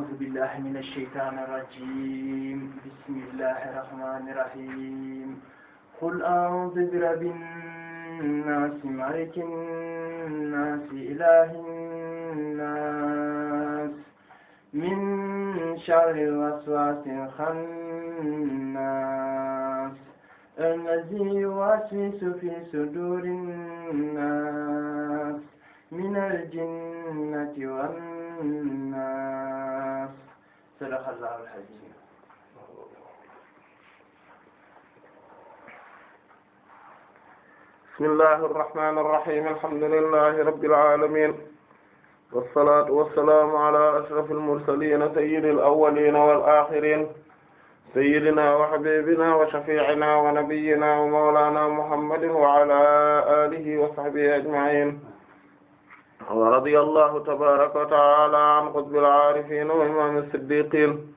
أعوذ بالله من الشيطان الرجيم بسم الله الرحمن الرحيم قل أعوذ برب الناس ملك الناس إله الناس من شر الوسواس الخناس الذي يوسوس في صدور الناس من الجنة والناس sadaqallahul aziim bismillahir rahmanir rahim alhamdulillahi rabbil alamin wassalaatu wassalaamu ala ashrafil mursaliin sayyidil awwaliin wal aaxiriin sayyidinaa wa habiibinaa wa shafii'inaa wa nabiyyinaa wa mawlaanaa muhammadin wa ala aalihi wa sahbihi ajma'iin wa radiyallahu tabaraka wa ta'ala an qutbil aarifin wa imam as-siddiqin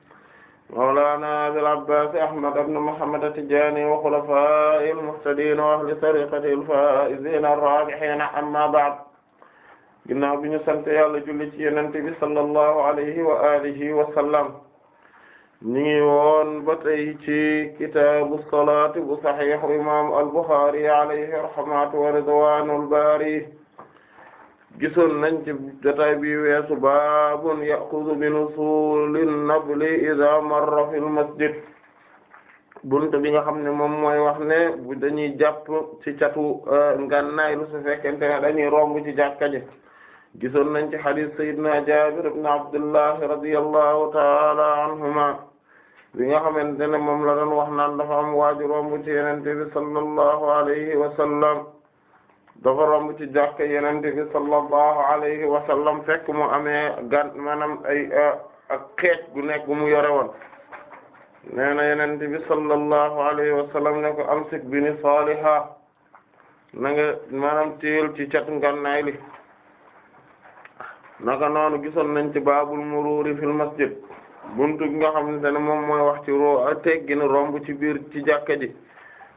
mawlana abil abbas ahmad ibn muhammad at-tijani wa khulafa'il muhtadin wa ahli tariqatil faa'izin ar-raabihin amma ba'd ginnaaw bi ñu sant yàlla julli ci yenente bi sallallahu alayhi wa alihi wa sallam ñu ngi woon ba tey ci kitaabu salaat bu saxiix imam al-Bukhari alayhi rahmatu wa ridwaanul baari gisoon nañ ci jotaay bi weesu baabun ya'khudhu bi nusulin nabli idha marra fil masjid buntu bi nga xam ne moom mooy wax ne bu dañuy jàpp ci catu euh, ngànnaay lu su fekkente ne dañuy romb ci jàkka ji gisoon nañ ci hadith sayyidina Jabir ibn Abdullah radiyallahu ta'ala anhuma bi nga xamante ne moom la doon wax naan dafa am waaju romb ci Yonent bi sallallahu alayhi wa dafa romb ci jàkka yenente bi sallallahu alayhi wa sallam fekk mu amee gan maanaam ay uh, ak xeet gu nekk mu yore woon nee na yenente bi sallallahu alayhi wa sallam ne ko amsik bi ni saaliha na nga maanaam téel ci cat ngannaay li naka noonu gisoon nañ ci baabul muruuri fil masjid buntu gi nga xamante ne moom mooy wax ci ro teggin romb ci biir ci jàkka ji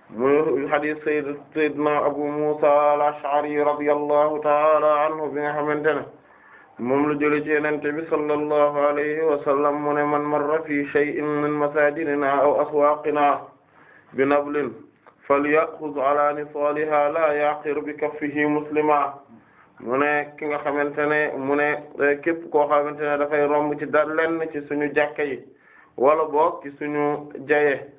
mu hadith sayyidina Abu Musa al-Ash'ari radiyallahu ta'ala anhu bi nga xamante ne moom la jëlee ci Yonent bi alayhi wa sallam mu ne man marra fi shay'in min masajidina aw aswaqina bi nablin falyakhudh ala nisaliha la yaqir bi kaffihi muslima mu ki nga xamante ne mu ne eh, képp koo xamante ne dafay romb ci dara lenn ci suñu jàkka wala boog suñu jaye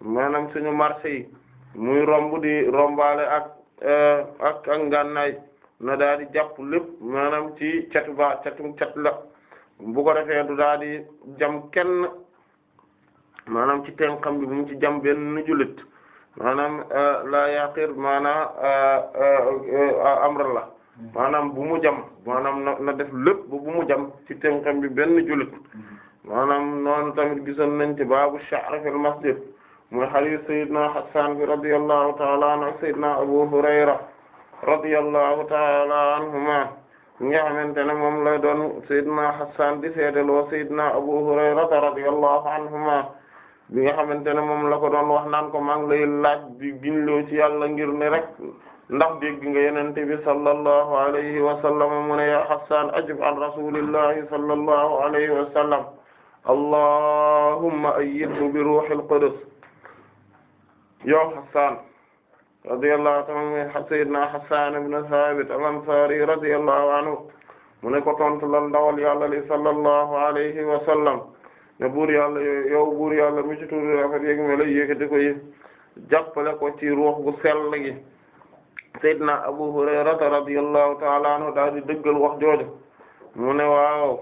manam suñu marché yi muy romb di rombaale ak euh, ak ak ngànnaay na daal di jàpp lépp maanaam ci catu catum cat la bu ko defee du daal di jam kenn maanaam ci tenxam bi bu mu ci jam benn jullit maanaam euh, la yaqir maanaam euh, amrallah maanaam bu mu jam maanaam na def lépp ba bu mu jam ci tenxam bi benn jullit mm-hmm. maanaam noonu tamit gisoon nañ ci baabu sha'r fil masjid mooy hadith Seydina Hassan bi radiyallahu ta'ala anhu ak Seydina Abu Hurayra radiyallahu ta'ala anhuma ñi nga xamante ne moom la doon Seydina Hassan di seedeloo Seydina Abu Hurayra radiyallahu anhuma bi nga xamante ne moom la ko doon wax naan ko maa ngi lay laaj di ginloo ci yàlla ngir ne rek ndax dégg nga yenente bi sallallahu alayhi wa sallam mu ne ya Hassan ajib an rasulillahi sallallahu alayhi wa sallam allahumma ayyidhu bi ruhil qudus yow Hassan radiyallahu ta'ala anhu sayyidina mu ne ko tontu lan ndawal yàlla li sallallahu alayhi wa sallam ne buur yàlla yow buur yàlla mi ci tudd ko yi jàppale ko ci ruux gu sell gi sayyidina Abu Hurayrata radiyallahu ta'ala anhu daal dëggal wax jooju mu ne waaw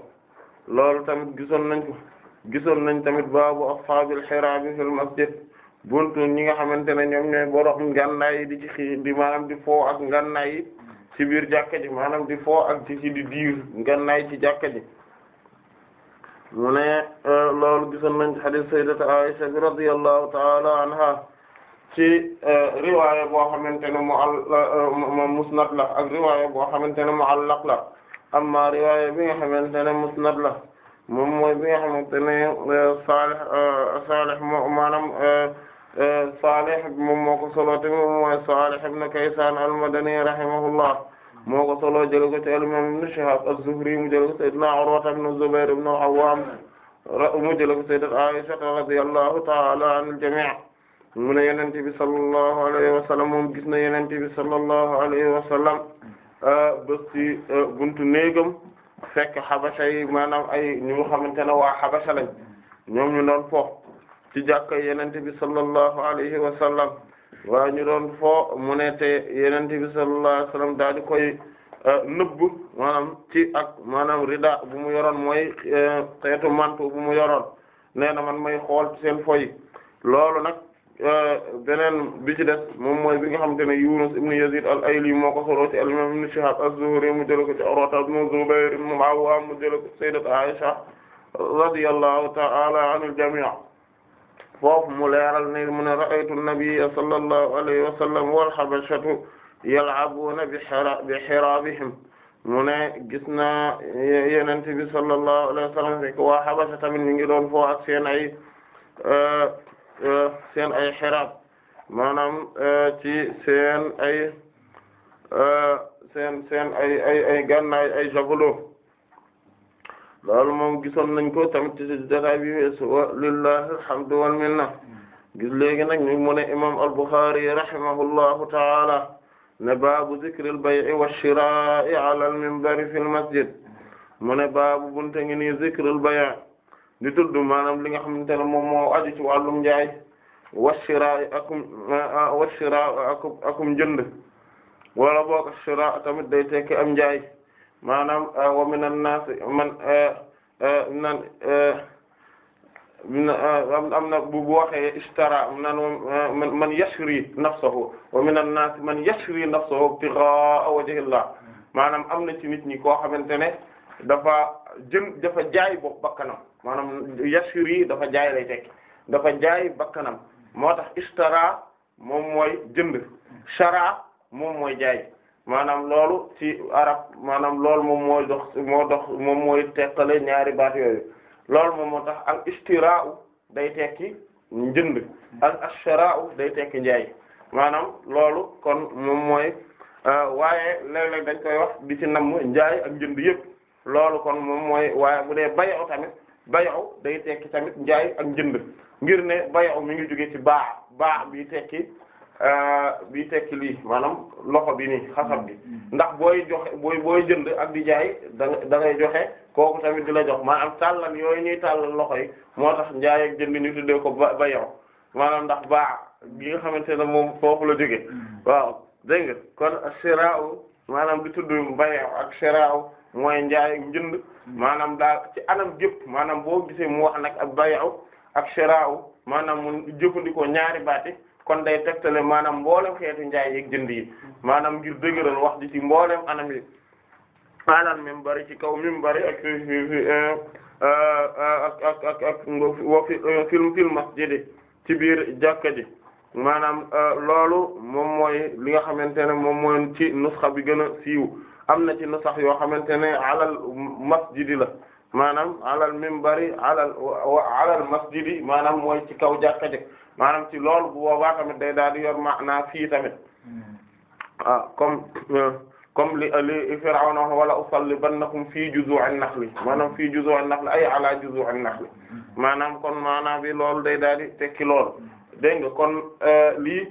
loolu tamit gisoon nañ ko nañ tamit baabu ashaabil hiraabi fil buntu ñi nga xamante ne ñoom ñooy borom ngànnaay yi di ci xii di di foo ak gannaay ci biir jàkka ji maanaam di foo ak ci ci di diir ngànnaay ci jàkka ji mu ne euh, loolu gisoon nañ ci hadith sayyidati Aisha bi radiyallahu ta'ala anha ci euh, riwaaya boo xamante ne mu al euh, musnad la ak riwaaya boo xamante ne mu'allaq la amma riwaaya bi nga xamante ne musnad la moom mooy bi Salih Salih Eh, Salih moom moo ko solo te moom mooy Salih ibn Kaysan al-Madani rahimahullah moo ko solo jël ko ci al-imam Ibn Shihab az-Zuhri mu jël ko sayyidina Urwa ibn Zubayr ibn al-Awwam mu jël ko sayyidat Aisha radiyallahu ta'ala anil jami' mu ne Yonent bi sallallahu alayhi wa sallam moom gis na Yonent bi sallallahu alayhi wa sallam eh, bés ci eh, buntu néegam fekk xabasa yi maanaam ay ñu nga xamante ne waa xabasa lañ ñoom ñu doon foofu ci jàkka yenente bi sallallahu alayhi wa sallam waa ñu doon foo mu ne te yenente bi sallallahu daal koy euh, nëbb maanaam ci ak maanaam rida bu mu yoroon mooy euh, xeetu mantu bu mu yoroon nee na man may xool ci seen foyi loolu nag euh, beneen bi ci des moom mooy bi nga xamante ne Yunus ibn Yazid al-Ayli moo ko al-imam ibn Shihab az-Zuhri mu jël ko ci Urwa ibn Zubayr ibn Awwam mu jël ko ci sayyidat Aisha radiyallahu ta'ala anil jami' foofu mu leeral ne mu ne ra'aytu an-nabiyya sallallahu alayhi wa sallam wal habashatu yal'abuuna bi hiraabihim mu ne gis naa yonent bi sallallahu alayhi wa sallam fekk waa Habasha tamit ñu ngi doon foo ak seen ay euh, euh, seen ay xiraab maanaam euh, ci seen ay seen seen ay ay ay gànnaay ay javelot loolu moom gisoon nañ ko tamit ci jotaay bi weesu wa lillahi alhamdu wal gis léegi nag ñu mu ne imam al-Bukhari rahimahullahu taala ne baabu zikri al-bay'i wash-shiraa'i ala fi al-masjid mu ne baabu bunte ngi nii zikri al di tudd maanaam li nga xamante ne moom moo aju ci wàllum njaay wash-shiraa'i akum wash-shiraa'u akum akum wala boog ash-shiraa'u tamit day tekki am njaay maanaam euh, wa minan nas man euh, euh, nan am na bu waxee ishtara naan man man yashri nafsahu wa minan nas man yashri nafsahu ibtigha'a wajhillah maanaam am na ci nit ñi koo xamante ne dafa jën dafa jaay bopp bakkanam maanaam yashri dafa jaay lay tekki dafa jaay bakkanam moo tax ishtara moom mooy jënd shara moom mooy jaay maanaam loolu ci arab maanaam loolu moom mooy dox moo dox moom mooy teqale ñaari baat yooyu loolu moom moo tax al ishtiraa'u day tekki njënd al ashraa'u day tekki njaay maanaam loolu kon moom mooy euh, waaye léeg dañ koy wax di ci namm njaay ak njënd yëpp loolu kon moom mooy waaye bu dee bay'u tamit bay'u day tekki tamit njaay ak njënd ngir ne bay'u mi ngi jóge ci baa baax bi tekki Euh, bi tekki lii maanaam loxo bi nii xasab bi mm-hmm. Mm-hmm. ndax booy joxe booy booy jënd ak di jaay da da ngay joxe kooku tamit di la jox maanaam tàllal yooyu ñuy tàllal loxo yi moo tax njaay ak jënd ñu ko ba ba maanaam ndax baax gi nga xamante ne moom foofu la mm-hmm. waaw dégg nga kon shiraaw maanaam di tudd bayaw ak shiraaw mooy njaay ak maanaam daal ci anam jëpp maanaam boo gisee mu wax nag ak bayaw ak shiraaw maanaam mu jëfandikoo ñaari baati kon day tegtale maanaam mboolem xeetu njaay yeeg jënd yi maanaam ngir dëgëral wax ji ci mboolem anam yi alal minbari ci kaw minbari ak fi fi fi ak ak film film masjidi ci biir jàkka ji maanaam loolu moom mooy li nga xamante ne moom mooy ci nusxa bi gën a siiw am na ci nusxa yoo xamante ne alal masjidi la maanaam alal minbari alal alal masjidi maanaam mooy ci kaw jàkka ji maanaam ci lool bu boobaa tamit day daal di yor maanaa fii tamit hmm. ah comme euh, comme li li Firawna wala usallibannakum fii juzu'in nakhli maanaam fii juzu'in nakhli ay ala juzu'in nakhli hmm. maanaam kon maanaam bi loolu day daal di tekki loolu dégg nga kon euh, lii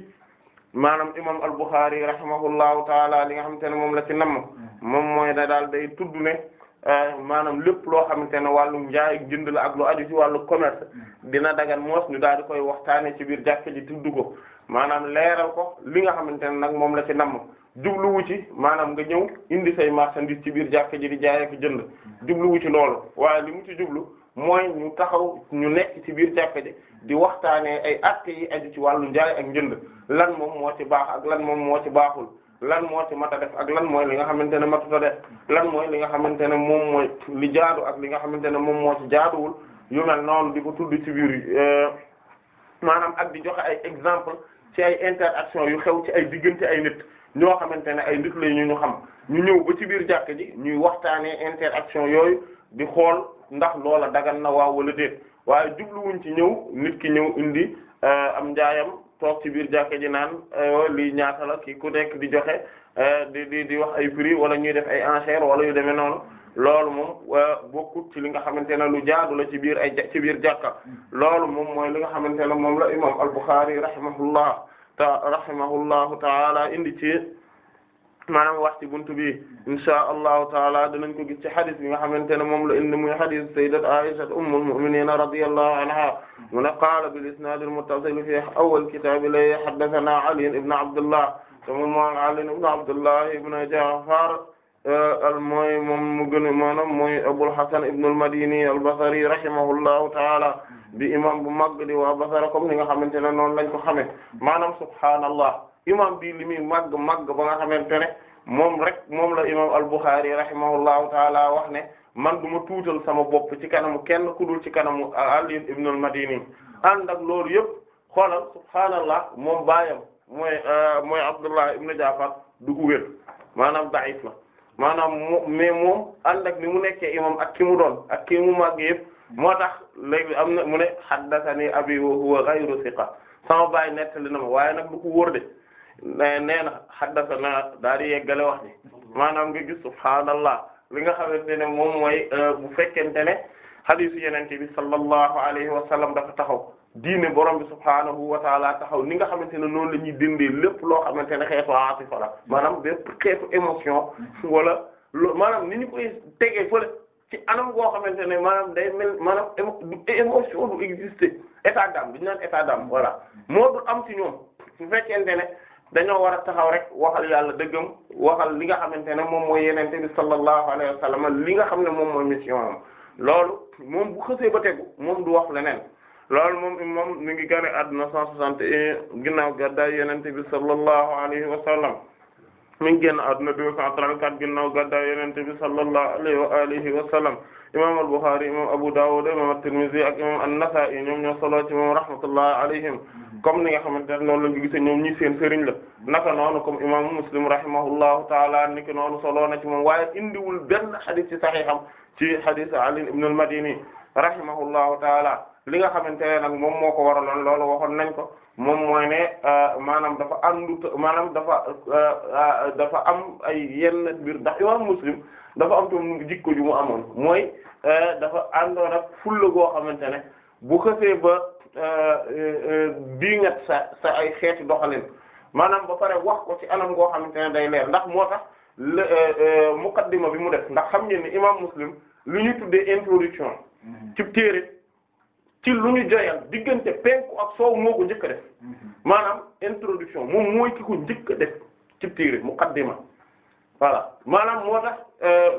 maanaam imam al-Bukhari rahimahullahu taala li nga xamante ne moom la ci namm hmm. moom mooy da daal day tudd ne. Eh, maanaam lépp loo xamante ne wàllum njaay ak jënd la ak lu aju ci wàllu commerce mm. dina dagan moos ñu daal di koy waxtaane ci biir jàkka ji tudd ko maanaam leeral ko li nga xamante ne nag moom la ci namm jubluwu ci maanaam nga ñëw indi say marchandise ci biir jàkka ji di jaay ak jënd mm. jubluwu ci loolu waaye li mu ci jublu mooy ñu taxaw ñu nekk ci biir jàkka ji di waxtaanee ay actes yi aju ci wàllu njaay ak jënd lan moom moo ci baax ak lan moom moo ci baaxul lan moo ci mat a def ak lan mooy li nga xamante ne matut a def lan mooy li nga xamante ne moom mooy li jaadu ak li nga xamante ne moom moo ci jaaduwul yu na noonu di ko tudd ci biir euh, maanaam ak di joxe ay exemple ci ay interaction yu xew ci ay diggante ay nit ñoo xamante ne ay nit la ñu ñu xam ñu ñëw ba ci biir jàkk ji ñuy waxtaanee interaction yooyu di xool ndax loola dagan na waaw wala déet waaye jubluwuñ ci ñëw nit ki ñëw indi euh, am njaayam toog ci biir jàkka ji naan oh, lii ñaata la ki ku nekk di joxe eh, di di di wax ay prix wala ñuy def ay enchères wala yu demee noonu loolu moom eh, bokkut ci li nga xamante ne lu jaadu la ci biir ay ci biir jàkka loolu moom mooy li nga xamante ne moom la imam al-Bukhari rahimahullah ta rahimahullahu taala indi ci. maanaam wax ci buntu bi inshaa allahu taala danañ ko gis ci xadis bi nga xamante ne moom la indi muy xadis sayyidat Aisha ummul mu'minina radiyallahu anha mu ne qaala bil isnaad al muttasil fi awwal kitaab lay haddathana Ali ibn Abdullah sama moom Ali ibn Abdullah ibn Ja'far al mooy moom mu gën a maanaam mooy Abul Hasan ibn al Madini al Basri rahimahullahu taala bi imam bu mag di waa Basra comme ni nga xamante ne noonu lañ ko xamee maanaam subhaanallah imam bi li muy màgg màgg ba nga xamante ne moom rek moom la imam al-Bukhari rahimahullahu taala wax ne man du ma tuutal sama bopp ci kanamu kenn ku dul ci kanamu Ali ibn al-Madini ànd ak loolu yëpp xoolal subhaanallah moom baayam mooy euh, mooy Abdullah ibn Ja'far du ko wér maanaam da'if la maanaam mo mais moom ànd ak ni mu nekkee imam ak ki mu doon ak ki mu màgg yëpp moo tax léegi am na mu ne haddathani abi wa huwa ghayru thiqa sama baay nettali na ma waaye nag du ko wóor de nee na haddathana daal di yeggale wax ni maanaam nga gis subhaanallah li nga xamante ne moom mooy euh, bu fekkente ne hadisu yenente bi sallallahu alayhi wa sallam dafa taxaw diine borom bi subhaanahu wa taala taxaw ni nga xamante ne noonu la ñuy dindee lépp loo xamante ne xeetu atifa la maanaam bépp xeetu émotion wala loo maanaam ni ñu koy tegee fële ci anam goo xamante ne maanaam day mel maanaam émotion du exister état d'âme bi ñu naan état d'âme voilà moo du am ci ñoom su fekkente ne dañoo war a taxaw rek waxal yàlla dëggam waxal li nga xamante ne moom mooy yenente bi sallallahu alayhi wa sallam li nga xam ne moom mooy mission am loolu moom bu xësee ba tegu moom du wax leneen loolu moom moom mi ngi gane àdduna cent soixante et un ginnaaw gàddaay yenente bi sallallahu alayhi wa sallam mi ngi génn àdduna deux cent trente-quatre ginnaaw gàddaay yenente bi sallallahu alayhi wa alihi wa sallam imam al-Bukhari imam Abu Dawud imam at-Tirmidhi ak imam an-Nasa'i ñoom ñoo solo ci moom rahmatullahi alayhim comme ni nga xamante ne noonu la ñu gisee ñoom ñi seen la naka noonu comme imaamu muslim rahimahullahu taala ni ki noonu solo ci moom waaye indiwul benn xadis ci saxiixam ci xadis Ali ibn al-Madini rahimahullahu taala li nga xamante ne nag moom moo ko waraloon loolu waxoon nañ ko moom mooy ne euh, maanaam dafa andu maanaam dafa euh, euh, dafa am ay yenn mbir ndax imaamu dafa am tam jikko ju mu amoon mooy dafa àndoon ak fulla goo xamante ne bu xasee diingat euh, euh, sa sa ay xeeti doxalin maanaam ba pare wax ko ci anam goo xamante ne day leer ndax moo tax euh, muqaddima bi mu def ndax xam ngeen ni imam muslim lu ñu tuddee introduction mm-hmm. ci téere ci lu ñu joyal diggante penku ak soow moo ko njëkk a def mm-hmm. maanaam introduction moom mooy ki ko njëkk a def ci téere muqaddima voilà maanaam moo tax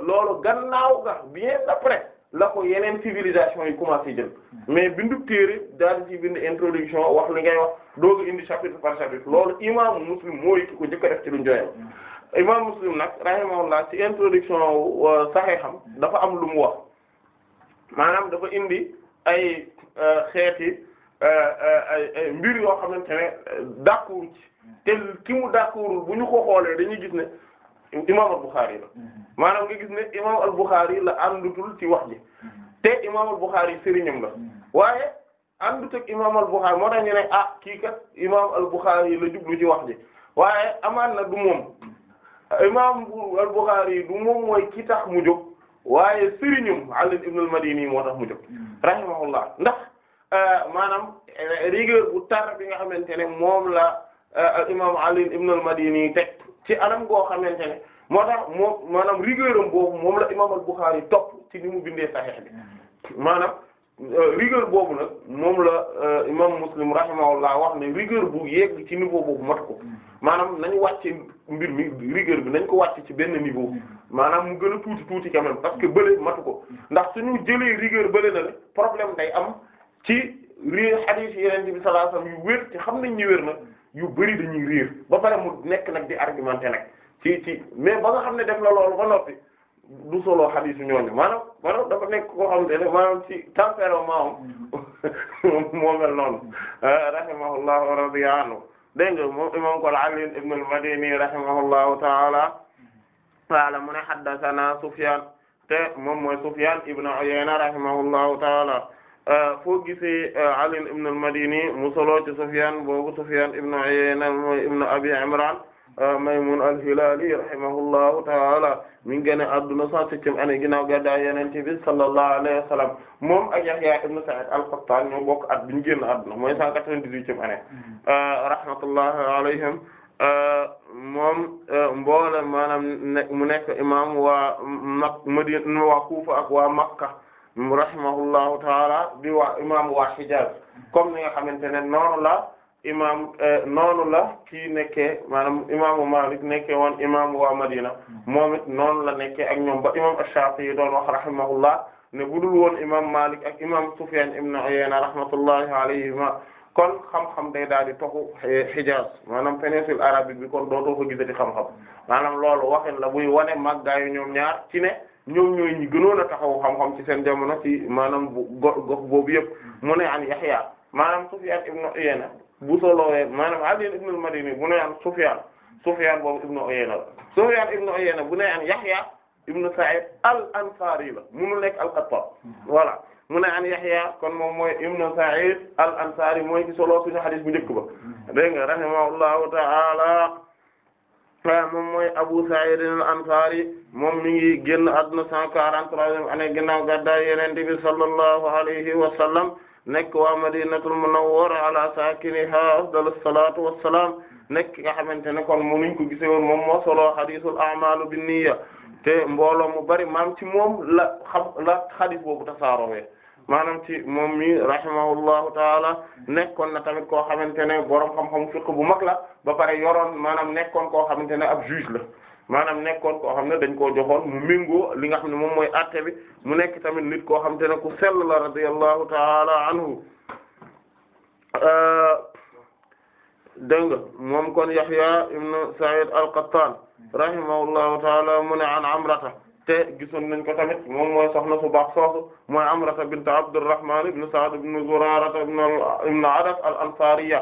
loolu gannaaw ga bien après la ko yeneen civilisation yi commencé jël mais bindu téere daal ci bind introduction wax la ngay wax dooga indi chapitre par chapitre loolu imaamu muslim mooy ki ko jëkk a def ci lu njooyam imam muslim nag rahimahullah ci introduction euh, xam dafa am lu mu wax maanaam dafa indi ay euh, xeeti euh, ay mbir yoo xamante ne d'accord ci te ki mu d'accordul bu ñu ko xoolee dañuy gis ne imam al la mm-hmm. maanaam nga gis ne imam al-Bukhari la and àndutul ci wax ji te imam al-Bukhari sëriñam la waaye àndut ak imam al-Bukhari moo tax ñu ne ah kii kat imam al-Bukhari la jublu ci wax ji waaye amaan na du moom imam al-Bukhari du moom mooy ki tax mu jóg waaye sëriñam Ali ibn al-Madini moo tax mu jóg rahimahullah ndax euh, maanaam euh, rigueur bu tar bi nga xamante ne moom la euh, al imam Ali ibn al-Madini teg ci anam goo xamante ne moo tax moo maanaam rigueur am boobu moom la imam al-Bukhari topp ci ni mu bindee Sahih bi maanaam euh, rigueur boobu nag moom la euh, imam Muslim rahimahullah wax ne rigueur bu yegg ci niveau boobu mat ko maanaam nañ wàcce mbir mi rigueur bi nañ ko wàcc ci benn niveau maanaam mu gën a tuuti tuuti quand parce que bële matu ko ndax ñu jëlee rigueur bële na le problème day am ci réer hadith yeneen bi sallallahu yu wér te xam nañ ñu wér na yu bëri dañuy réer ba pare mu nekk nag di argumenter nag ci ci mais ba nga xam ne def na loolu ba noppi du solo xadiis ñooñu maanaam maanaam dafa nekk koo xam ne maanaam ci tempérament am moo mel noonu mm-hmm. ah, rahimahullah wa radiya moom ta'ala mu ne haddathana Sufyan te moom mooy Sufyan ibn Uyayna rahimahullahu ta'ala ah, foo gisee ah, Ali ibn al mu solo ci Sufyan boobu Sufyan ibn Uyayna mooy ibn Abi Imran Ah, Maymun al-Hilali rahimahullahu ta'ala mi ngi génn adduna 107e année ginnaaw gàddaay Yonent bi sallallahu alayhi wa moom ak Yahya ibn Sa'id al-Qattan ñoo bokk at bi ñu génn adduna mooy 198e année mm-hmm. ah, rahmatullahi alayhim ah, moom mboole maanaam mu nekk imam waa mak Madina waa Kufa ak waa Makka rahimahullahu ta'ala di waa imam waa Hijaz mm-hmm. comme ni nga xamante ne noonu la imaam eh, noonu la kii nekkee maanaam imaamu Maalik nekkee woon wa waa Madina moom it noonu la nekkee ak ñoom ba imaam Ash-Shafi'i doon wax rahimahullah ne budul woon imaam Maalik ak imaam Sufyaan ibn Uyayna rahmatullahi alayhima kon xam-xam day daal di toxu eh, Hijaaz maanaam péninsule arabique bi kon dootoo ko gisati xam-xam maanaam loolu waxin la buy wane màggaayu ñoom ñaar ci ne ñoom ñooy ñi gënoon a taxaw xam-xam ci seen jamono ci maanaam gox boobu yëpp mu ne an Yahya maanaam Sufyaan ibn Uyayna bu solowee maanaam Ali ibn al-Madini bu ne an Sufyan boobu ibn Uyayna la Sufyan ibn Uyayna bu ne Yahya ibn Sa'id al-Ansari la munu nekk al-Qattan voilà mu ne an Yahya kon moom mooy ibn Sa'id al-Ansari mooy ci solo suñu hadith bu njëkk ba dégg nga rahimahullahu ta'ala moom mooy Abu Sa'id al-Ansari moom mi ngi génn àdduna 143 année ginnaaw gàddaay Yonent bi sallallahu alayhi wa nekk waa madinatul munawwara ala saakiniha afdalu salaatu wassalaam nekk nga xamante ne kon mu nuñ ko gisee woon moom moo solo xadiisul a'maalu binniya te mbooloo mu bari maam ci moom la xam la xadiis boobu tasaaroowee maanaam ci moom mi rahimahullahu taala nekkoon na tamit koo xamante ne boroom xam-xam fiqh bu mag la ba pare yoroon maanaam nekkoon ko xamante ne ab la maanaam nekkoon koo xam ne dañ koo joxoon mu méngoo li nga xam ne moom mooy atte bi mu nekk tamit nit koo xam te ne ku sell la radiyallahu taala anhu euh, dégg nga moom kon Yahya ibn Sa'id al-Qattan rahimahullahu taala mu ne an amrata te gisoon nañ ko tamit moom mooy soxna su baax soosu mooy amrata bint Abdurrahman ibn Sa'd ibn Zurara ibn al-Ansariya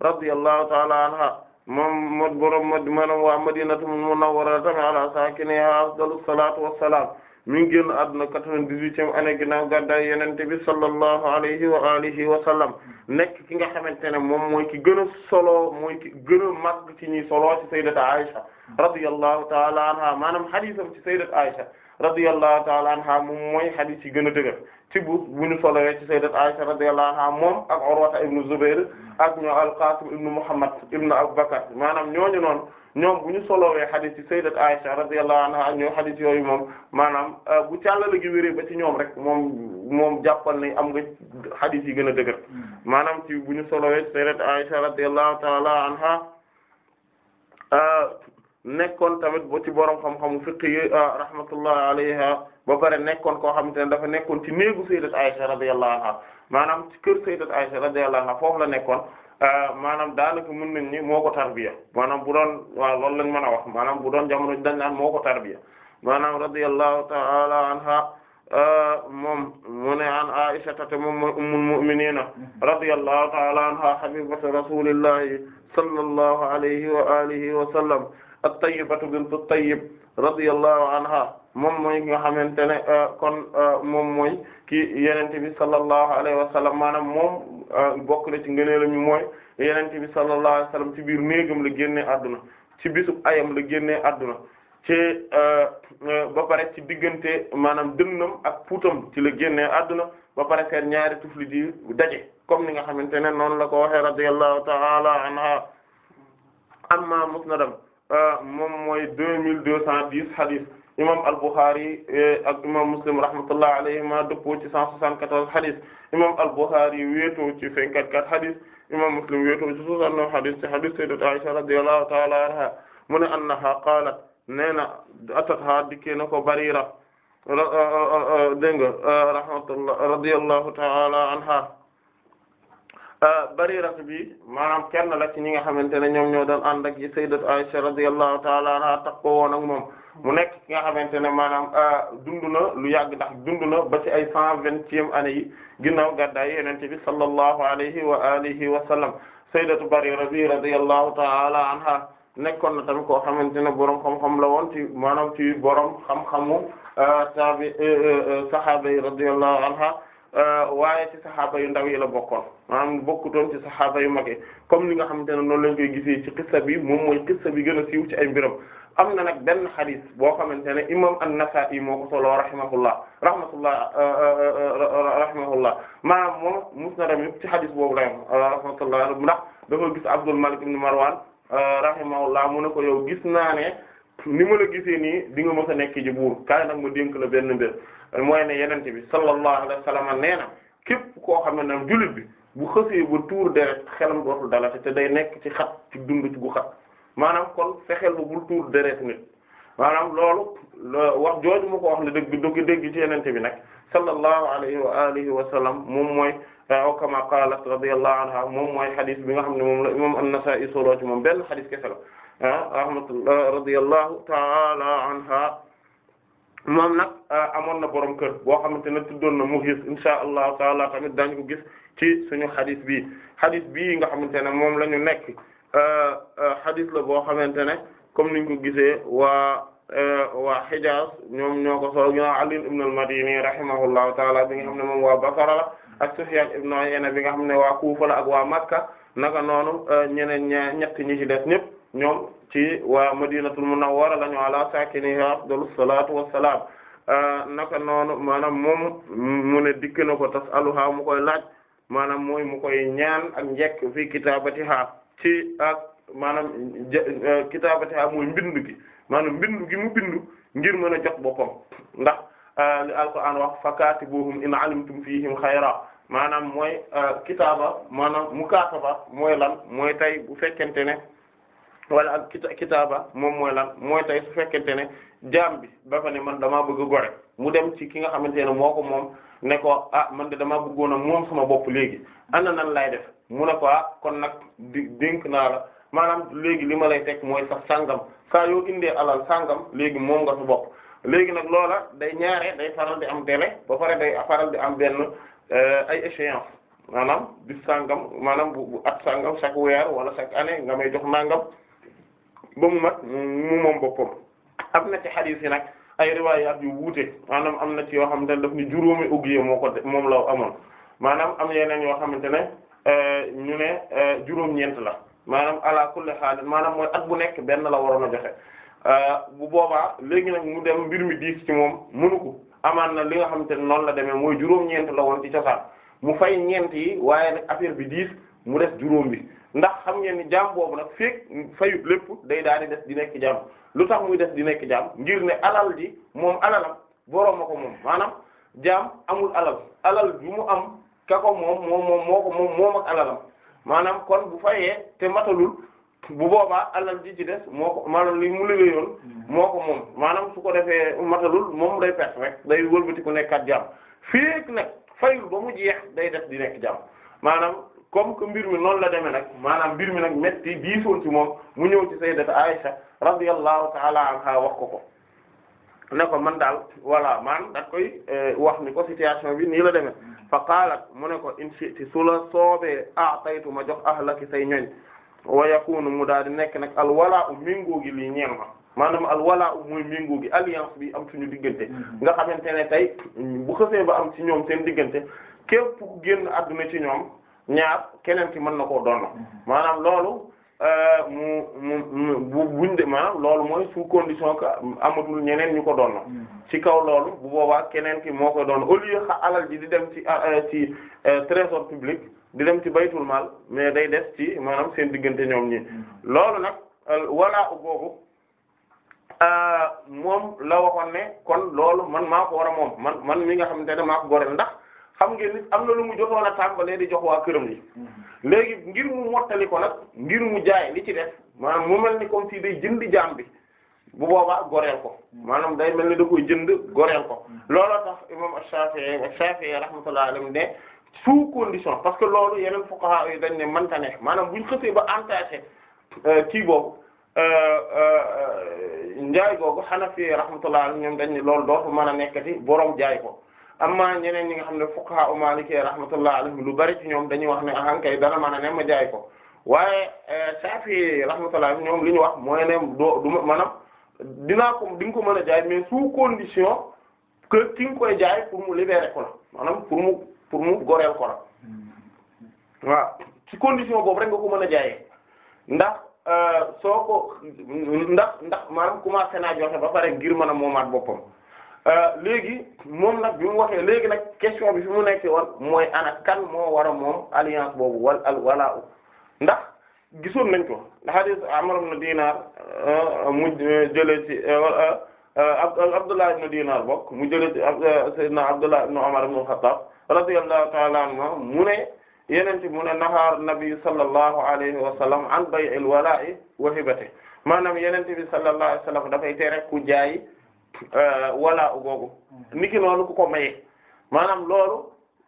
radiyallahu taala anha moom mod borom mod maanaam waa madinatu munawwara tamit ala saakinihaa afdalu salaatu wassalaam mi ngi génn àdduna quatre-vingt-dix-huitième année ginnaaw gàddaay yenente bi sallallahu alayhi wa alihi wa sallam nekk ki nga xamante ne moom mooy ki gën a solo mooy ki gën a màgg ci ñuy solo ci sayyidata Aisha radiyallahu ta'ala anha maanaam hadisam ci sayyidata Aisha radiyallahu ta'ala anha moom mooy hadis yi gën a dëgër ci bu bu ñu solowee ci sayyidat Aisha radiyallahu anha moom ak Urwata ibnu Zubair ak ñoo al-Qasim ibnu Muhammad ibnu Abubakar maanaam ñooñu noonu ñoom bu ñu solowee hadith ci sayyidat Aisha radiyallahu anha ñoo hadith yooyu moom maanaam euh, bu càllale gi wéree ci ñoom rek moom moom jàppal nañ am nga hadith yi gën a dëgër maanaam bu ñu solowee ci sayyidat Aisha radiyallahu ta'ala anha euh, nekkoon tamit boo ci borom xam-xamu fiqh yi euh, rahmatullahi ba pare nekkoon koo xamante ne dafa nekkoon ci néegu sayyidat Aisha radiyallahu anha maanaam ci kër sayyidat Aisha radiyallahu anha foofu la nekkoon euh, maanaam daanaka mën nañ ni moo ko tarbiya maanaam bu doon waaw loolu lañ mën a wax maanaam bu doon jamono dañ naan moo ko tarbiya maanaam radiyallahu ta'ala anha euh, moom mu ne an Aisha te moom mooy ummul mu'minina radiyallahu ta'ala anha habibatu rasulillahi sallallahu alayhi wa alihi wa sallam at-tayyibatu bintu at-tayyib radiyallahu anha moom mooy nga xamante ne euh, kon euh, moom mooy kii yenente bi sallallahu alayhi wa sallam maanaam moom euh, bokk na ci ngëneelam mi mooy yenente bi sallallahu alayhi wa ci biir néegam la génnee adduna ci bisub ayam la génnee adduna ci ba pare ci diggante maanaam dënnam ak puutam ci la génnee adduna ba pare seen ñaari tufli di daje comme ni nga xamante ne noonu la ko waxee radiyallahu ta'ala anha amma musnadam moom mooy deux mille deux cent dix hadith imam al-Bukhari eh, ak imam Muslim rahmatullahi alayhima dëppoo ci 174 hadith imam al-Bukhari wéetoo ci 54 imam Muslim wéetoo ci 69 hadith ci hadith sayyidat Aisha radiyallahu ta'ala anha mu ne annaha qaalat nee na atatha dikkee na ko Barira dégg nga eh, rahmatullah radiyallahu ta'ala anha eh, Barira bi maanaam kenn la ci ñi nga xamante ne ñoom ñoo doon ànd ak sayyidat Aisha radiyallahu ta'ala anha takkoo woon ak moom mu nekk ki nga xamante ne maanaam euh, dund na lu yàgg ndax dund na ba ci ay cent vingtième année yi ginnaaw gàddaay yonent bi sallallahu alayhi wa alihi wa sallam sayyidatu Barira bi radiyallahu ta'ala anha nekkoon na tamit koo xamante ne boroom xam la woon ci maanaam ci boroom xam-xamu euh, tabi euh, sahaaba yi radiyallahu anha waaye ci sahaaba yu ndaw yi la bokkoon maanaam bokkutoon ci sahaaba yu mag yi comme li nga xam ne noonu lañ koy gisee ci qissa bi moom mooy qissa bi gën a siiw ci ay mbiram am na nag benn xadis boo xamante ne imam an-Nasa'i moo ko soloo rahimahullah rahmatullah euh, euh, euh, rahimahullah maanaam moom musnadam yëpp ci xadis boobu la yam rahmatullah ndax dafa gis Abdul Malik ibn Marwan rahimahullah mu ne ko yow gis naa ne ni ma la gisee nii di nga mës a nekk ji buur kaay nag ma dénk la benn mbir mooy ne yenente bi sallallahu alayhi wa sallam nee na képp koo xam ne nam jullit bi bu xësee ba tuur deret xelam dootul dala te day nekk ci xat ci dund ci gu xat maanaam kon fexeel ba bu tuur deret nit maanaam loolu wax jooju ko wax la dëgg dëgg dëgg ci yenente bi nag sallallahu alayhi wa alihi wa sallam moom mooy eh, aw kama qalat radiyallahu anha moom mooy xadis bi nga xam ne moom la imam an-Nasa'i soloo ci moom benn xadis kese la ah rahmatullah radiyallahu ta'ala nag eh, amoon na borom kër boo xamante ne tuddoon na Mughis insha allahu taala tamit daañu ko gis ci suñu xadis bii xadis bii nga xamante ne moom la ñu nekk xadis euh, euh, la boo xamante ne comme niñ ko gisee waa euh, waa Hijaz ñoom ñoo ko solo ginnaaw Ali ibn al-Madini rahimahullahu taala bi nga xam ne moom waa Basra ak Sufyan ibn Uyayna bi xam ne waa Kufa la ak naka noonu ñeneen ña ñett ñi ci ñëpp ñoom ci waa Madinatul Munawwara lañu ala sakiniha afdalu salaatu wassalaam naka noonu maanaam moom mu ne dikk na ko tas aluha mu koy laaj maanaam mooy mu koy ñaan ak njekk fii kitaabatiha ci ak maanaam euh, kitaabatiha mooy mbindu gi maanaam mbindu gi mu bindu ngir mën a jox boppam ndax euh, li alquran wax fakatibuhum in alimtum fihim xayra maanaam mooy euh, kitaaba maanaam mukaataba mooy lan mooy tey bu fekkente ne wala ak kita moom mooy lan mooy tey su fekkente ne jaam bi dafa ne man dama bëgg a gore mu dem ci ki nga xamante ne moo ko moom ne ko ah man de damaa bëggoon a moom sama bopp léegi ana nan lay def mu ne ko kon nag di dénk naa la maanaam léegi li ma lay teg mooy sax sangam saa yoo indee alal sàngam léegi moom nga su bopp léegi nag loola day ñaare day faral de am délai ba pare day faral di am benn euh, ay échéance maanaam bis sàngam maanaam bu at sàngam chaque weer wala chaque année nga may jox nangam ba mu mat mu moom boppam am na ci hadith yi nag ay riwaayaat yu wuute maanaam am na ci yoo xamante ne daf ni juróomi ugiye moo ko moom la amoon maanaam am yeneen yoo xamante ne Euh, ñu ne euh, juróom-ñeent la maanaam ala kulli xaalis maanaam mooy at bu nekk benn la waroon a joxe euh, bu boobaa léegi nag mu dem mbir mi diis ci moom mënu ko amaan na li nga xamante ne noonu la demee mooy juróom-ñeent la woon ci cosaan mu fay ñeent yi waaye nag affaire bi diis mu def juróom bi ndax xam ngeen ni jaam boobu nag feek fayut lépp day daal di des di nekk jaam lu tax muy des di nekk jaam ngir ne alal ji moom alalam boroom ma ko moom maanaam jaam amul alal alal ju mu am ka ko moom moom moom moo ko moom moom ak alalam maanaam kon bu fayee te matalul bu boobaa alal ji ci des moo ko maanaam li mu liggéeyoon moo ko moom maanaam su ko defee matalul moom day perte rek day wëlbati ku nekkat jàmm fii nag fayul ba mu jeex day def di nekk jàmm maanaam comme que mbir mi noonu la demee nag maanaam mbir mi nag metti diisoon si moom mu ñëw ci sayyidata Aisha radiyallahu ta'ala anha wax ko ko nekko man daal voilà man da koy eh, wax ni ko situation bi nii la demee fa qaalat mu ne ko in shi'ti su la soobee a'taytu ma jox ahlaki say ñoñ wa yakunu mu daal di nekk nag alwalaa mingu gi lii ñeel ma maanaam alwalaa muy mingu gi alliance bi am suñu diggante mm-hmm. nga xamante ne tey bu xësee ba am ci ñoom seen diggante képp ku génn adduna ci ñoom ñaar keneen ki mën na koo doon mm-hmm. maanaam loolu Euh, mu mu mu buñ de maanaam ah, loolu mooy sous condition que amatul ñeneen ñu ko doon hmm. ci kaw loolu bu boobaa keneen ki moo ko doon au lieu xa alal ji di dem ci ah, euh, ci euh, trésor public di dem ci baytul maal mais day des ci maanaam seen diggante ñoom ñi hmm. loolu nag walla boobu moom la waxoon ne kon loolu man maa ko war a moom man man mi nga xamante ne maa ko ndax xam ngeen nit am na lu mu joxoon a tàmbalee di jox waa këram yi mm-hmm. léegi ngir mu mottali ko nag ngir mu jaay li ci def maanaam mu mel ni comme si day jënd jaam bi bu boobaa goreel ko mm-hmm. maanaam day mel ni da jënd goreel ko mm-hmm. looloo tax imam Shafi'i wa Shafi'i rahmatullahi alayhi ne sous condition parce que loolu yeneen fuqaha yi dañ ne mantane ne maanaam buñ xësee ba entaché euh, kii boobu euh, euh, njaay googu Hanafi rahmatullahi alayhi ñoom dañ ne loolu dootu mën a nekkati borom jaay ko amma ñeneen ñi nga xam ne fuqaha u maliki rahmatullah alayhim lu bari ci ñoom dañuy wax ne ahankay dana man a ne a jaay ko waaye eh, Shafi'i rahmatullah ñoom li ñu wax moo ne doo du maanaam dinaa ko di nga ko mën a jaay mais sous condition que ki nga koy jaay pour mu libérer ko la maanaam pour mu pour mu goreel ko la waaw ci condition boobu rek nga ko mën a jaay ndax eh, soo ko ndax ndax maanaam commencé naa joxe ba pare ngir mën a moomaat boppam Euh, léegi moom nag bi mu waxee léegi nag question bi fi mu nekk war mooy ana kan moo war moom alliance boobu wal al walaa ndax gisoon nañ ko hadith Amr ibn Dinar euh, mu jëlee ci euh, Abdullah ibn Dinar bokk mu jëlee ci Sayyidina Abdullah ibn Umar ibn Khattab radiyallahu ta'ala anhu mu ne yeneen ci mu ne nahaar nabi sallallahu alayhi wa sallam an bay'il walaa'i wa hibatihi maanaam yeneen bi sallallahu alayhi wa sallam dafay tere ku jaay wala euh, googu mm-hmm. niki noonu ku ko maye maanaam loolu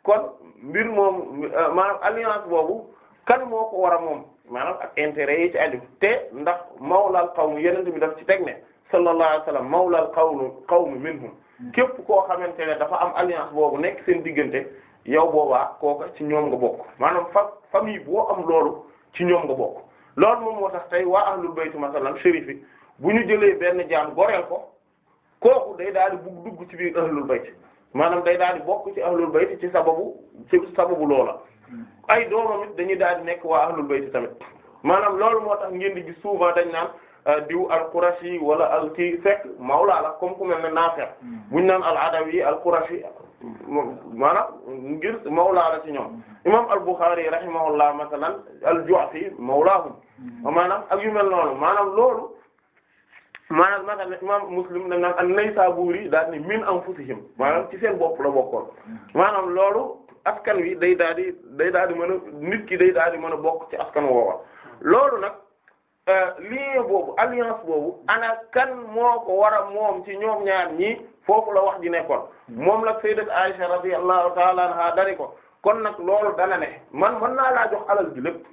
kon mbir moom euh, maanaam alliance boobu kan moo ko war a moom maanaam ak intérêt yi ci aju te ndax mawlaal qawm yeneen bi daf ci teg ne sallallahu alayhi wa sallam mawlaal qawm qawm minhum mm-hmm. képp koo xamante ne dafa am alliance boobu nekk seen diggante yow boobaa kooka ci ñoom nga bokk maanaam fa boo am loolu ci ñoom nga bokk loolu moom moo tax tey waa ahlul bayt masalan shérif yi bu ñu jëlee benn jaam goreel ko kooku day daal di bugg dugg ci biir ahlul bayt maanaam day daal di bokk ci ahlul bayt ci sababu ci sababu loola ay doomam it dañuy daal di nekk waa ahlul bayt tamit maanaam loolu moo tax ngeen di gis souvent dañ naan euh, diw al-Qurashi wala al kii fekk mawla la comme ku mel ne Naafi' hmm. buñ naan al-Adawi al-Qurashi maanaam ngir mawla la ci ñoom hmm. imam al-Bukhari rahimahullah masalan al-Ju'fi mawlaahum hmm. maanaam ak yu mel noonu maanaam loolu maa maa ne imaam Muslim da naan an-Naysaburi daal ni min anfusihim maanaam ci seen bopp la bokkoon maanaam loolu askan wi day daal di day daal di mën a nit ki day daal di mën a bokk ci askan woowa loolu nag euh, lien boobu alliance boobu ana kan moo ko war a moom ci ñoom ñaar ñii foofu la wax ji nekkoon moom la sayyidat Aisha radiyallahu ta'ala anha dari ko kon nag loolu dana ne man mën naa laa jox alal gi lépp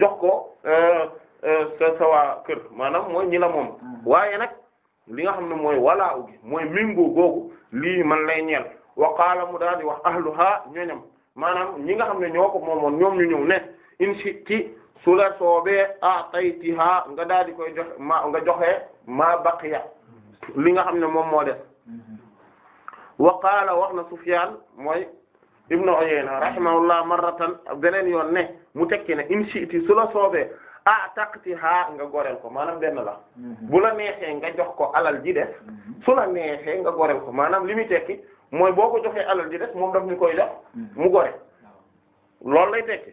jox ko euh, sa sa waa ñi la moom mm-hmm. waaye nag li nga xam ne mooy walaa ugi mooy méngoo googu lii man lay ñeel wa qaala mu daal di wax ahluha ñoñam maanaam ñi nga xam ne ñoo ko moom moon ñoom ñu ñëw ne in ci su la soobee ataytiha nga daal di koy joxe ma nga joxe ma baqiya mm-hmm. li nga xam ne moom moo def mm-hmm. wa qaala wax na Sufyaan mooy ibnu Uyayna rahimahullah marratan beneen yoon ne mu tekki ne in ci su la ah takk ti taqtiha nga goreel ko maanaam benn la mhm. bu la neexee nga jox ko alal ji def mhm. su la neexee nga goreel ko maanaam li muy tekki mooy boo joxee alal ji def moom daf ñu koy jox mhm. mu gore loolu lay tekki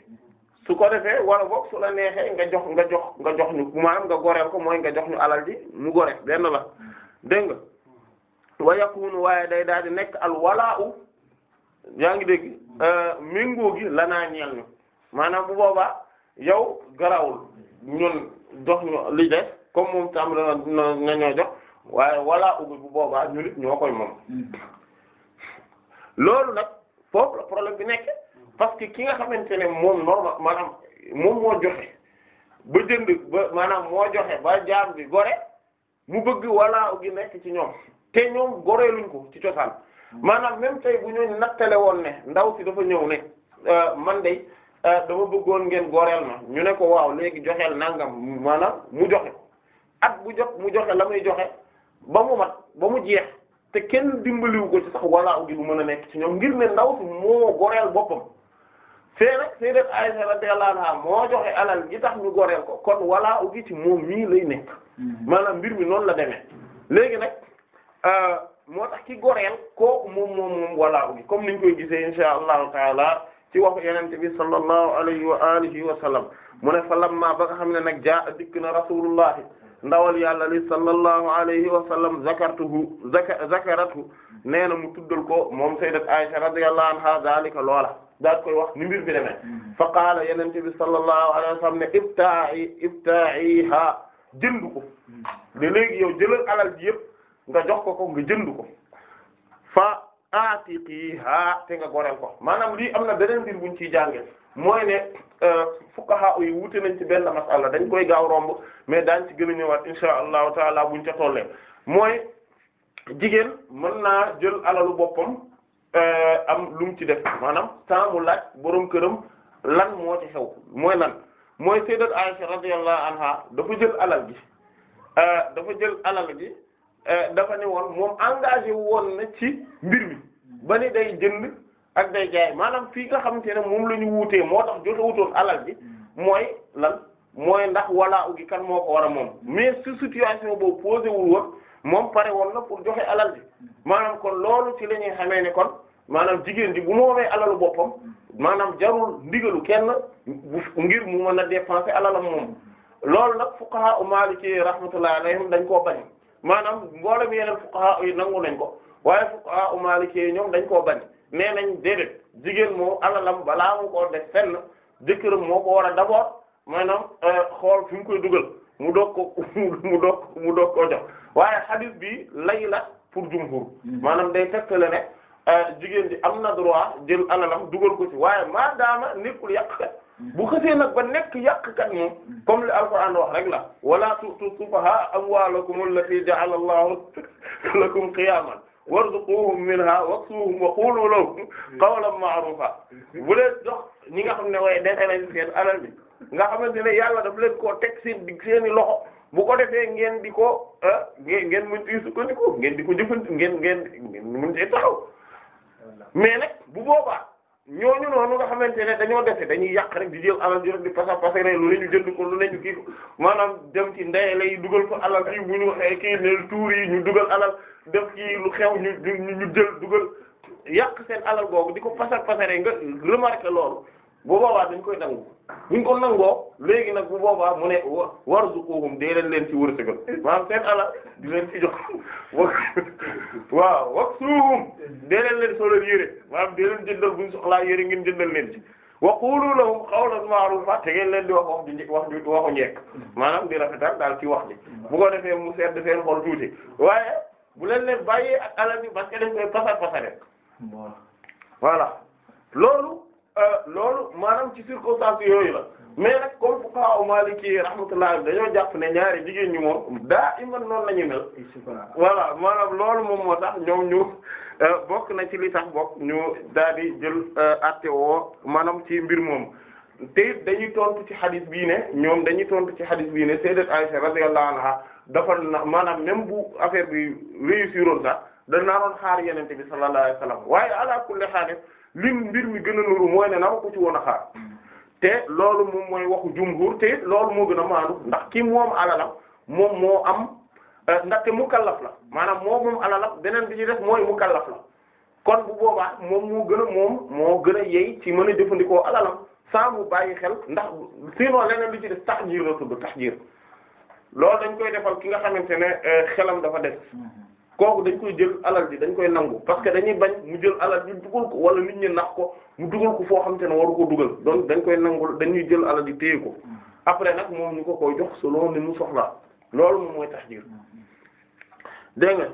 su ko defee wala la neexee nga jox nga jox nga jox ñu maanaam nga goreel ko mooy nga jox ñu alal ji mu gore benn la dégg nga wa waaye day daal di nekk al wala'u yaa ngi dégg euh, méngoo gi lanaa ñeel ñu maanaam bu boobaa yow garawul ñun jox ñu li def comme moom tam na nañoo jox waaye walaa ubbi bu boobaa ñu ñoo koy moom hmm. loolu nag foofu la problème bi nekk parce que ki nga xamante ne moom normal maanaam moom moo joxe ba jënd ba maanaam moo joxe ba jaam bi gore mu bëgg walla ubbi nekk ci ñoom te ñoom goreeluñ ko ci cosaan hmm. maanaam même tey bu ñu nattale woon ne ndaw si dafa ñëw ne euh, man day Ah, dama bëggoon ngeen goreel ma ñu ne ko waaw léegi joxel nangam maanaam mu joxe at bu jot mu joxe la muy joxe ba mu mat ba mu jeex te kenn dimbaliwu ko ci sax walaaw gi lu mën a nekk ci ñoom ngir ne ndaw si moo goreel boppam fee nag sayyidat Aisha radiyallahu anha moo joxe alal gi tax ñu goreel kon walaaw gi ci moom mii lay nekk hmm. maanaam mbir mi noonu la deme léegi nag ah, moo tax ki goreel kooku moom moom moom gi comme niñ koy gisee insha allahu taala ci wax yenente bi sallallahu alayhi wa alihi wa sallam mu ne fa lamma ba nga xam ne nag jaa dikk na rasulullahi ndawal yàlla li sallallahu alayhi wa sallam zakartuhu zaka zakaratu nee na mu tuddal ko moom sayyidat Aisha radiyallahu anha zalika loola daat koy wax ni mbir bi demee fa qaala yenente bi sallallahu alayhi wa sallam ne ibta'i ibta'iha jënd ko de léegi yow jëlal alal ji yëpp nga jox ko ko nga jënd ko fa aatiqiha te nga goreel ko maanaam lii am na beneen mbir buñ ciy jànge mooy ne euh, fuqaha yi wute nañ ci benn masala dañ koy gaaw romb mais daañ ci gën a ñëwaat insha allahu taala buñ ca tollee mooy jigéen mën naa jël alalu boppam euh, am lu ci def maanaam temps mu laaj boroom këram lan moo ci xew mooy lan mooy sayyidat Aisha radiyallahu anha dafa jël alal gi euh, dafa jël alal gi Eh, dafa ne woon moom engagé woon na ci mbir mi ba ni day jënd ak day jaay maanaam fii nga xamante ne moom la ñu wuutee moo tax jot a wutoon alal bi mooy lan mooy ndax walaa ugi kan moo ko war a moom mais su situation boobu posé wul woon moom pare woon na pour joxe alal bi maanaam kon loolu ci la ñuy xamee ne kon maanaam jigéen ji bu moomee alalu boppam maanaam jarul ndigalu kenn ngir mu mën a dépenser alalam moom loolu nag fuqaha u Maliki rahmatullahi alayhim dañ koo maanaam mboolem yeneen fuqaha yi nangu nañ ko waaye fuqaha maliki ñoom dañ koo bañ nee nañ déedéet jigéen moom alalam balaa mu koo def fenn jëkkëram moo ko war a d'abord maanaam euh, xool fi mu koy dugal mu doog ko mu doog mu doog koo jox waaye hadith bi lay la pour jumhur hmm. maanaam day tegtale ne euh, jigéen ji am na droit jël alalam dugal ko ci waaye maadaama nekkul yàq bu xësee nag ba nekk yàqkat moom comme li alquran wax rek la wala tu'tu sufaha amwalakum allati ja'ala allahu lakum qiyaman warzuquhum minha waksuhum wa qulu lahum qawlan ma'rufa bu leen jox ñi nga xam ne waaye defe nañ seen alal bi nga xamante ne yàlla daf leen koo teg seen di seen i loxo bu ko defee ngeen di ko ah, ngeen ngeen mën ci ko ngen di ko jëfandikoo ngeen ngeen ngeen mën ci bu boobaa ñooñu noonu nga xamante ne dañoo defe dañuy yàq rek di jël alal ji rek di pasa pasa rek lu ne ñu jënd ko lu ne ñu kii ko maanaam dem ci ndeyale yi dugal ko alal fii bu ñu waxee kii ne tuur yi ñu dugal alal def kii lu xew ñu ñu jël dugal yàq seen alal googu di ko pasa pasa rek nga remarqué loolu bu boobaa dañ koy nangu buñ ko nangoo léegi nag bu boobaa mu ne war warzuquhum dee leen leen ci wërsëgal maanaam seen ala di leen ci jox waaw waksuuhum dee leen leen solal yére maanaam dee leen jëndal buñ soxlaa yére ngeen jëndal leen ci wa qulu lahum qawlan ma'rufa te ngeen leen di wax wax di wax di waxu njekk maanaam di rafetal daal ci wax ji bu ko defee mu sedd seen xol tuuti waaye bu leen leen bàyyee ak alal bi parce que dañ koy pasar pasare voilà loolu Euh, loolu maanaam ci circonstance yooyu la mais ko comme fuqaha maliki rahmatullah dañoo jàpp ne ñaari jigéen ñi moom daa iman noonu la ñu mel voilà maanaam loolu moom moo tax ñoom ñu euh, bokk na ci li tax bokk ñu daal di jël atte euh, woo maanaam ci mbir moom te dañuy tontu ci xadis bii ne ñoom dañuy tontu ci xadis bii ne sayyidat Aisha radiyallahu anha dafa na maanaam bu affaire bi réussiroon sax da naaroon xaar yenente bi sallallahu alayhi wasallam waaye ala kulli xaalis li mbir mi gën a nuru mooy ne nawa ko ci woon a xaar te loolu moom mooy waxu jumhur loolu moo gën a maandu ndax ki moom alalam moom moo am euh, ndaxte mukallaf la maanaam moom moom alalam beneen bi def mooy mu la kon bu boobaa moom moo gën a moom moo gën a yey ci mën a jëfandikoo alalam saa mu bàyyi xel ndax sinon leneen li ci def taxjiir la tudd taxjiir loolu dañ koy defal ki nga xamante ne euh, xelam dafa def mm-hmm. kooku dañ koy jël alal ji dañ koy nangu parce que dañuy bañ mu jël alal ji dugal ko wala nit ñi nax ko mu dugal ko foo xam te ne waru ko dugal donc dañ koy nangu dañuy jël alal ji téye ko après nag moom ñu ko koy jox selon ni mu soxla loolu moom mooy tax jiir dégg nga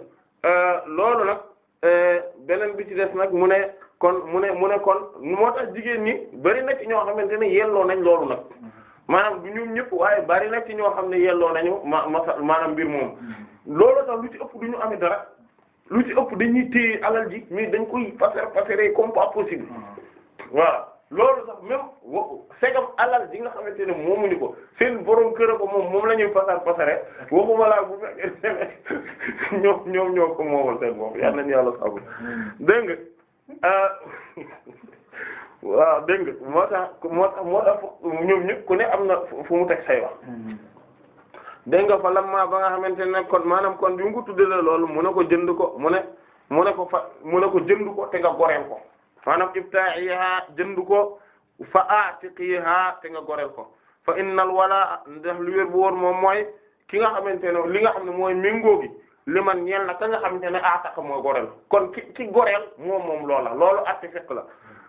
euh, loolu nag euh, beneen bi ci des nag mu ne kon mu ne mu ne kon moo tax jigéen ñi bari na ci ñoo xamante ne yelloo nañ loolu nag maanaam du ñoom ñëpp waaye bari na ci ñoo xam ne yelloo nañu ma maanaam mbir moom loolu tax lu ci ëpp du ñu amee dara lu ci ëpp dañuy téye alal ji mais dañ koy passer passer comme pas possible hmm. voilà loolu sax même wo segam alal ji nga xamante ne moomuñu ko seen borom kër ko moom moom la ñuy passer passer waxuma laa bu fekkee ñoom ñoom ñoo ko moomal seen bopp yal nañu yàlla saabu hmm. dégg nga ah. waaw dégg nga moo tax moo tax moo tax ñoom ñëpp ku ne am na fu mu teg say wax hmm. dégg nga fa lamma ba nga xamante ne kon maanaam kon bi mu ko tuddee loolu mu ne ko jënd ko mu ne mu ne ko fa mu ne ko jënd ko te nga goreel ko maanaam ibtaa'iha jënd ko fa aatiqiha te nga goreel ko fa innal wala ndax lu wér bu woon moom mooy ki nga xamante ne li nga xam ne mooy méngoo gi li man ñeel na ka nga xamante ne aataqa mooy goreel kon ki ki goreel moom moom loola loolu atti fiq la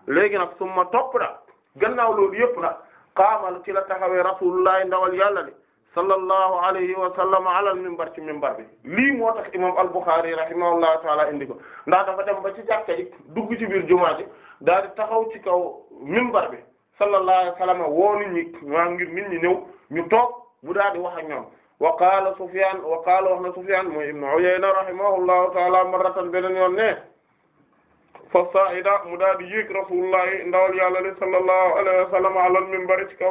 léegi nag suma topp gannaaw loolu yëpp na xaamal ci la taxawee rasulullah ndawal yàlla li sallallahu alayhi wa sallam alal minbar ci minbar bi lii moo tax imam al-Bukhari rahimahullahu taala indi ko ndax dafa dem ba ci jàkka ji dugg ci biir jumaa ji daal di taxaw ci kaw minbar bi sallallahu alayhi wa sallam woo nit ñi ngir nit ñi ñëw ñu toog mu daal di ñoom wa qaala Sufyan wa qaala wax na Sufyan mooy ibnu Uyayna rahimahullahu taala marratan beneen yoon fa saida mu daal di yéeg rasulullahi ndawal yàlla sallallahu alal minbar ci kaw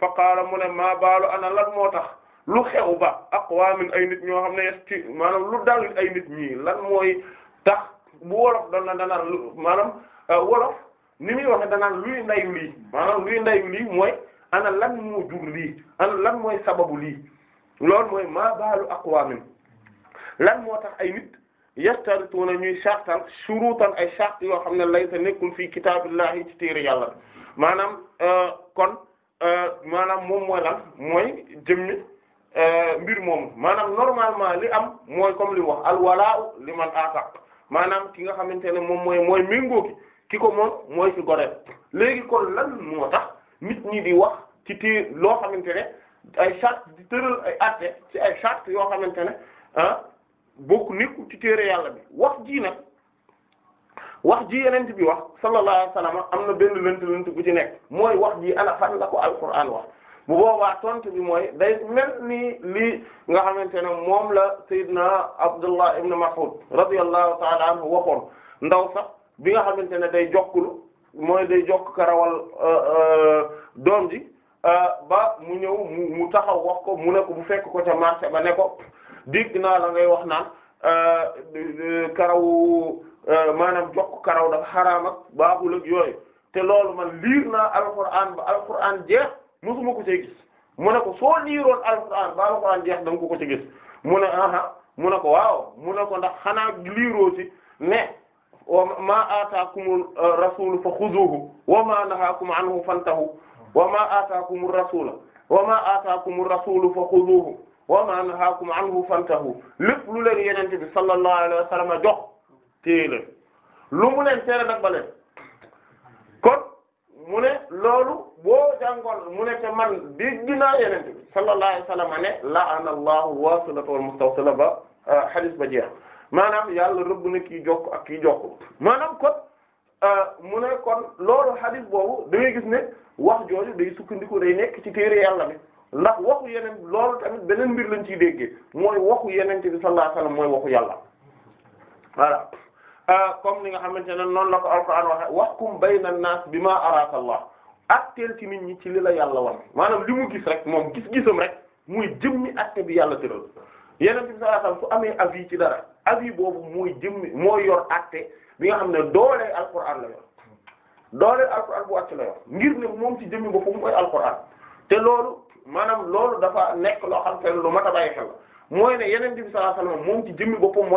fa qaala mu ne maa baalu ana lan moo tax lu xew ba aqwaamin ay nit ñoo xam ne ci maanaam lu dal ay nit ñii lan mooy tax bu wolof doon na danaan lu maanaam euh, wolof ni muy waxe danaan luy ndayu lii maanaam luy ndayu lii mooy ana lan moo jur lii ana lan mooy sababu lii loolu mooy maa baalu aqwaamin lan moo tax ay nit yastarituuna ñuy sartal shuruutan ay shart yoo xam ne laysa nekkul fii kitaabillahi ci téere yàlla maanaam euh, kon Euh, maanaam moom mooy lan mooy jëmmi euh, mbir moomu maanaam normalement li am mooy comme li wax alwalaa li man aataq maanaam ki nga xamante ne moom mooy mooy méngoo ki ki ko moom mooy ci goreel léegi kon lan moo tax nit ñi di wax ci téer loo xamante ne ay charte di tëral ay atte ci ay charte yoo xamante ne ah bokk ci téere yàlla bi wax ji nag wax ji yenent bi wax sallallahu alayhi wa am na benn lënt lënt bu ci nekk mooy wax ji ana fan la ko alquran wax bu boobaa tontu bi mooy day mel ni lii nga xamante ne moom la Seydina Abdullah ibn Mas'ud radiyallahu ta'ala anhu waxoon ndaw sax bi nga xamante ne day jokkulu mooy day jokk karawal euh, euh, doom ji euh, ba mu ñëw mu taxaw wax ko mu ne ko bu fekk ko ca marché ba ne ko dégg naa la ngay wax naan karawu Euh, maanaam jox ko karaw dafa xaraam ak baaxul ak yooyu te loolu man liir naa alquran ba alquran jeex mosuma ko cee gis mu ne ko soo liiroon alquran ba alquran jeex da nga ko ko ci gis mu ne aha mu ne ko waaw mu ne ko ndax xanaa liiroo ci ne ma ataakum rasulu fa xuduhu wa ma nahaakum anhu fantahu wa ma ataakum rasula wa ma ataakum rasulu fa xuduhu wa ma nahaakum anhu fantahu lépp lu leen yenente bi sallallahu alayhi wa sallam jox téye leen lu mu leen tere daf ba leen kon mu ne loolu boo jàngoon mu ne te man dégg naa yenente bi sallallahu alayhi wasallam ne la'ana allahu wasilata wal mustawsila ba euh, hadith ba jeex maanaam yàlla rëbb na kii jokk ak kii jokk maanaam kon euh, mu ne kon loolu hadith boobu da gis ne wax jooju dey sukkandiku day nekk ci téere yàlla bi ndax waxu yeneen loolu tamit beneen mbir lañ ciy déggee mooy waxu yenente bi sallallahu alayhi wasallam mooy waxu yàlla voilà Euh, comme ni nga xamante ne noonu la ko alquran waxe wahkum bayna an-nas bima araka Allah atteel ci nit ñi ci li la yàlla wan maanaam li mu gis rek moom gis-gisam rek muy jëmmi atte bi yàlla tëral yeneen bi sallallahu alayhi wasallam su amee avis ci dara avis boobu muy jëmmi moo yor atte bi nga xam ne doolee alquran la yor doolee alquran bu wàcc la yor ngir ne moom ci jëmmi boppam mooy alquran te loolu maanaam loolu dafa nekk loo xam lu mat a bàyyi xel ne yeneen bi sallallahu alayhi wasallam moom ci jëmmi boppam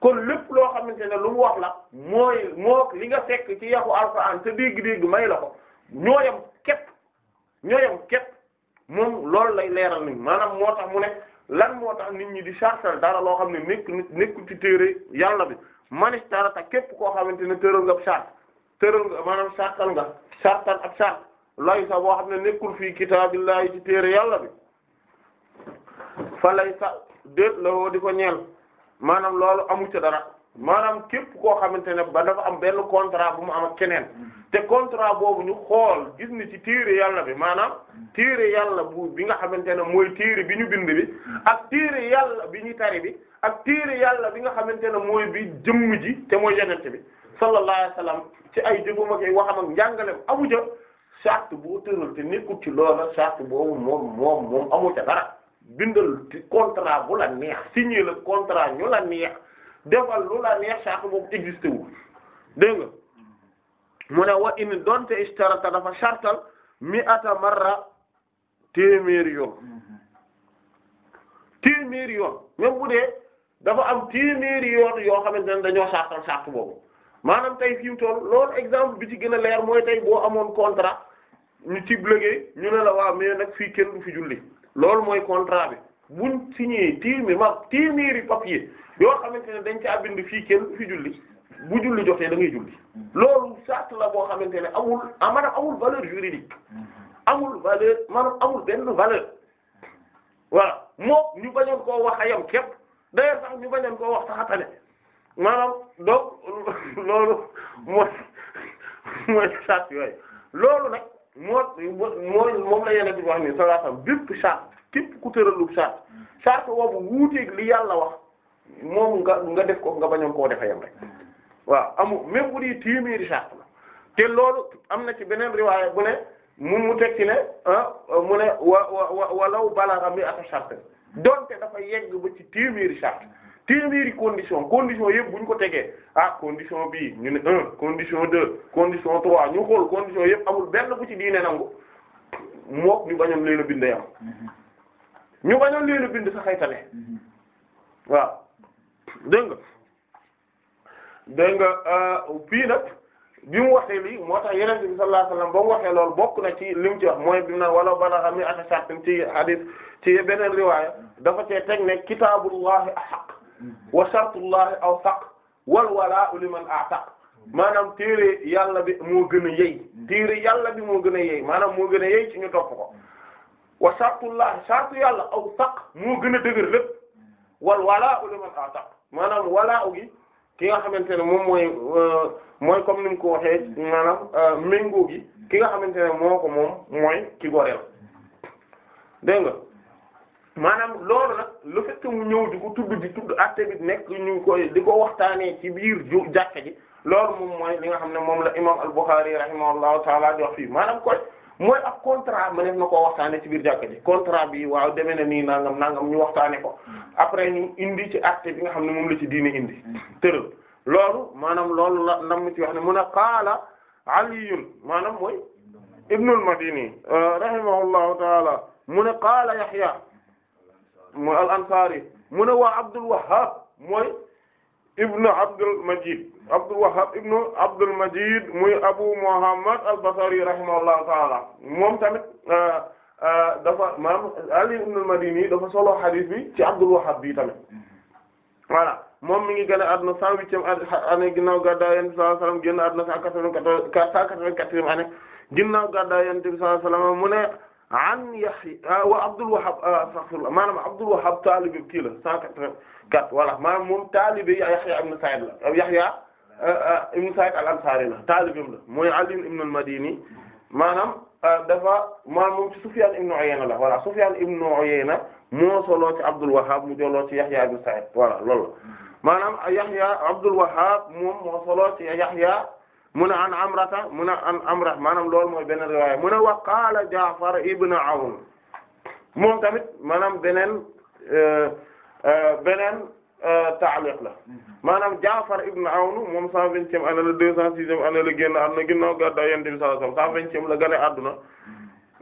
kon lépp loo xamante ne lu mu wax la mooy moo li nga fekk ci yaxu alxuraan te dégg-dégg may la ko ñooyam képp ñooyam képp moom loolu lay leeral ni maanaam moo tax mu ne lan moo tax nit ñi di sartal dara loo xam ne nekk nekku ci téere yàlla bi manistarata képp koo xamante ne tëral nga ab sart tëral nga maanaam sartal nga sartal ab sart lay sa boo xam ne nekkul fii kitaabillahi ci téere yàlla bi fa lay sa déet la woo di ko ñel maanaam loolu amu ci dara maanaam képp koo xamante ne ba dafa am benn contrat bu mu am ak keneen te contrat boobu ñu xool gis ni ci téere yàlla bi maanaam téere yàlla bu bi nga xamante ne mooy téere bi ñu bind bi ak téere yàlla bi ñu tari bi ak téere yàlla bi nga xamante ne mooy bi jëmm ji te mooy yenente bi sallallahu alayhi wasallam ci ay jëfam ak ay waxam ak njàngalem amu ja charte boo tëral te nekkul ci loola charte boobu moom moom moom amu ca dara bindal contrat bu la neex signé le contrat ñu la neex defal lu la neex saako boobu existé wu dégg nga mu ne wa in donte istarata dafa chartal mi ata marra téeméeri yoon téeméeri yoon même bu dee dafa am téeméeri yoon yoo xamante ne dañoo chartal saako boobu maanaam tey fi mu toll loolu exemple bi ci gën a leer mooy tey boo amoon contrat ñu ci léegi ñu ne la waa mais nag fii kenn du fi julli. loolu mooy contrat bi buñ signé téeméer ma téeméeri papier yoo xamante ne dañ caa bind fii kenn fi julli bu julli jotee da ngay julli loolu sart boo xamante ne awul ah maanaam amul valeur juridique amul valeur maanaam amul benn valeur waaw moom ñu bañoon ko wax a yam képp d'ailleurs sax ñu bañoon koo wax taxatane maanaam donc loolu mooy mooy sart loolu nag moo moo moom la yeneen bi wax ni sallallahu alayhi wasallam bépp charte képp ku tëralub charte charte boobu wuuteeg li yàlla wax moom nga nga def ko nga bañoon koo defe yam rek waaw amul même bu di téeméeri charte la te loolu am na ci beneen riwaaya bu ne mu mu tekki ne ah, mu ne wa wa walaw balagha mi'ata shart donte dafa yegg ba ci téeméeri charte téeméeri condition condition yëpp bu ñu ko tegee ah condition bii ñu ne un condition deux condition trois ñu xool condition yëpp amul benn bu ci diine nangu mook ñu bañoon leen a bind yam mhm. ñu bañoon leen a bind sa xaytane mhm. waaw dégg nga dégg nga euh, nag bi mu waxee lii moo tax yeneen bi sallallahu alayhi wasallam ba mu waxee loolu bokk na ci li mu ci wax mooy bi mu naan wala balagha mi'ata shartin ci hadith ci beneen riwaaya dafa cee teg ne kitaabullahi ahaq wa shartullahi aw saq wal wala'u liman a'taq maanaam téere yàlla bi moo gën a yey téere yàlla bi moo gën a yey maanaam moo gën a yey ci ñu topp ko wa shartullahi shartu yàlla aw saq moo gën a dëgër lépp wal wala'u liman a'taq maanaam wala'u gi ki nga xamante ne moom mooy euh, mooy comme ni mu ko waxee maanaam euh, méngoo gi ki nga xamante ne moo ko moom mooy ki goreel nga maanaam loolu nag le mu ñëw di ko tudd di tudd acte bi nekk ñu koy di ko waxtaanee ci biir ju jàkka ji loolu moom mooy li nga xam ne moom la imam al-Bukhari rahimahullahu taala jox fii maanaam koy mooy ab contrat ma nekk na koo waxtaanee ci biir jàkka ji contrat bi waaw demee na nii nangam nangam ñu waxtaanee ko après ñu indi ci acte bi nga xam ne moom la ci diine indi tëral loolu maanaam loolu la ndam ci wax ne mun a qaala aliyun maanaam mooy ibnul madini euh, rahimahullahu taala mu a qaala yahya mooy al ansari mu ne waa Abdul Wahhab mooy ibnu Abdul Majid Abdul Wahhab ibnu muy Abu Muhammad al-Basri rahimahullahu ta'ala moom tamit euh, euh, dafa maam Ali ibn al-Madini dafa solo hadith bi ci Abdul Wahhab bi tamit voilà moom mi ngi gën a àdduna cent huitième année ginnaaw gàddaay Yonent bi sallallahu alayhi wasallam génn bi sallallahu alayhi mu ne an Yahya ah, wa Abdul Wahhab ah, astaghfirullah maanaam Abdul Wahhab taalibe kii la 184 voilà maanaam moom taalibe Yahya ibn Sa'id la ah, Yahya ibn Sa'id al-Ansari la taalibem la mooy Ali ibn al-Madini maanaam dafa maanaam moom ci Sufyan ibn Uyayna la voilà Sufyan ibn Uyayna moo solo ci Abdul Wahhab mu jëloo ci Yahya ibn Sa'id voilà loolu la maanaam Yahya Abdul Wahhab moom moo solo ci Yahya mu ne an amrata mu ne an amra maanaam loolu mooy beneen riwaaya mu ne wa qaala Jaafar ibn Awn moom tamit maanaam beneen euh, euh, beneen euh, taaliq la maanaam Jaafar ibn Awn moom cent vingtième année la deux cent sixième année la génn àdduna ginnaaw gàddaay Yonent bi sallallahu alayhi wasallam cent vingtième la gane àdduna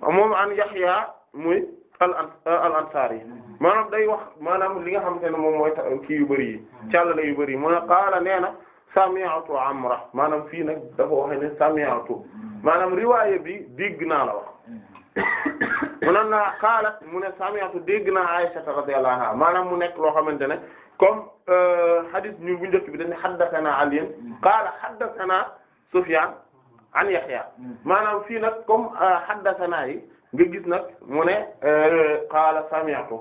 moom an Yahya muy al al Ansari maanaam day wax maanaam li nga xamante ne moom mooy kii yu bëri yi càllale yu bëri yi mu ne qaala nee na sami'tu amra maanaam fii nag dafa waxe ne sami'tu maanaam riwaaya bi dégg naa la wax mm-hmm. mu ne naa xaalat mu ne sami'tu dégg naa Aisha radiyallahu anha maanaam mu nekk loo xamante ne comme euh, hadith ñun bu njëkk bi dañu haddathana Ali mm-hmm. qaala haddathana Sufyan an Yahya mm-hmm. maanaam fii nag comme euh, haddathana yi nga gis nag mu ne euh, qaala sami'tu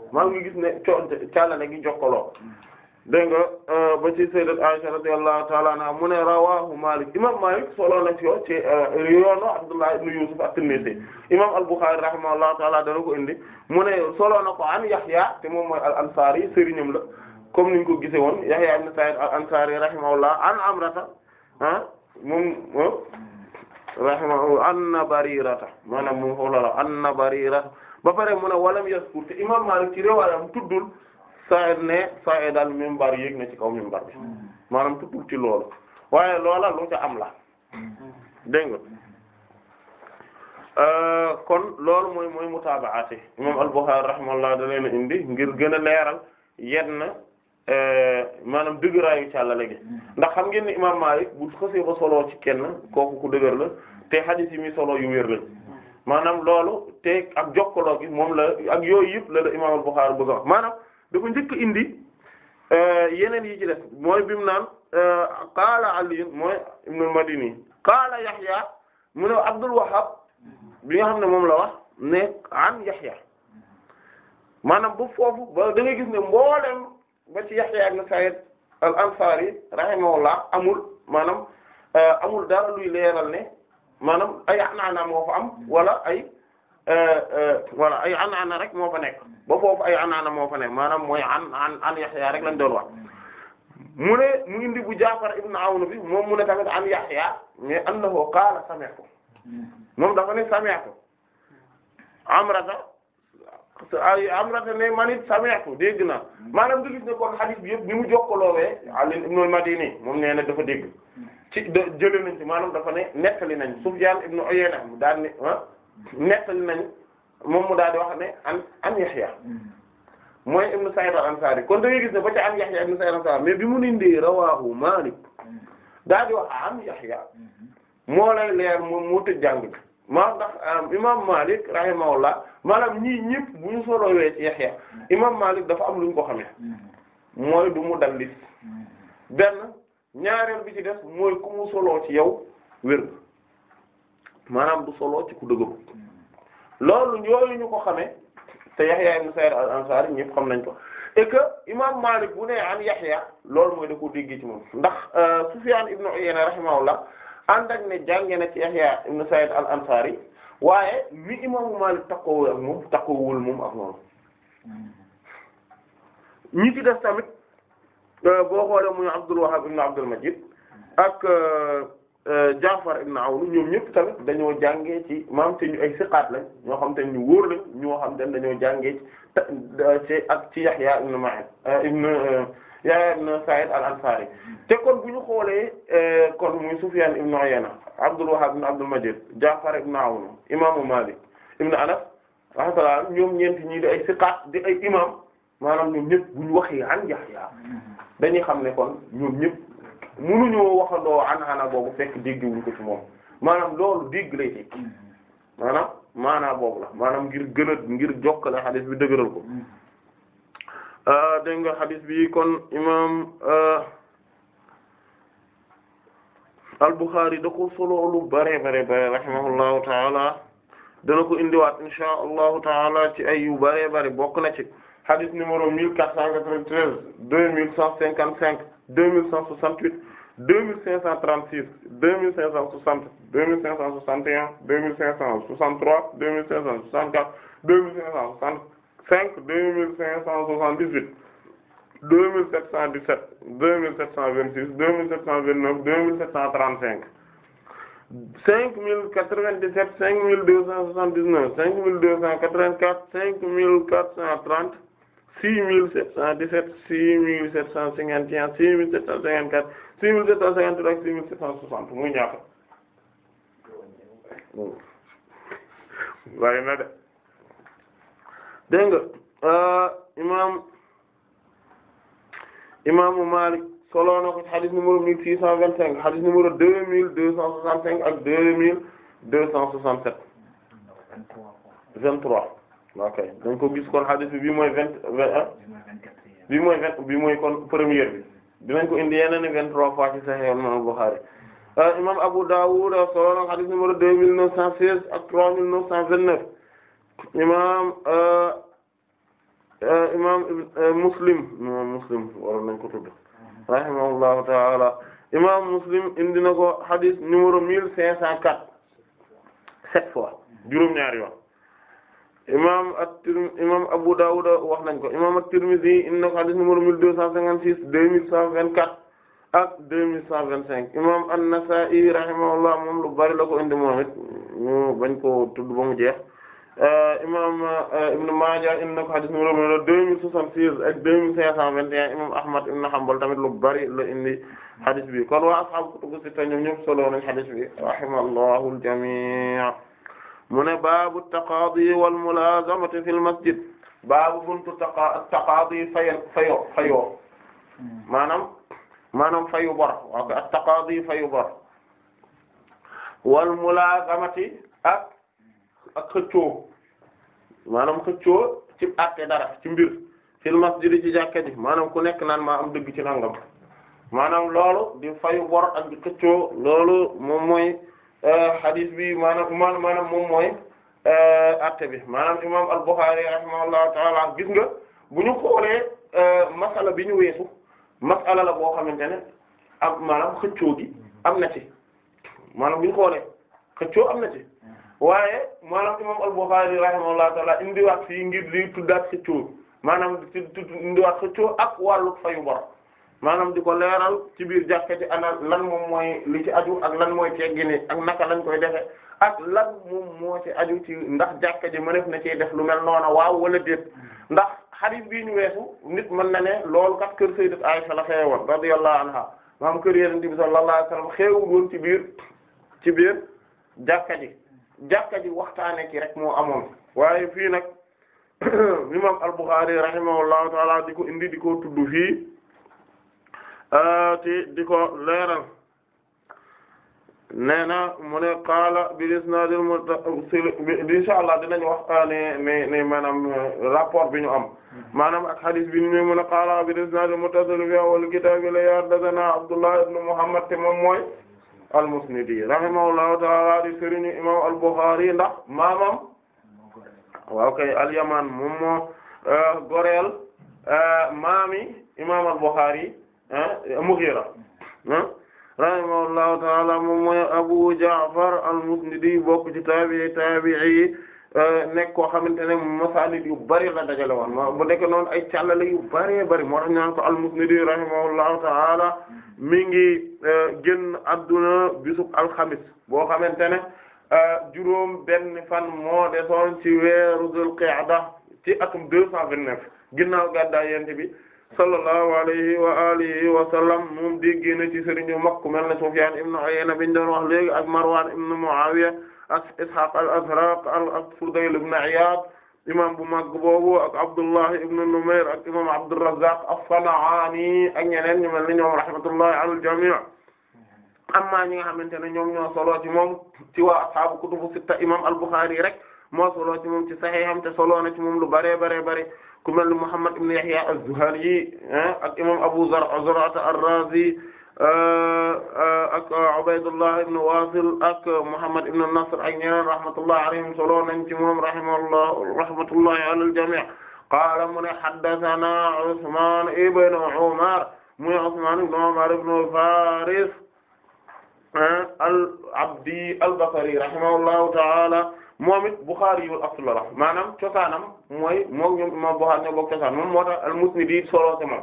gi ngi gis dégg nga euh, ba ci sayyidat Aisha radiyallahu ta'ala anha mu ne rawahu Malik imam Malik solo na ci yo ci euh, yoonu ibn Yusuf at-Tinnisi imam al-Bukhari rahimahullahu ta'ala dana ko indi mu ne na ko an Yahya te moom mooy al-Ansari sëriñam la comme niñ ko gise woon Yahya ibn Sa'id al-Ansari rahimahullah an Amrata ah moom rahimahu anna Barirata maanaam moom xoolala anna Barirata ba pare mu ne walam yaskur te imam Malik ci réwalam tuddul a Sa'id ne Sa'id al minbar yéeg na ci kaw minbar bi maanaam tuddul ci loolu waaye loola lu ca am la dégg nga euh, kon loolu mooy mooy mutaabaati imam al-Bukhari rahimahullah da leen indi ngir gën a leeral yenn euh, maanaam dëgëraayu càllale gi ndax xam ngeen ni imam Maalik bu xasee ba soloo ci kenn kooku ku dëgër la te xadiis yi muy soloo yu wér lañ maanaam loolu te ak jokkaloo gi moom la ak yooyu yëpp la la imam al-Bukhari bëgg a dafa njëkk indi euh, yeneen yi ci mooy bi mu naan euh, qaala Ali mooy ibnul Madini qaala Yahya mu bi nga xam ne moom la wax ne an Yahya maanaam bu foofu ba da ngay gis ne mboolem ba ci Yahya ibn Sa'id amul maanaam euh, amul dara luy leeral ne maanaam ay naanaa moo fa am wala ay. Euh, euh, voilà ay an ana rek moo fa nekk bo foofu ay an ana moo fa nekk maanaam mooy ana an Yahya rek lañ doon wax mu ne mu indi bu Jaafar ibn Awn bi moom mu ne tamit an Yahya mais annahu qaala sami'tu moom dafa ne sami'tu Amrata ay Amrata ne man it sami'tu dégg naa maanaam nga gis ne kon hadith bi yëpp ni mu jokkaloowee Ali ibn Madini moom nee dafa dégg ci jëlee nañ ci maanaam dafa ne nettali nañ Sufyan ibn Uyayna mu daan ne ah, nettali nañ moom mu daal di wax ne an an Yahya hmm. mooy ibnu Sa'id al-Ansari kon da gis ne ba ca an Yahya ibnu Sa'id al-Ansari mais bi mu nindee rawaahu Malik hmm. daal di wax am Yahya hmm. moo lay leer moo tëj jàng maa ndax imaam Malik rahimahullah maanaam ñii ñëpp bu ñu solowee ci Yahya imaam Malik dafa am lu ñu ko xamee mooy du mu dallis benn ñaareel bi ci def mooy ku mu soloo ci yow wér maanaam du solo ci ku dëgëru loolu ñu ko xamee te Yahya ibn Sa'id al-Ansari ñëpp xam nañ ko et que imam Malik bu ne an Yahya loolu mooy da ko déggee ci moom ndax euh, Sufyan ibn Uyayna rahimahullah ànd ak ne jàngee na ci Yahya ibn Sa'id al-Ansari waaye wi imaamu Malik takkowul ak moom takkowul moom ak noonu ñi ci def tamit euh, boo xoolee muy Abdul Wahhab ibn Abdul Majid ak euh, Euh, Jaafar ibn Awn ñoom ñëpp tamit dañoo jàngee ci maam te ñu ay siqaat lañ ñoo xam te ñu wóor lañ ñoo xam te dañoo jàngee ci ak ci Yahya ibn Ma'in euh, ibn euh, Yahya al-Ansari te kon bu ñu xoolee kon muy Sufyan ibn Uyayna Abdul Wahhab ibn Abdul Majid Jaafar ibn Awn imaamu Malik ibn Anas rahmatullah ñoom ñeenti ñii di ay siqaat di ay imam maanaam ñoom ñëpp bu ñu waxee an Yahya dañuy xam ne kon ñoom ñëpp munuñoo waxandoo anhaana boobu fekk dégguwuñ ko ci moom maanaam loolu dégg lay tekki maanaam maanaa boobu la maanaam ngir gën ngir jokkale xadis bi dëgëral ko euh, dégg nga xadis bi kon imaam euh, al-Bukhari da ko solo lu bare bare bare rahimahullahu taala dana ko indiwaat inshaa allahu taala ci ay yu bare bare bokk na ci xadis numéro mille quatre cent quatre vingt deux mille cent cinquante-cinq deux mille cent soixante-huit deux mille cinq cent trente-six deux mille cinq cent soixante deux mille cinq cent soixante et un deux mille cinq cent soixante-trois deux mille cinq cent soixante-quatre deux mille cinq cent soixante-cinq deux mille cinq cent soixante-dix-huit deux mille sept cent dix-sept deux mille sept cent vingt-six deux mille sept cent vingt-neuf deux mille sept cent trente-cinq cinq mille quatre-vingt-dix-sept cinq mille deux cent soixante-dix-neuf cinq mille deux cent quatre-vingt-quatre cinq mille quatre cent trente six mille sept cent dix-sept six mille sept cent cinquante six mille sept cent cinquante-quatre six mille sept cent cinquante-trois ak six mille sept cent soixante muy ñaata waaye na de dégg nga imaam imaamu Maalik solo na ko xadis numéro mille six cent vingt-cinq xadis numéro deux mille deux cent soixante-cinq ak deux mille deux cent soixante-sept vingt-trois ok dañ ko gis kon hadith bi mooy vingt vingt ah? bii mooy vingt bii mooy kon premier bi dinañ ko indi yeneen i vingt trois fois ci Sahih imam Bukhari ah, imam Abu Dawud solo na hadith numéro deux mille neuf cent seize euh, euh, euh, Muslim imam Muslim waroon ta'ala imam Muslim indi na ko hadith numéro mille cinq cent quatre sept fois ñaari yoon imaam at imaam Abu Dawud wax nañ ko imaam at-Tirmidhi inna ko hadith numéro mille deux cent cinquante six deux mille cent vingt quatre ak deux mille cent vingt cinq imaam an rahimahullah moom lu bari la ko indi moom ñu bañ koo tudd ba mu jeex euh, imaam euh, Ibn Maaja inna ko hadith numéro deux mille soixante six deux mille cinq cent vingt et Ahmad ibn Hanbal tamit lu bari la indi hadith bi kon waa ashaabu kutubu sitta ñoom ñëpp solo nañ hadith bi rahimahullahu al mu ne baabu taqaadi wal mulaazamati fil masjid baabu buntu taqa taqaadi fayo fayo fayoo maanaam maanaam fayu bor waaw ak taqaadi fayu bor wal mulaazamati ak ak xëccoo maanaam xëccoo ci àtte dara ci mbir fil masjid ci jàkka ji maanaam ku nekk naan maa am dëgg ci nangam maanaam loolu di fayu bor ak di loolu moom mooy. hadith bi maanaam maanaam moom mooy atte bi maanaam imam al-Bukhari rahimahullahu taala gis nga bu ñu xoolee masala bi ñu weesu masala la boo xamante ne am maanaam xëccoo gi am na ci maanaam bu ñu xoolee xëccoo am na ci waaye maanaam imam al-Bukhari rahimahullahu taala indiwaat fii ngir li tuddaat xëccoo maanaam indiwaat xëccoo ak wàllu fayu bor maanaam di ko leeral ci biir jàkkati ana lan moom mooy li ci aju ak lan mooy teggini ak naka lañ koy defe ak lan moom moo ci aju ci ndax jàkka ji mënef na ci def lu mel noona waaw wala déet ndax hadith bii ñu weesu nit mën na ne loolu kat kër sayyidat Aisha la xewoon radiyallahu anha maam kër Yonent bi sallallahu alayhi wasallam xeewul woon ci biir ci biir jàkka ji jàkka ji waxtaane ki rek moo amoon waaye fii nag imam al-Bukhari rahimahullahu ta'ala di ko indi di ko tudd fii Ah, ti di ko leeral nee na mu ne qaala bi isnaadil muttasil insha Allah dinañ wax ne ne ne maanaam eh, rapport bi ñu am maanaam ak hadith bi ñu mu ne qaala bi isnaadil muttasil fi awwal kitaab la haddathana Abdullah Muhammad te moom mooy al-Musnidi rahimahullahu ta'ala di sëriñu imam al-Bukhari ndax maamam waaw kay al-Yaman moom moo eh, eh, maami imam al-Bukhari Ah, Mughira ah, rahimahullahu ta'ala moom mooy Abu Ja'far al-Musnidi bokk ci taabi'i taabi'i yi ah, nekk koo xamante ne masaanid yu bari la dajale woon ma bu nekk noonu ay càllale yu bari bari moo tax ñu rahimahullahu ta'ala mi ngi génn adduna bisub alxamis boo xamante ne juróom benn fan moo desoon ci weeru Dul Qa'da ci atum deux cent vingt-neuf ginnaaw gàddaay Yonent bi solo alayhi wa alihi wa sallam moom déggee na ci sëriñu makk mel na Sufyaan ibn Uyayna biñ doon ak Marwaan ibn Muawiya ak Ishaq al-Azraq ak Fudayl ibn Iyad imam bu mag boobu ak Abdullah ibn Numayr ak imam Abdurrazzaq as-San'aani ak ñeneen ñu mel ni al-jamii' amma ñi nga xamante ne ñoom ñoo solo ci moom ci waa ashaabu kutubu sitta imam al-Bukhari rek moo solo ci moom ci Sahiham te solo na ci moom lu bare bare bare ku mel ni Muhammad ibn Yahya az-Zuhali ah, ak imam Abu Zur'a ar-Razi ah, ak Ubaydullah ibn Wasil ak Muhammad ibn Nasr ak ñeneen rahmatullah alayhim solo nañ ci moom rahimahullah rahmatullahi ala al-jami' qaala mu ne haddathana Usman ibn Umar muy Usman ibn Umar ibn Faris ah, al-Abdi al-Basri rahimahullahu ta'ala moom it Bukhari yul abdullah maanaam cosaanam mooy moom ñoom moom moo tax al-Musnid di solo moom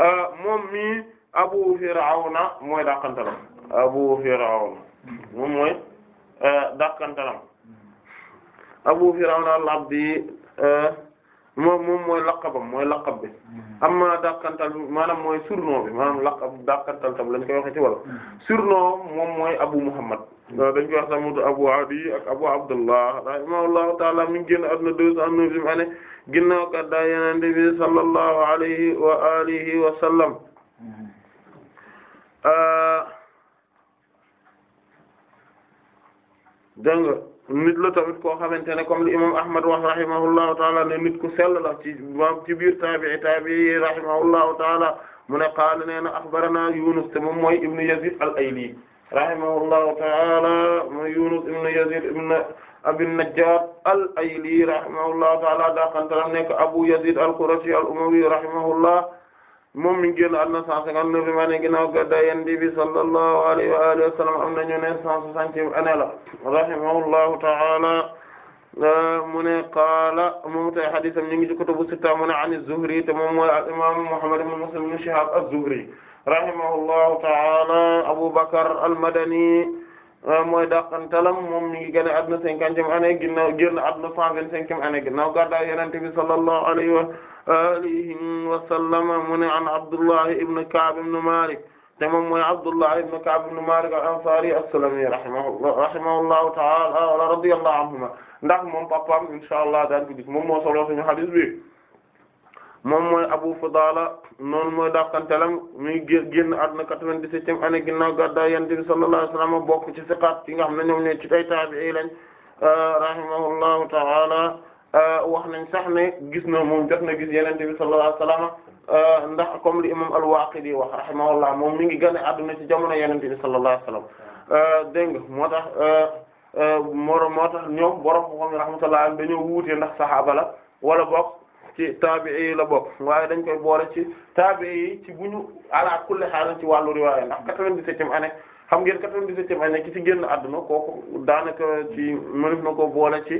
euh, moom mii Abu Firawna mooy dàqantalam Abu Firawna moom mooy euh, dàqantalam Abu Firawna al-Abdi euh, moom moom mooy laqabam mooy laqab bi amma dàqantal maanaam mooy surnom bi maanaam laqab dàqantal tam lañ koy waxe ci walla mm-hmm. moom mooy Abu Muhammad dañ koy wax tamit Abu Adi Abu Abdullah rahimahullahu ta'ala mi ngi génn àdduna deux cent sallallahu alayhi wa alihi wa mhm. euh, nit la tamit koo xamante ne comme li imam Ahmad wax rahimahullahu taala nit ku sell la maam ci biir tabi'i tabi'i rahimahullahu taala mu ne qaala nee na axbarana Yunus te moom mooy ibnu Yazid al-Ayli rahimahullahu ta'ala mu Yunus ibn Yazid ibn Abi Najjar al-Ayli rahimahullahu ta'ala daa kantaram nekk Abu Yazid al-Qurashi al-Umawi rahimahullah moom mi ngi génn àdduna 159 maa ne ginnaaw gàddaay Yonent bi sallallahu alayhi wa alihi wa sallam am nañu ne 160 année la rahimahullahu ta'ala mu ne qaala moom tay hadiisam ñu ngi ci kutubu sitta mu ne an az-Zuhri te moom mooy al-imaam Muhammad ibn Muslim ibn Shihab az-Zuhri rahimahullahu ta'ala Abu Bakr al-Madani euh, mooy dàqantalam moom mi ngi génn àdduna cinquantième année ginnaaw génn àdduna cent vingt-cinquième année ginnaaw gàddaay Yonent bi sallallahu alayhi wa alihi wa sallam mu ne an Abdullah ibn Ka'b ibn Malik te moom mooy Abdullah ibn Ka'b ibn Malik al-Ansari as-Sulami rahimahullah rahimahullahu ta'ala wa radiyallahu anhuma ndax moom papaam inshallah daan ko gis moom moo solo suñu hadith bi moom mooy Abu Fudala noonu mooy dàqanteelam muy génn àdduna 97e année ginnaaw gàddaay Yonent bi sallallahu alayhi wa sallam bokk ci siqaat yi nga xam ne ñoom ñooy ci tay taabi'i lañ euh, rahimahullahu ta'ala euh, wax nañ sax ne gis na moom jot na gis Yonent bi sallallahu alayhi wa sallam euh, ndax comme li imam al-Waaqidi wax rahimahullah moom mi ngi génn àdduna ci jamono Yonent bi sallallahu alayhi wa sallam dégg nga moo tax moo moo tax ñoom borom xam rahmatullah dañoo wuute ndax saxaaba la wala bokk ci taabi'i la bokk waaye dañ koy boole ci taabi'i ci bu ñu ala kulli xaal ci wàllu riwaaya ndax di e année xam ngeen 97e année ki ci génn àdduna kooku daanaka ci mënef na ko boole ci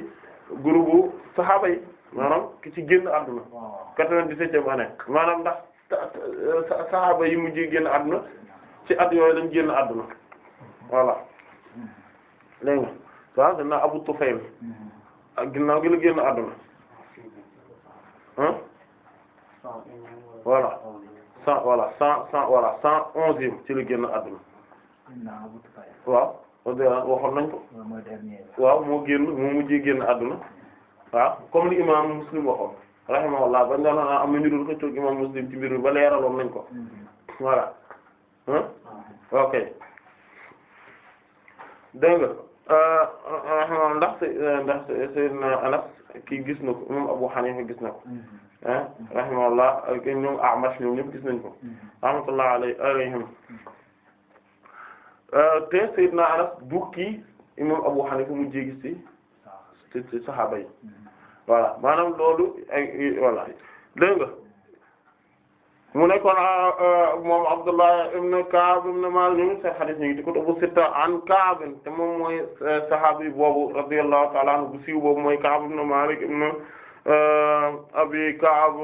groupe saxaaba yi maanaam ki ci génn àdduna di e année maanaam ndax saxaaba yi ji génn àdduna ci at yooyu lañ génn àdduna voilà dégg nga waaw dana Abu Tufayl mm-hmm. ak gi la génn àdduna ah voilà cent voilà cent cent voilà cent onzième ci la génn àdduna waaw waxoon nañ ko waaw moo génn moo mujjee génn àdduna waaw comme li imam muslim waxoon rahimahullah bañ doon naa am na ñu imam muslim ci mbir ba leeraloon nañ ko voilà ok dégg nga euh, euh, euh, ndax ndax Seydina Anas kii gis na ko imam Abu Hanifa gis na ko ah rahimahullah ñoom A'mash ñoom ñëpp gis nañ ko mm-hmm. rahmatullah alayhim mm-hmm. euh, te Seydina Anas du kii imam Abu Hanifa mu jéggi ci ci saxaaba yi voilà maanaam loolu ay voilà dégg mu ne kon euh, moom Abdullah ibn Ka'b ibn Malik ñu ngi seen xadis ñu ngi ci kutubu sitta an Ka'b te moom mooy euh, saxaabi boobu radiyallahu ta'ala anhu bu siiw boobu mooy Ka'b ibn Malik ibn euh, Abi Ka'b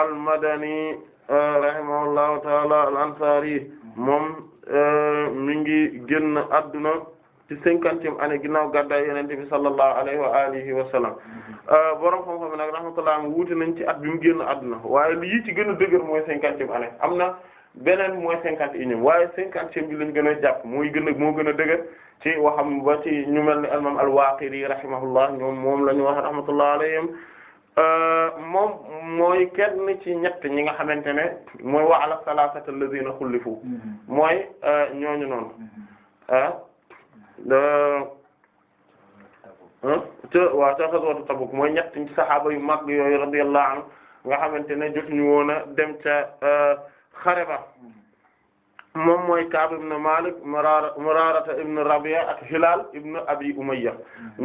al-Madani rahimahullahu ta'ala al-Ansari moom mi ngi génn adduna. ci cinquantième année ginnaaw gàddaay yonent bi sallallahu alayhi wa alihi wa sallam euh, borom xam-xam nag rahmatullah am wuute nañ ci at bi mu génn àdduna waaye lii ci gën a dëgër mooy cinquantième année am na beneen mooy cinquante et unième waaye cinquantième bi lañ gën a jàpp mooy gën moo gën a dëgër ci waxam ba ci ñu mel ni imam al-Waaqidi rahimahullah ñoom moom la ñu wax rahmatullah alayhim euh, moom mooy kenn ci ñett ñi nga xamante ne mooy wa ala salasata alladhina xulifu mm-hmm. mooy euh, ñooñu noonu mm-hmm. ah. te waaw ah, ca Tabuk mooy ñett ci yu mag yooyu radiyallahu anhu nga xamante ne jotuñu woon a dem ca euh, xare moom mooy Kaab ibn Malik Murara Murarata ibn Rabi'a ak Hilal ibn Abi Umayya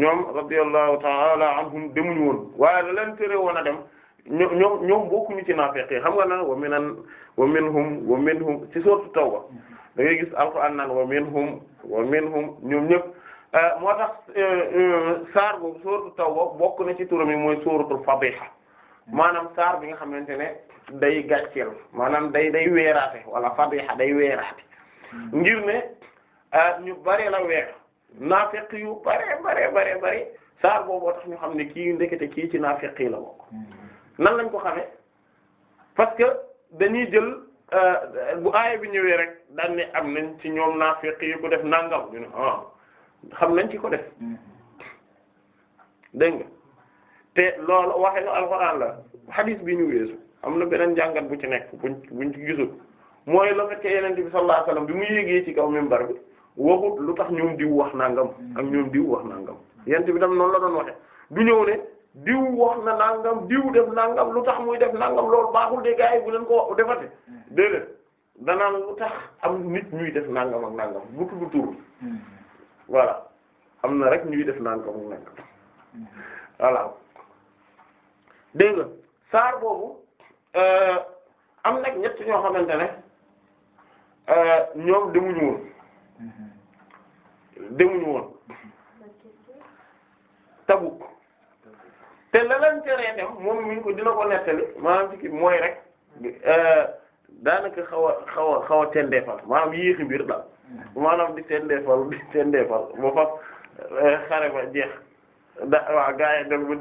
ñoom radiyallahu ta'ala anhum demuñu woon waaye la leen tere woon a dem ñoom ñoom ñoom bokkuñu ci naafiq yi xam nga na wa minan wa minhum wa minhum ci sourate Tawba da ngay wa minhum wa ñoom ñëpp euh, moo tax euh, euh, saar boobu sóoratu tawba bokk na ci turam yi mooy sóoratul fadiha maanaam saar bi nga xamante ne day gàcceel maanaam day day weeraate wala fadiha day weeraate ngir ne ñu bare la weer naafeq yu bare bare bare saar booboo tax ñu xam ne kii ndekete kii ci naafeq yi la bokk nan lañ ko xamee parce que dañuy jël bu aaya bi daan ne am nañ ci ñoom naa naafiq yi ko def nangam ñu ne ah, xam nañ ci ko def mm-hmm. dégg nga te loolu waxee na alxuraan la xadis bi ñu weesu am na beneen jàngat bu ci nekk bu buñ ci gisul mooy la fekke yeneen bi sallallahu alayhi bi mu yéegee ci kaw minbar bi waxut lu tax ñoom diw wax nangam ak ñoom diw wax nangam yent bi tam noonu la doon waxe du ñëw ne diw wax na nangam diw def nangam lu tax muy def nangam loolu baaxul de gaay bu leen ko defate mm-hmm. déedéet danaan lu tax am nit ñuy def nangam ak nangam bu tudd tur hmm. voilà am na rek ñuy def nangam ak nangam hmm. voilà dégg nga saar boobu euh, am nag ñett ñoo xamante ne euh, ñoom demuñu woon hmm. demuñu woon Tabuk te la leen teree moom mi ngi ko dina ko nettali maanaam ci kii mooy rek. Euh, daanaka xaw a xaw a xaw a tendeefal maanaam yéexi mbir daal maanaam di tendeefal di tendeefal ba faf eh, xare ba jeex da waaw gaa yi dem ba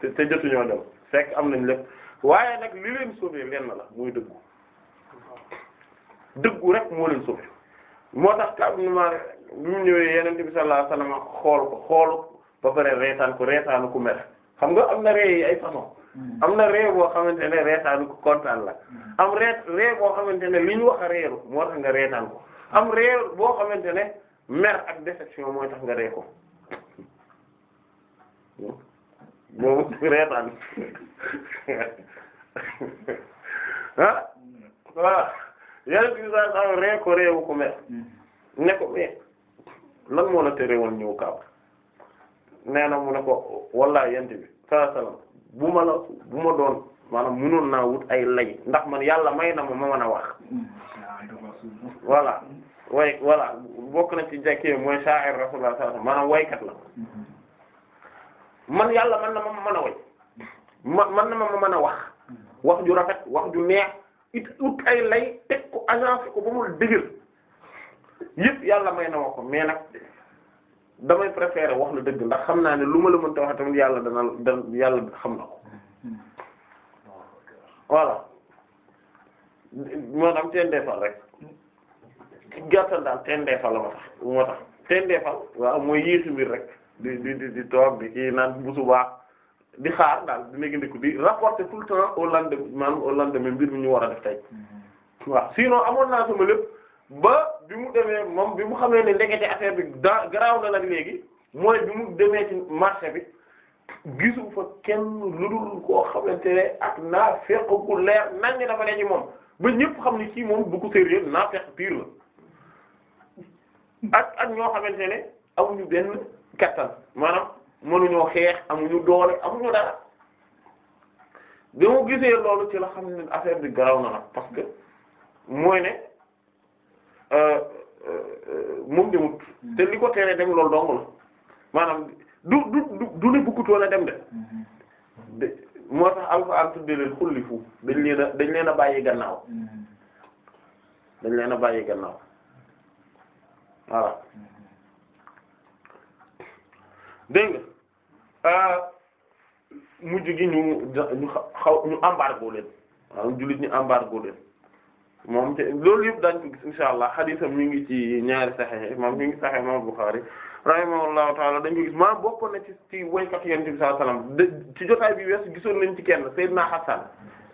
te te jotuñoo dem fekk am nañ lépp waaye nag li leen sauvé lenn la muy dëggu dëggu rek moo leen sauvé moo tax ka am na bi mu ñëwee Yonent bi sallallahu alayhi wasallam xool ko xool ba pare reetaan ko reetaanu ku mer xam nga am na ree yi ay am na ree boo xamante ne reetaan ko kontaan la am ree ree boo xamante ne li ñu wax a reeru moo tax nga reetaan ko am ree boo xamante ne mer ak déception mooy tax nga ree ko boobu reetaan ah voilà yàlla ci saa saa ree ko ko mer ne ko mais lan moo la tere ñëw Kaaba nee na mu ne ko wallaahi yent saa salaam. bu ma la bu ma doon maanaam mënoon naa wut ay lay ndax man yàlla may na ma ma mën a wax voilà way voilà bokk na ci jàkkee mooy sha'ir rasulullah sallallahu maanaam waykat la man yàlla man na ma ma a way ma man na ma ma mën a wax wax ju rafet wax ju neex it ut ay lay teg ko agence ko ba mu dëgër yëpp yàlla may na ma ko mais nag damay préférer wax la dëgg ndax xam naa ne lu ma la mënta wax tamit yàlla dana da yàlla xam na ko voilà maanaam teen deefal rek ci daal teen deefal la moo tax moo tax waaw mooy yéexi mbir rek di di di toog bi kii naan bu subaa di xaar daal di négandiku di rapporter tout le temps au lendemain mbir mi ñu war a def tey mm-hmm. waaw sinon amoon naa sama lépp ba bi mu demee moom bi mu xamee ne ndekete affaire bi da garaaw na la léegi mooy bi mu demee ci marché bi gisu fa kenn ludul koo xamante ne ak naa fekk ku leer nan ni dafa ne ci moom ba ñëpp xam ni ci moom bu ko sérieux naa fekk pire la ak ak ñoo xamante ne amuñu benn kattan maanaam mënuñoo xeex amuñu doole amuñu dara bi mu gisee loolu ci la xam ne affaire bi garaw na nag parce que mooy ne. Euh, euh, euh, moom demut te li ko teree dem loolu dong la maanaam du du du du ne bëggutoon dem de moo tax alxuraan tudde leen xullifu dañ leen a dañ leen a bàyyi gannaaw dañ leen a bàyyi gannaaw voilà dégg nga mujj gi ñu ñu xaw ñu embargo leen waaw ñu embargo leen. moom te loolu yëpp daañu ko gis insha allah xadisam mi ngi ci ñaari saxeex moom mi ngi saxeex imam Bukhari rahimahullahu taala dañ ko gis maanaam bokkoon na ci ci waykat yonent bi sallallahu alayhi wasallam ci jotaay bi weesu gisoon nañ ci kenn Seydina Hassan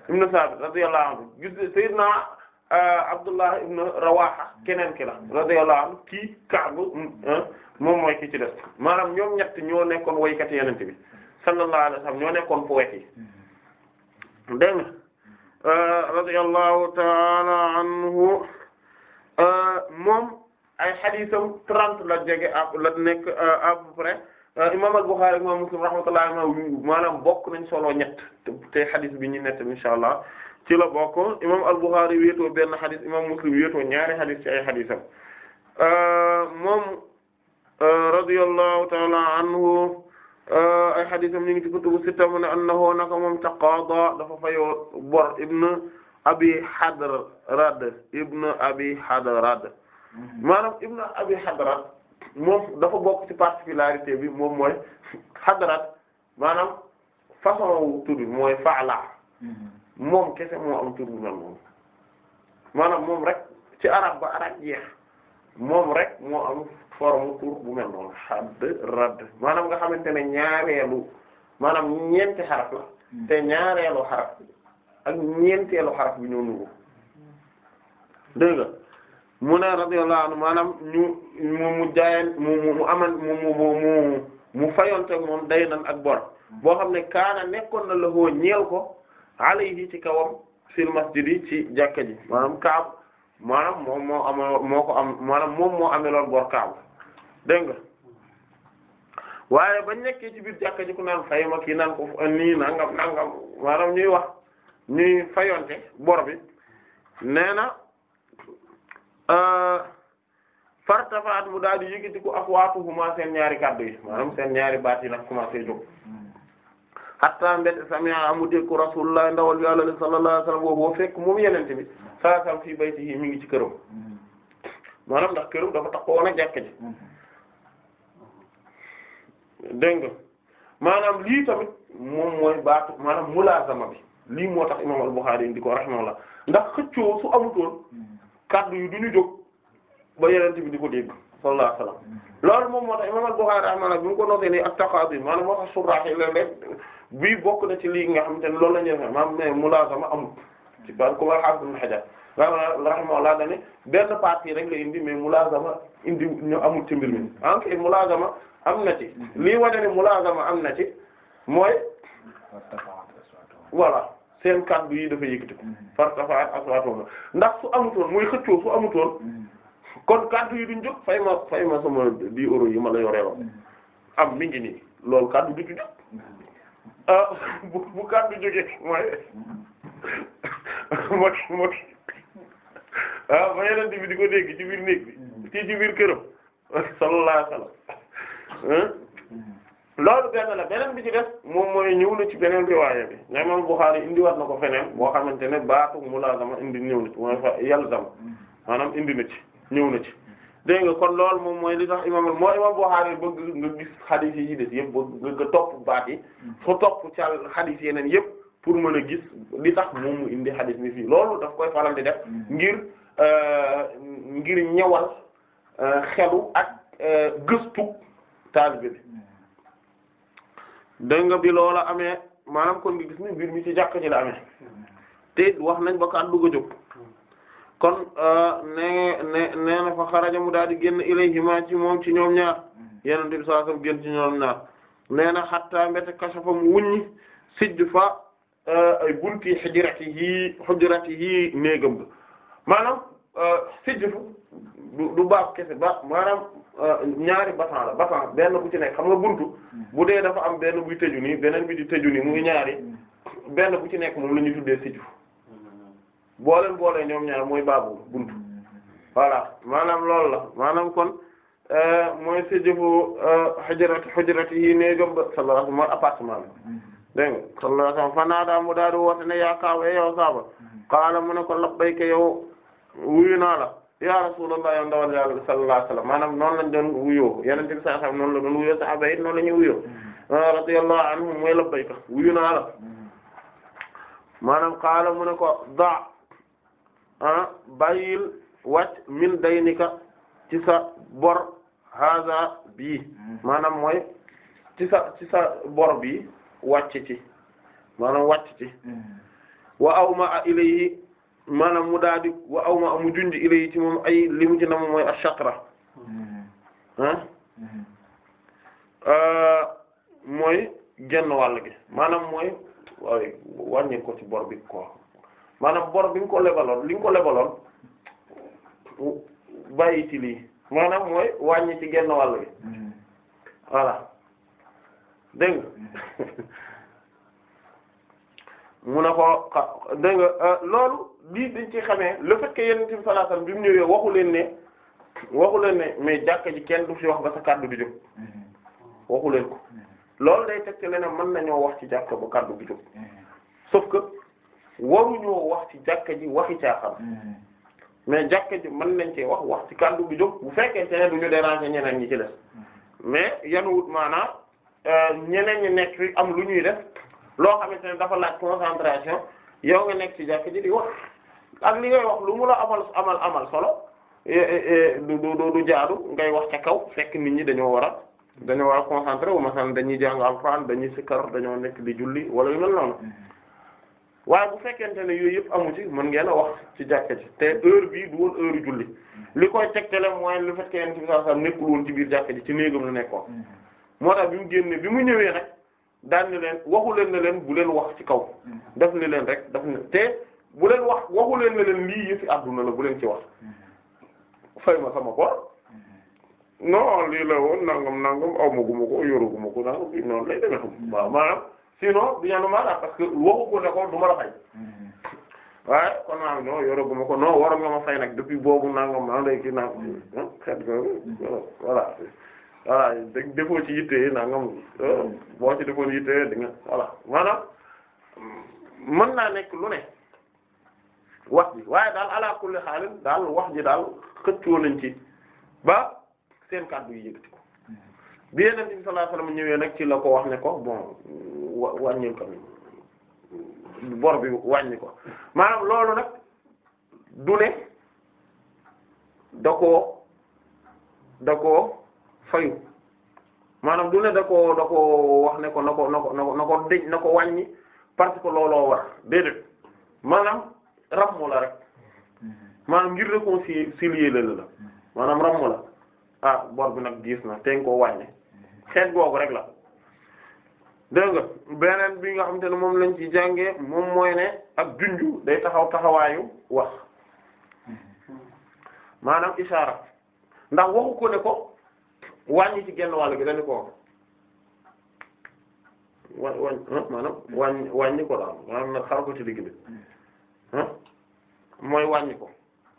ibn Sabit radiyallahu anhu gis na euh, Abdullah ibn Rawaha keneen ki la radiyallahu anhu kii Ka'b moom mooy ki ci def maanaam ñoom ñetti ñoo nekkoon waykat yonent bi sallallahu alayhi wasallam ñoo nekkoon poète yi Euh, radiyallahu ta'ala anhu euh, moom ay xadiisam trente la jege à la nekk euh, à peu près imam al-Bukhari imam Muslim rahmatullahi maanaam bokk nañ solo ñett te xadis bi ñu nett insha allah ci la bokk imam al-Bukhari wéetoo benn xadis imam Muslim wéetoo ñaari xadis ci ay xadisam moom radiyallahu ta'ala anhu Euh, ay xadisam ñu ngi ci kutubu sitta mu ne annahu naka moom taqaada dafa fayoo bor ibn abi hadrad ibn abi hadrad ibn abi hadrad moom dafa bokk ci particularité bi moom mooy hadrad maanaam façon wu tur bi mooy faala moom kese moo am tur bu mel moom rek ci arab ba arab jeex moom rek moo am forme tur bu mel noonu xadd radd maanaam nga xamante ne ñaareelu maanaam ñeenti xaraf la hmm. te ñaareelu xaraf ak ñeenteelu xaraf bi ñoo nuru mu ne radiyallahu anhu maanaam ñu mu mu fayonte moom day nan ak bor boo xam ne kaana nekkoon na la hoo ñeel ko alayhi ci kawam fil masjidi ci jàkka ji maanaam kaab maanaam moom moo am moo ko am moom moo ameloon bor kaab dégg nga waaye ba nekkee ci biir jàkka ji ku naan fay ma kii naan nii nangam nangam maanaam ñuy wax ñuy fayonte bor bi nee na euh, fartafaat mu daal di yëkkati ko afwaatuhumaa seen ñaari kàddu yi maanaam seen ñaari baat yi nag commencé jóg hatta mbet sami'a mu dégg ko rasulullah ndawal bi àlali sallallahu alayhi wasallam boobu boo fekk moom yenente bi sallallahu alayhi wasallam fii baytihi mi ngi ci këram mm-hmm. maanaam ndax këram dafa taxawoon ak jàkka dégg nga maanaam lii tamit moom mooy baatu maanaam mulaazama bi lii moo tax imaam al-Bukhari indi ko rahimahullah ndax xëccoo su amutoon kaddu yu du nu jóg ba yenente bi di ko dégg sallallahu alayhi wasallam moom moo tax imaam al-Bukhari rahimahullah ko noté nii at-taqaadi maanaam moo tax surraaxi léeg-léeg bokk na ci lii nga xam te ne loolu la ñuy def maanaam ne mulaazama amul ci ban ko war xaafis ibn Hajar benn partie rek la indi mais mulaazama indi ñu amul ci mbir mi en fait am na ci lii wane ne mulaazama am na ci mooy voilà seen kàddu yi dafa yëkkatiku fartafaat aswaatuhum ndax su amutoon muy xëccoo su amutoon kon kàddu yi duñ jóg fay ma fay ma sama di euro yi ma la yoreeloon am mi ngi nii loolu kàddu du ci jóg ah, bu bu kàddu jógee mooy mooy mooy ah ma yeneen bi di ko dégg ci biir néeg bi ci ci biir këram sallallahu Hmm. loolu benn la beneen bi ci def moom mooy ñëw na ci beneen riwaaya bi ne moom Bukhari indiwaat na ko feneen boo xamante ne baatu mulaazama indi ñëw na ci mooy fa hmm. maanaam indi na ci ñëw na ci dégg nga kon loolu moom mooy li tax imam moo imam Bukhari bëgg nga gis xadiis yi des yëpp bëgg nga topp baat yi hmm. fa topp ca xadiis yeneen yëpp pour mën a gis li tax moom mu indi xadiis bi fii loolu daf koy faral di def ngir euh, ngir ñëwal euh, xelu ak euh, gëstu taalibe bi nga bi loola amee maanaam kon ngi gis ni mbir mi ci jàkk ci la amee te wax nañ ba kàddu ga jóg kon euh, ne ne na fa xaraja mu daal di génn ilayhima ci moom ci ñoom ñaar yenente bi sallallahu alayhi wasallam génn ci ñoom ñaar nee na xatta mbéte kashafa mu wuññi sijj fa euh, ay bunti hujratihi hujratihi néegam ga maanaam euh, sijj du baab kese baab maanaam Euh, ñaari basan la basan benn bu ci nekk xam nga buntu hmm. bu dee dafa am benn buy tëju nii beneen bi di tëju nii mu ngi ñaari hmm. benn bu ci nekk moom la ñuy tuddee siju hmm. booleen boolee ñoom ñaar mooy baabu buntu voilà maanaam loolu la maanaam kon euh, mooy sijfu euh, hujrati hujratihi néegam ba sallallahu alayhi wa sallam appartement bi dégg nga sallallahu alayhi wa sallam fanaadaa mu daal di woote ne yaa kaaw e eh yow saaba qaala mu ne ko labbayka yow wuyu naa la ya rasulullah yow ndawal yàlla sallallahu alayhi wasallam maanaam noonu lañ doon wuyoo yenente bi sallallahu alayhi wasallam noonu la doon wuyoo sahaaba yi noonu la ñuy wuyoo hmm. ah, radiyallahu anhum mooy labbayka wuyu naa la hmm. maanaam qaala mu ne ko da ah bàyyil wàcc min daynika ci sa bor haza bii hmm. maanaam mooy ci sa ci sa bor bii wàcc ci maanaam wàcc ci wa awma a ilayhi maanaam mu daal di wa aw mu junj ilay ci moom ay li mu ci nam mooy ash-shatra hmm. ah? hmm. ah, mooy genn wàll gi maanaam mooy waaye wàññi ko ci bor bi ko maanaam bor bi nga ko lebaloon li nga ko lebaloon bàyyi ci lii maanaam mooy wàññi ci genn wàll gi hmm. voilà dégg mu ne ko euh, loolu. lii dañ ci xamee le fait que yonent bi sallallahu alayhi ñëwee waxu leen ne waxu leen ne mais jàkka kenn du fi wax ba sa kàddu di jóg waxu leen ko loolu day teg ci leneen mën nañoo wax ci jàkka ba kàddu di jóg sauf que waruñoo wax ci jàkka ji waxi caaxaan mais jàkka ji nañ cee wax wax ci kàddu di jóg bu fekkente ne du ñu déranger ñeneen ñi ci def mais yanuwut maanaam euh, ñeneen ñi nekk fi am lu ñuy def loo xamante ne dafa laaj concentration yow nga nekk ci jàkka ji di wax. ak li ngay wax lu mu la amal amal amal solo eh, eh, eh, du du du jaadu ngay wax ca kaw fekk nit ñi dañoo war a dañoo war a concentré wu masalan dañuy jàng alxuraan dañuy sikkar dañoo nekk di julli wala yu mel noonu mm-hmm. waaye bu fekkente ne yooyu yëpp amu ci mën ngeen a wax ci jàkka ci te heure bii du woon heure julli mm-hmm. li koy tegtale mooy lu fekkee ne ci saa saa nekkul woon ci biir jàkka ji ci néegam la nekkoon mm-hmm. moo tax bi mu génnee bi mu ñëwee rek daan ne leen waxu leen ne leen bu leen wax ci kaw daf ne leen rek daf ne te. bu leen wax waxu leen leen lii yëfi adduna la bu leen ci wax mm-hmm. fay ma sama koor mm-hmm. non lii la woon nangam nangam aw ma guma ko yoru guma ko nangam bi noonu lay demee xam mm-hmm. waaw maanaam sinon du ñaanu maanaam parce que waxu ko ne la fay waaye kon naa non yoru guma ko non waroon nga ma fay nag depuis boobu nangam maa lay kii nangam ah, xet ah, voilà voilà dégg defoo ci yitte nangam ah, boo ci defoon yitte di nga voilà maanaam mën naa nekk lu ne. wax bi waaye daal ala kulli xaalin daal wax ji daal xëccoo nañ ci ba seen kàddu yi yëkkati ko bi Yonent bi sallallahu alayhi wasallam ñëwee nag ci la ko wax ne ko bon wàññil ko bi wàññi ko maanaam loolu nag du ne da koo da koo fayu maanaam du ne da koo da koo wax ne ko na ko na ko na ko na ko dëj na ko wàññi parce que looloo war déedéet maanaam rammu la rek maanaam ngir réconcilier la la maanaam rammu la ah bor bi nag gis na teñ koo wàññi xeet googu rek la dégg nga beneen bi nga xam te ne moom lañ ci jànge moom mooy ne ak junju day taxaw taxawaayu wax maanaam isaara ndax waxu ko ne ko wàññi ci genn wàll gi dañu ko wa wàññ maanaam wàññ wàññi ko daal maanaam nag xar ko ci digg bi mooy wàññi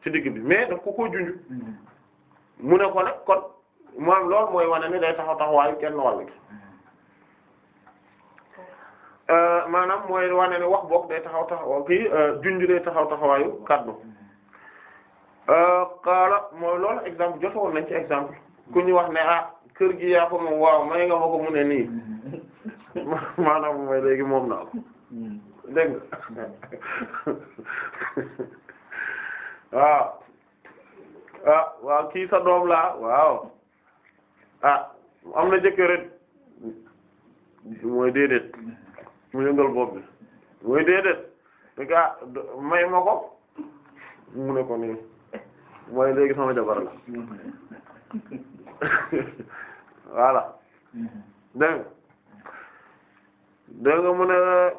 ci digg bi mais daf ko koo mu ne ko nag kon moom loolu mooy wane ni day taxaw taxawaayu kenn wàll gi euh, maanaam mooy wane ne wax boog day taxaw taxaw kii euh, junj day taxaw taxawaayu kaddu xaala mm-hmm. euh, mooy lool exemple jotowoon nañ ci exemple ku ñu wax ne ah kër gi yaa ko moom waaw may nga ma ko mu ne nii mm-hmm. maanaam mooy léegi moom naa ko mm-hmm. dégg nga waaw ah waaw kii sa doom laa waaw ah am na jëkkër rek mooy déedéet mu yëngal bopp bi mooy déedéet te gaa may ma mu ne ko nii mooy léegi sama jabar la voilà mm-hmm. dégg dégg nga mu ne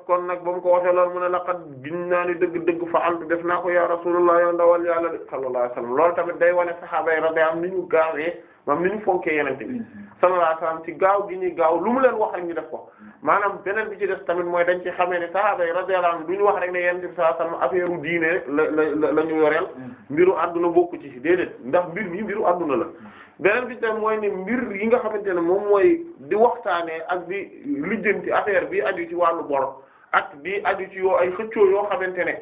kon nag ba mu ko waxee loolu mu ne laqad giñ naa ni dëgg-dëgg fa altu def naa ko ya rasulullah yow ndawal yàlla de sallallahu alayhi loolu tamit day wane saxaaba yi radiyallahu anhum ni ñu gaawee maam ni ñu fonkee yenente bi sallallahu alayhi gaaw gi ñuy gaaw lu leen wax rek ñu def ko maanaam beneen bi ci def tamit mooy dañ ci xamee ne saxaaba yi radiyallahu anhum du ñu wax rek ne yenente bi sallallahu alayhi wasallam affaire u diine la la la ñu yoreel mm. mbiru adduna bokku ci déedéet ndax mbir mi mbiru adduna la beneen bi tam mooy ne mbir yi nga xamante ne moom mooy di waxtaanee ak di lijjanti affaire bi aju ci wàllu bor ak di aju ci yoo ay xëccoo yoo xamante ne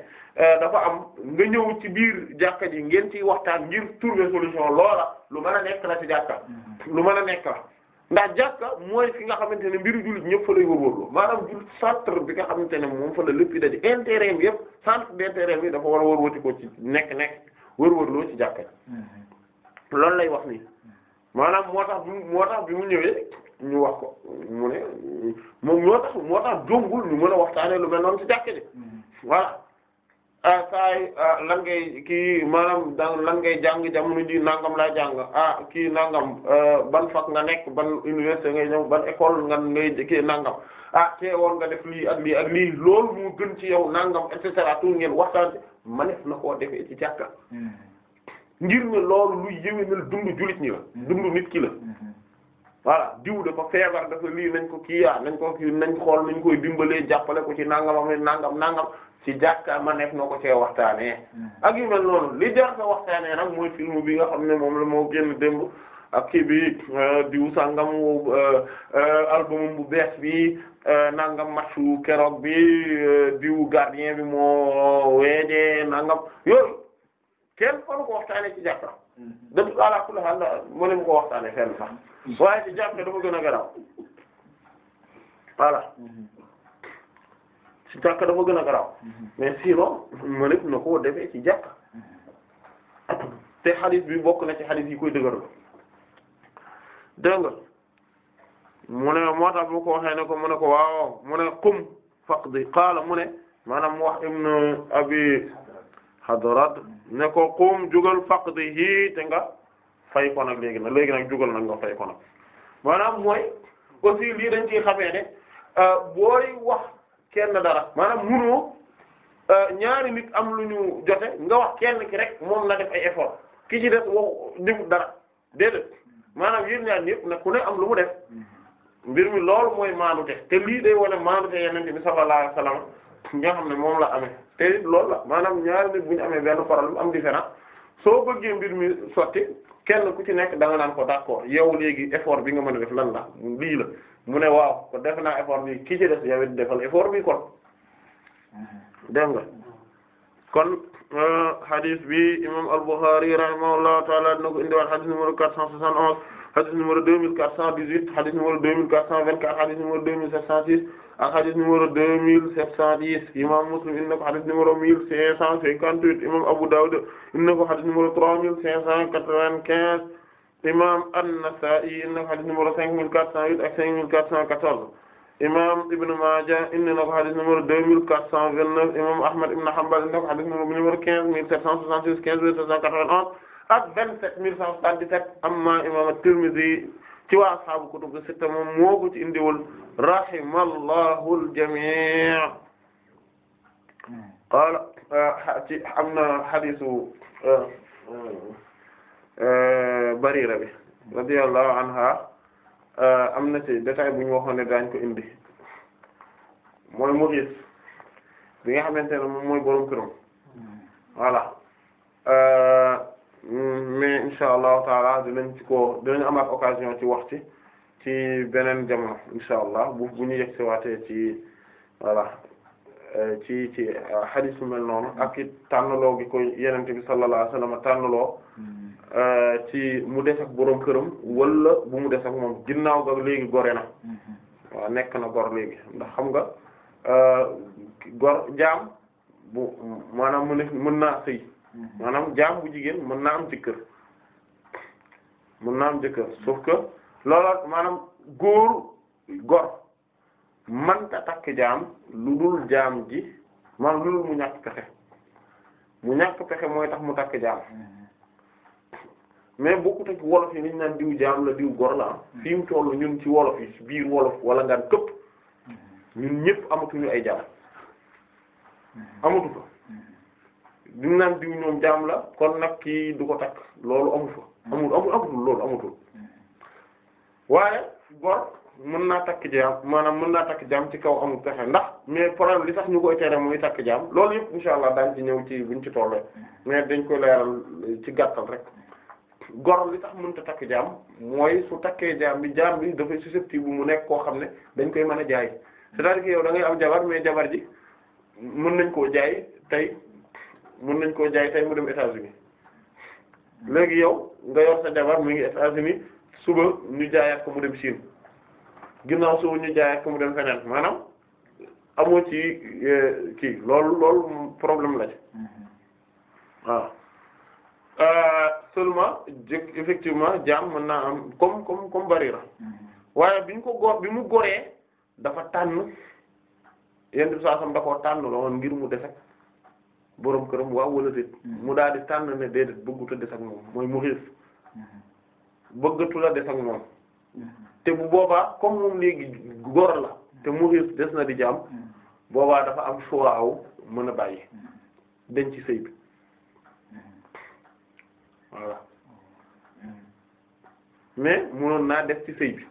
euh, dafa am nga ñëw ci biir jàkka ji ngeen ciy waxtaan ngir trouver solution loola lu mën a nekk la ci jàkka mm-hmm. lu mën a nekk la ndax jàkka mooy fi nga xamante ne mbiru jullit ñëpp fa lay wërwërloo maanaam jul centre bi nga xamante ne moom fa la lépp yi daje intérêt bi yëpp centre d'intérêt bi dafa war a wërwati ko ci nekk nekk wërwërloo ci jàkka mm-hmm. lay wax nii maanaam moo tax moo tax bi mu ñëwee ñu wax ko mu ne moom moo tax mu tax jombul ñu mën a waxtaanee lu mel noonu ci jàkk ji voilà ah saay ah, ngay kii maanaam daan lan ngay jàng jamono ji nangam laa jàng ah kii nangam ah, ban fac nga nekk ban université ngay ñëw ban école nga ngay kii nangam a ah, te woon nga def lii ak lii ak lii loolu mu gën ci yow nangam et cetera tout ngeen waxtaan maneef na koo defee ci jàkka hmm. ngir ne loolu luy yéwénal dundu jullit ñi la mm-hmm. dundu nit ki la mm-hmm. voilà diw dafa feebar dafa lii nañ ko kii yaa ah, nañ ko kii nañ xool nañ koy dimbalee jàppale ko ci nangamam ne nangam nangam ci jàkka ma nekk noo ko cee waxtaanee mm-hmm. ak yu mel noonu li jar sa waxtaanee nag mooy film bi nga xam ne moom la moo génn démb ak kii bi euh, diw sangam euh, euh, album bu bees bi nangam matsu keroog bi diw gardien bi moo weeje nangam yooyu kenn kon ko waxtaanee ci jàkka hmm. dem ala kulli haal mën nañu ko waxtaanee fenn sax hmm. waaye ci jàkka dafa gën a garaaw voilà hmm. ci jàkka dafa gën a garaaw mais sinon mëneef na ci jàkka te xadis bi bokk na ci xadis yi koy dëgëral dégg nga mu ne moo tax ko waxee ne ko mu ne ko waaw mu ne qum faqdi qaala mu ne maanaam mu wax ibnu abi hadrad ne ko qum jugal faqdihi te nga fay ko nag léegi nag léegi nag jugal nag nga fay ko nag maanaam mooy aussi lii dañ ciy xamee ne euh, booy wax kenn dara maanaam munoo euh, ñaari nit am lu ñu jote nga wax kenn ki rek moom na def ay effort ki ci def waxu dimut dara déedéet maanaam yéen ñaar ñëpp nag ku ne am lu mu def mbir mi loolu mooy maanute te lii day wane maanute yeneen bi sallallahu alayhi wasallam nga xam ne moom la amee te loolu la maanaam ñaari nit bu ñu amee benn problème am différence soo bëggee mbir mi sotti kenn ku ci nekk da nga naan ko d'accord yow léegi effort bi nga mën a def lan la lii la mu ne waaw ko def naa effort bi ki ci def yow it defal effort bi kon dégg nga kon euh, hadith bi imam al-Bukhari rahimahullahu ta'ala dina ko indiwaat hadith numéro 471 hadith numéro 2418 hadith numéro 2424 hadith numéro 2706 ak hadith numéro deux mille sept cent dix imam Muslim indi na ko hadith numéro mille cinq cent cinquante-huit imam Abu Dawud indi na ko hadith numéro trois mille cinq cent quatre-vingt-quinze imam An-Nasa'i indi na ko quatre cent huit ak cinq mille quatre cent quatorze imam Ibn Maaja indi na ko hadith numéro deux mille quatre cent vingt-neuf imam Ahmad ibn Hanbal indi na ko hadith numéro cent soixante-six quinze mille quatre-vingt-onze ak vingt-sept mille cent soixante-dix-sept amma imam At-Tirmidhi ci waa ashaabu kutub sitta moom moo ko ci indiwul rahimallahu al-jamii qaala ci am na hadiisu eh, eh, Barira bi radiyallahu anha eh, am na ci détail bu ñu waxoon ne daañ ko indi mooy Mughis bi nga xamante ne moom mooy borom këram voilà mais insha allahu taala dinañ ci ko dinañ amaat occasion ci wax ci ci beneen jamono insha allah bu bu ñu yegg waatee ci voilà euh, ci ci hadith euh, mel noonu ak it tànnaloo gi ko yonent bi sallallahu alayhi ma tànnaloo mm-hmm. euh, ci mu des ak boroom këram wala bu mu des moom ginnaaw ga léegi gore na mm-hmm. waaw nekk na gor léegi ndax xam nga gor jaam bu maanaam mu mën naa sëy mm-hmm. maanaam jaam bu jigéen mën naa am jëkkër mën naa am jëkkër sauf que loola maanaam góor góor manta takk jaam lu dul jaam ji maanaam lu dul mu ñàkk pexe mu ñàkk pexe mooy tax mu takk jaam mais bokkut ak wolof yi niñ naan diw jaam la diw góor la am fi mu tollu ñun ci wolof yi ci biir wolof wala ngaan këpp ñun ñépp amatuñu ay jaam amatu fa diñ naan diw ñoom jaam la kon nag kii du ko takk loolu amu fa amul amul amatul loolu amatul waaye gor mën naa takk jaam maanaam mën naa takk jaam ci kaw amul pexe ndax mais problème li tax ñu koy tere muy takk jaam loolu yëpp insha allah daañ ci ñëw ci buñ ci tollee mais dañ koy leeral ci gàttal rek gor li tax mënta takk jaam mooy su takkee jaam bi jaam bi dafay susceptible mu nekk koo xam ne dañ koy mën a jaay c'est-à-dire que yow da ngay am jabar mais jabar ji mën nañ koo jaay tey mën nañ koo jaay tey mu dem États-Unis léegi yow nga yor sa jabar mu ngi États-Unis suba ñu jaayaat ko mu dem Chine ginnaaw suba ñu jaayaat ko mu dem feneen maanaam amoo ci euh, kii loolu loolu problème la ci mm-hmm. waaw euh, seulement effectivement jaam mën naa am comme comme comme Barira mm-hmm. waaye biñ ko góor bi mu goree dafa tànn yenn bi saa sam tànn la woon ngir mu def ak këram waaw wala déet mm-hmm. mu daal di tànn ne déedéet bëggut a def moom mooy mu xiif bëggatu la des ak moom mm-hmm. te bu boobaa comme moom léegi góor la mm-hmm. te muhis des na di jaam mm-hmm. boobaa dafa am choix mën a bàyyi dañ ci sëy bi voilà mais mënoon naa def ci sëy bi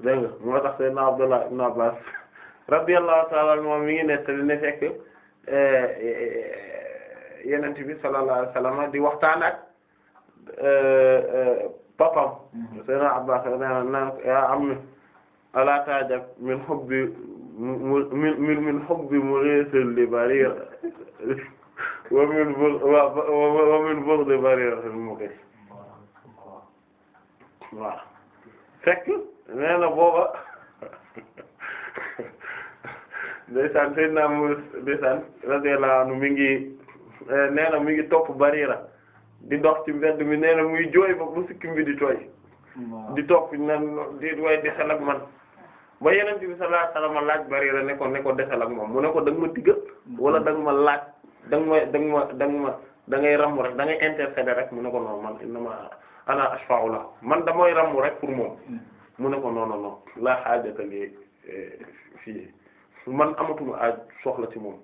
dégg nga moo tax Seydina Abdullah ibn Abbas radiyallahu ta'ala anhu moom mi ngi nettali ne fekk eh, eh, eh, yenente bi sallallahu alayhi wasallam di waxtaan ak euh, euh, papam sayna Abbas ya ammi ala taajab min hubbi min min min hubbi mughisil li barir wa min wa min bughdi barir mughis waaw fekk nee na booba ndeysaan sayyidna Musaa ndeysaan radiyallahu anhu mi ngi Eh, nee na mi ngi topp Barira di dox ci mbedd mi nee na muy jooy ba bu sikkim bi di tooy di topp na di way desal ak man ba yeneen bi sallallahu alayhi wasallam laaj Barira ne ko ne ko desal ak moom mu ne ko da nga ma diggal wala da ma laaj da nga ma ma da ma da ngay rammu rek dangay ngay rek mu ne ko noonu man innama ana ashfa'u la man damooy rammu rek pour moom hmm. mu ne ko non non laa la haajata eh, fii man amatuma aaj soxla ci moom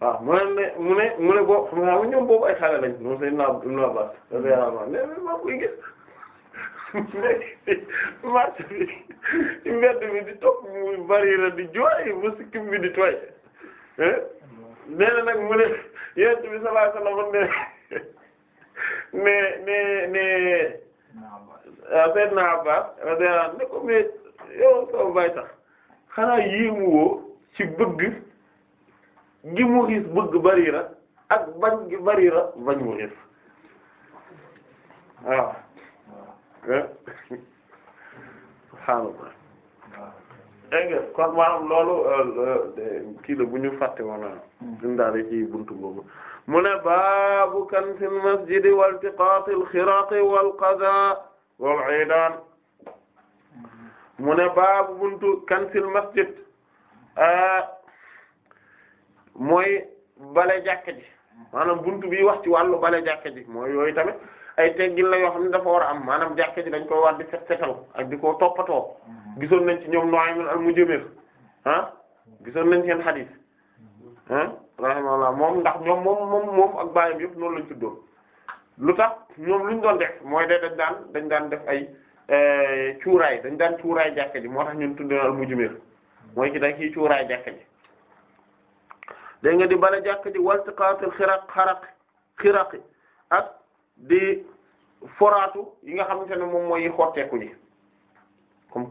waaw ah, mu ne mu ne mu ne boobu xam nga ñoom boobu ay xale lañ moom sëñ Naab Ibn Abbas radiyallahu anhu nee maa koy gis marché bi ci mbedd bi di topp muy bari la di jooy ba sikkim bi di tooy eh? nee na nag mu ne yonent bi sallallahu alayhi wasallam ne ne ne ne sëñ Naab radiyallahu anhu ne ko mais yow soo bàyyi sax xanaa yéemu woo ci bëgg. gi mu xiis bëgg Barira ak bañ gi Barira bañ mu xiis waaw subhaanallah dégg nga kon maanaam loolu euh, kii la bu ñu fàtte woon dundaale ah. hmm. buntu boobu mu ne baabu kan fi masjid alxiraat wal qadaa hmm. mu ne baabu buntu kan fi mooy bale jàkka ji maanaam bunt bi wax ci wàllu bale jàkka ji mooy yooyu tamit ay teggin la yoo xam ne dafa war a am maanaam jàkka ji dañ koy war di set ak di ko toppatoo mm-hmm. gisoon nañ ci ñoom Nu'aym al-Mujmir ah gisoon nañ seen xadiis mm-hmm. ah rahimahullah moom ndax ñoom moom moom ak baayam yëpp noonu lañ tuddoon lu tax ñoom luñ doon def mooy de dañ daan dañ daan def ay eh, cuuraay dañ daan cuuraay jàkka ji moo tax ñun tuddee al-Mujmir mooy ki day kii cuuraay jàkka ji dégg nga di bala jàkk ji waltiqaatul xiraq xaraq xiraqi ak di foraatu yi nga xamante ne moom mooy yi xotteeku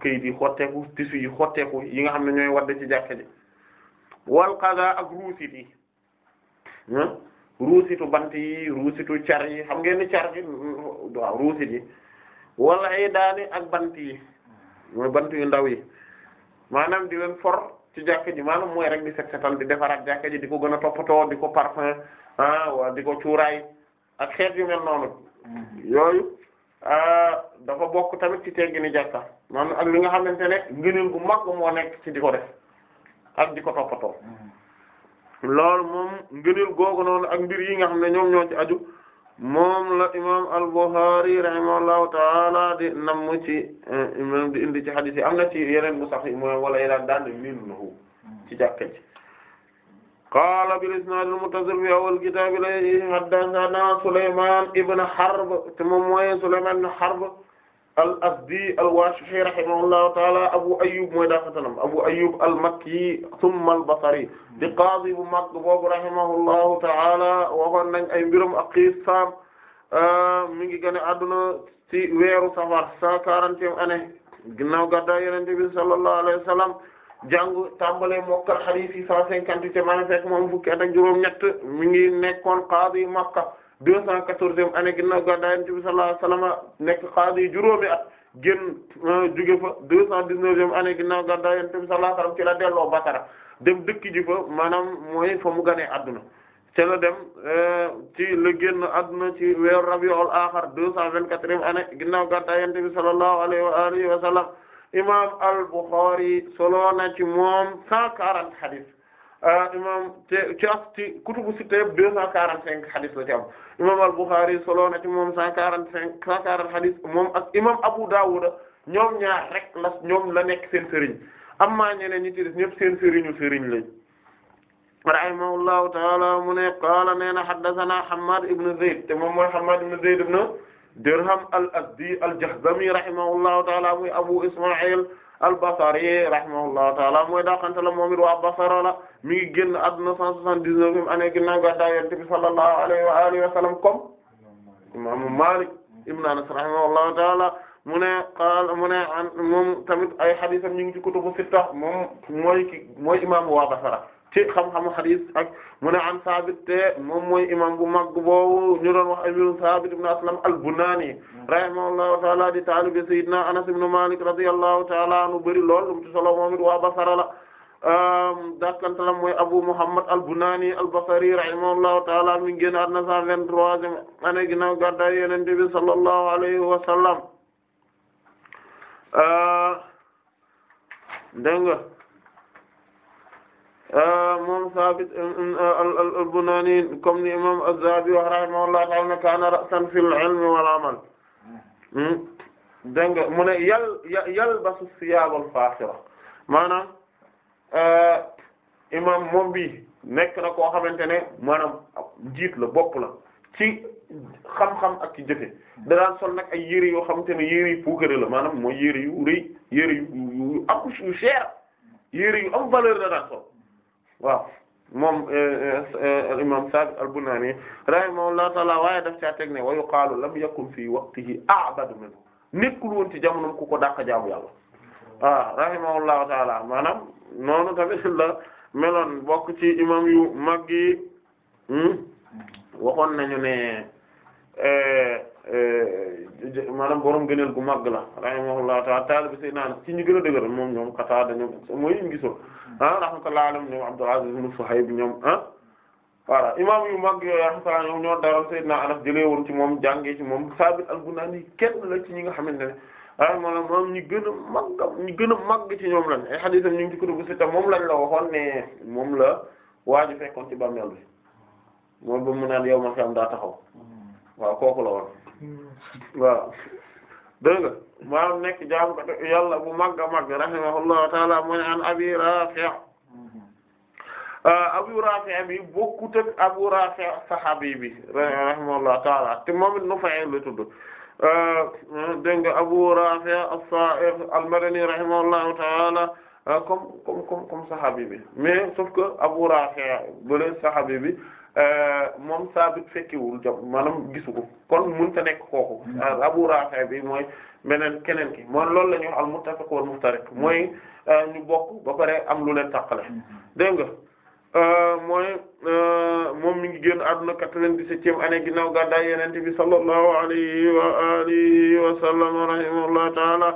kayit yi xotteeku tissu yi xotteeku yi nga xam ne ñooy wadd ci jàkk wal qada ak ruusit yi hmm? ruusitu bant yi ruusitu car yi xam ngeen ni car yi ruusit yi wala ay daane ak bant yi mooy hmm, bant yu ndaw yi maanaam di leen for ci jàkka ji maanaam mooy rek di set setal di defaraat jàkka ji di ko gën a toppatoo di ko parfum ah waa di ko cuuraay ak xeet yu mel noonu yooyu ah, dafa bokk tamit ci teggini jàkka maanaam ak li nga xamante ne ngëneel gu mag moo nekk ci di ko def ak di ko toppatoo mm-hmm. loolu moom ngëneel googu noonu ak mbir yi nga xam ne ñoom ñoo aju. moom la imam al-Bukhari rahimahullahu taala di namm ci eh, di indi ci am na ci yeneen bu sax yi wala yeneen daan minhu ci jàkka ji qaala bil-isnaad al fi awwal kitaab ilayhi haddathanaa Sulaymaan ibn Harb te moom mooy Sulaymaan ibn Harb al-Azdi al-Washihi rahimahullahu ta'ala Abu Ayyub mooy daafatanam Abu Ayyub al-Makki thumma al-Basri di qaadi bu mag boobu rahimahullahu ta'ala waxoon nañ ay mbirum ak qiisam ah, mi ngi gën a adduna ci weeru safar cent quarantième année ginnaaw gàddaay Yonent bi sallallahu alayhi wa sallam jàng tàmbalee mokkal hadith yi cent cinquante-huit fekk moom fukki at ak juróom-ñett qaadi Makka deux cent quatorzième année ginnaaw gàddaay Yonent bi sallallahu alayhi wasallam nekk qaadi juróomi at génn euh, jóge fa deux cent dix-neuvième année ginnaaw gàddaay Yonent bi sallallahu alayhi wasallam ci la delloo Basra dem dëkk ji fa maanaam mooy fa mu ganee adduna ci la dem euh, ci la génn adduna ci weeru Rabiul Aaxir deux cent vingt-quatrième année ginnaaw gàddaay Yonent bi sallallahu alayhi wa alihi wa al-Bukhari solo na ci moom cent quarante hadith Euh, imam te ci as ci kutubu sitta yëpp deux cent quarante cinq hadith la al-Bukhari solo na ci moom cent quarante cinq cent moom ak imam Abu Dawud ñoom ñaar rek la ñoom la nekk seen sëriñ amma ñeneen ñi ci des ñëpp seen sëriñu sëriñ lañ ta'ala mu ne qaala nee na haddathana Hammad ibn Zayd te moom mooy Hammad ibn Zayd ibn Dirham al-Azdi al-Jahdami rahimahullahu ta'ala muy Abu Isma'il al-Basri rahimahullahu taala mooy daqante la moom it waa Basra mi ngi génn àdduna 179 année ginnaaw gàddaay Yonent bi sallallahu alayhi wa alihi wa sallam Malik ibn Anas rahimahullahu taala mu ne qaala mu ne moom ay hadiisam ñu ngi ci kutubu sitta mooy ki mooy imaamu waa Basra ci xam-xamu xadis ak mu ne an Saabit te moom mooy imam bu mag boobu ñu doon wax amiru Saabit ibn Aslam al-Bunani rahimahullahu taala di taalibe Sayyidina Anas ibn Malik radiyallahu taala anhu bëri lool lu mu solo moom it waa Basra la dakkantalam mooy Abu Muhammad al-Bunani al-Basri rahimahullahu taala mi ngi génn àdduna 123e année ginnaaw gàddaay Yonent bi sallallahu alayhi wa moom Saabit al-Bunaani comme ni imaam Az-Zahabi wax rahimahullahu ta'ala kaana ra'san fil ilmi wal amal dégg nga mu ne yal yalbasu siyaab al-faasira maanaam imaam moom bi nekk na koo xamante ne maanaam jiit la bopp la ci xam-xam ak ci jëfe da daan sol nag ay yére yoo xamante ne yére yu puukare la maanaam mooy yére yu rëy yére yu am yu cher yére yu am valeur da daan sol waaw moom eh, eh, eh, imam Saad al-Bunani rahimahullahu taala waaye daf caa teg ne wa yuqaalu lam yakun fii waqtihi a'badu minhu nekkul woon ci jamono ku ko dàq jaamu yàlla waaw ah, rahimahullahu taala maanaam noonu tamit la meloon bokk ci imam yu mag yi hmm? waxoon nañu ne maanaam borom gëneel gu màgg la la ta'ala taalibi sayyidina naan ci ñu gën a dëgër moom ñoom Qataada ñoom mooy ñu gisul hmm. ah rahmatullahi alayhim ñoom Abdul Aziz ibn Suhayb ñoom ah voilà imaam yu màgg yooyu rahmatullahi ñoom ñoo daral sayyidina Anas ci moom jàngee ci moom Saabit al-Bunaani kenn la ci ñi nga xamante ne ah maanaam moom ñu gën ñu gën a màgg ci ñoom la ay hadiisam ñu ngi ci kutubu sitta moom lañ la waxoon ne moom la waa ji fekkoon ci bàmmeel bi moom ba mu naan yow ma fi am daa taxaw hmm. waaw kooku la woon waaw dégg nga nekk jaam ko yàlla bu màgg a màgg rahimahullahu taala mu ne abi rafi' hmm. ah, abu rafi' bi bokkut ak abu rafi' sahabi bi rahimahullahu taala te moom it Nufay' tudd ah, dégg abu rafi' as-sa'ir al-madani rahimahullahu taala ah, comme comme comme comme sahabi bi mais sauf abu rafi' bële sahabi bi Euh, moom saabit fekkiwul jam maanaam gisu ko kon mën ta nekk kooku hmm. euh, Abu bi mooy beneen keneen ki moom loolu la ñuy wax al muttafiq wal muftariq hmm. mooy euh, ñu bokk ba pare am lu leen tàqale hmm. dégg nga mooy moom mi ngi génn àdduna quatre-vingt-dix-septième gi ginnaaw gàddaay Yonent bi sallallahu alayhi wa alihi wa sallam rahimahullahu taala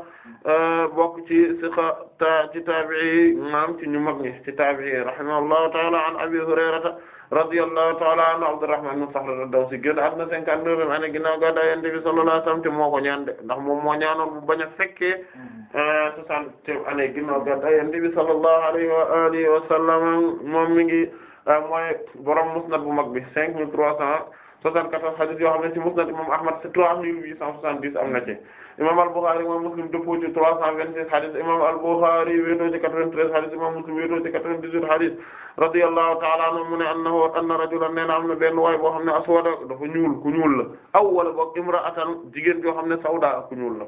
bokk ci siqa ta ci taabi'i maam ci ñu mag ñi ci taala an Abi Hurayrata radiyallahu ta'ala anhu Abdurrahman ibn Saxr ad-Dawsi génn àdduna cinquante-neuvième année ginnaaw gàddaay Yonent bi sallallahu alayhi wasallam te moo ko ñaan de ndax moom moo ñaanoon bu bañ a fekkee mm-hmm. euh, soixantième année ginnaaw gàddaay Yonent bi sallallahu alayhi wa alihi moom mi ngi euh, mooy borom musnad bu mag bi cinq mille trois cent soixante-quatorze hadith yoo xam ne ci musnad imam Ahmad ci trois mille huit cent soixante-dix am na ci imam al-Bukhari imam Muslim dëppoo ci 326 hadith imam al-Bukhari wéetoo ci 93 hadith imam Muslim wéetoo ci 98 hadith radiyallahu ta'ala anhu mu ne annahu anna rajulan nee na am benn waay boo xam ne aswada dafa ñuul ku ñuul la aw wala boog imra'atan jigéen joo xam ne sawda ku ñuul la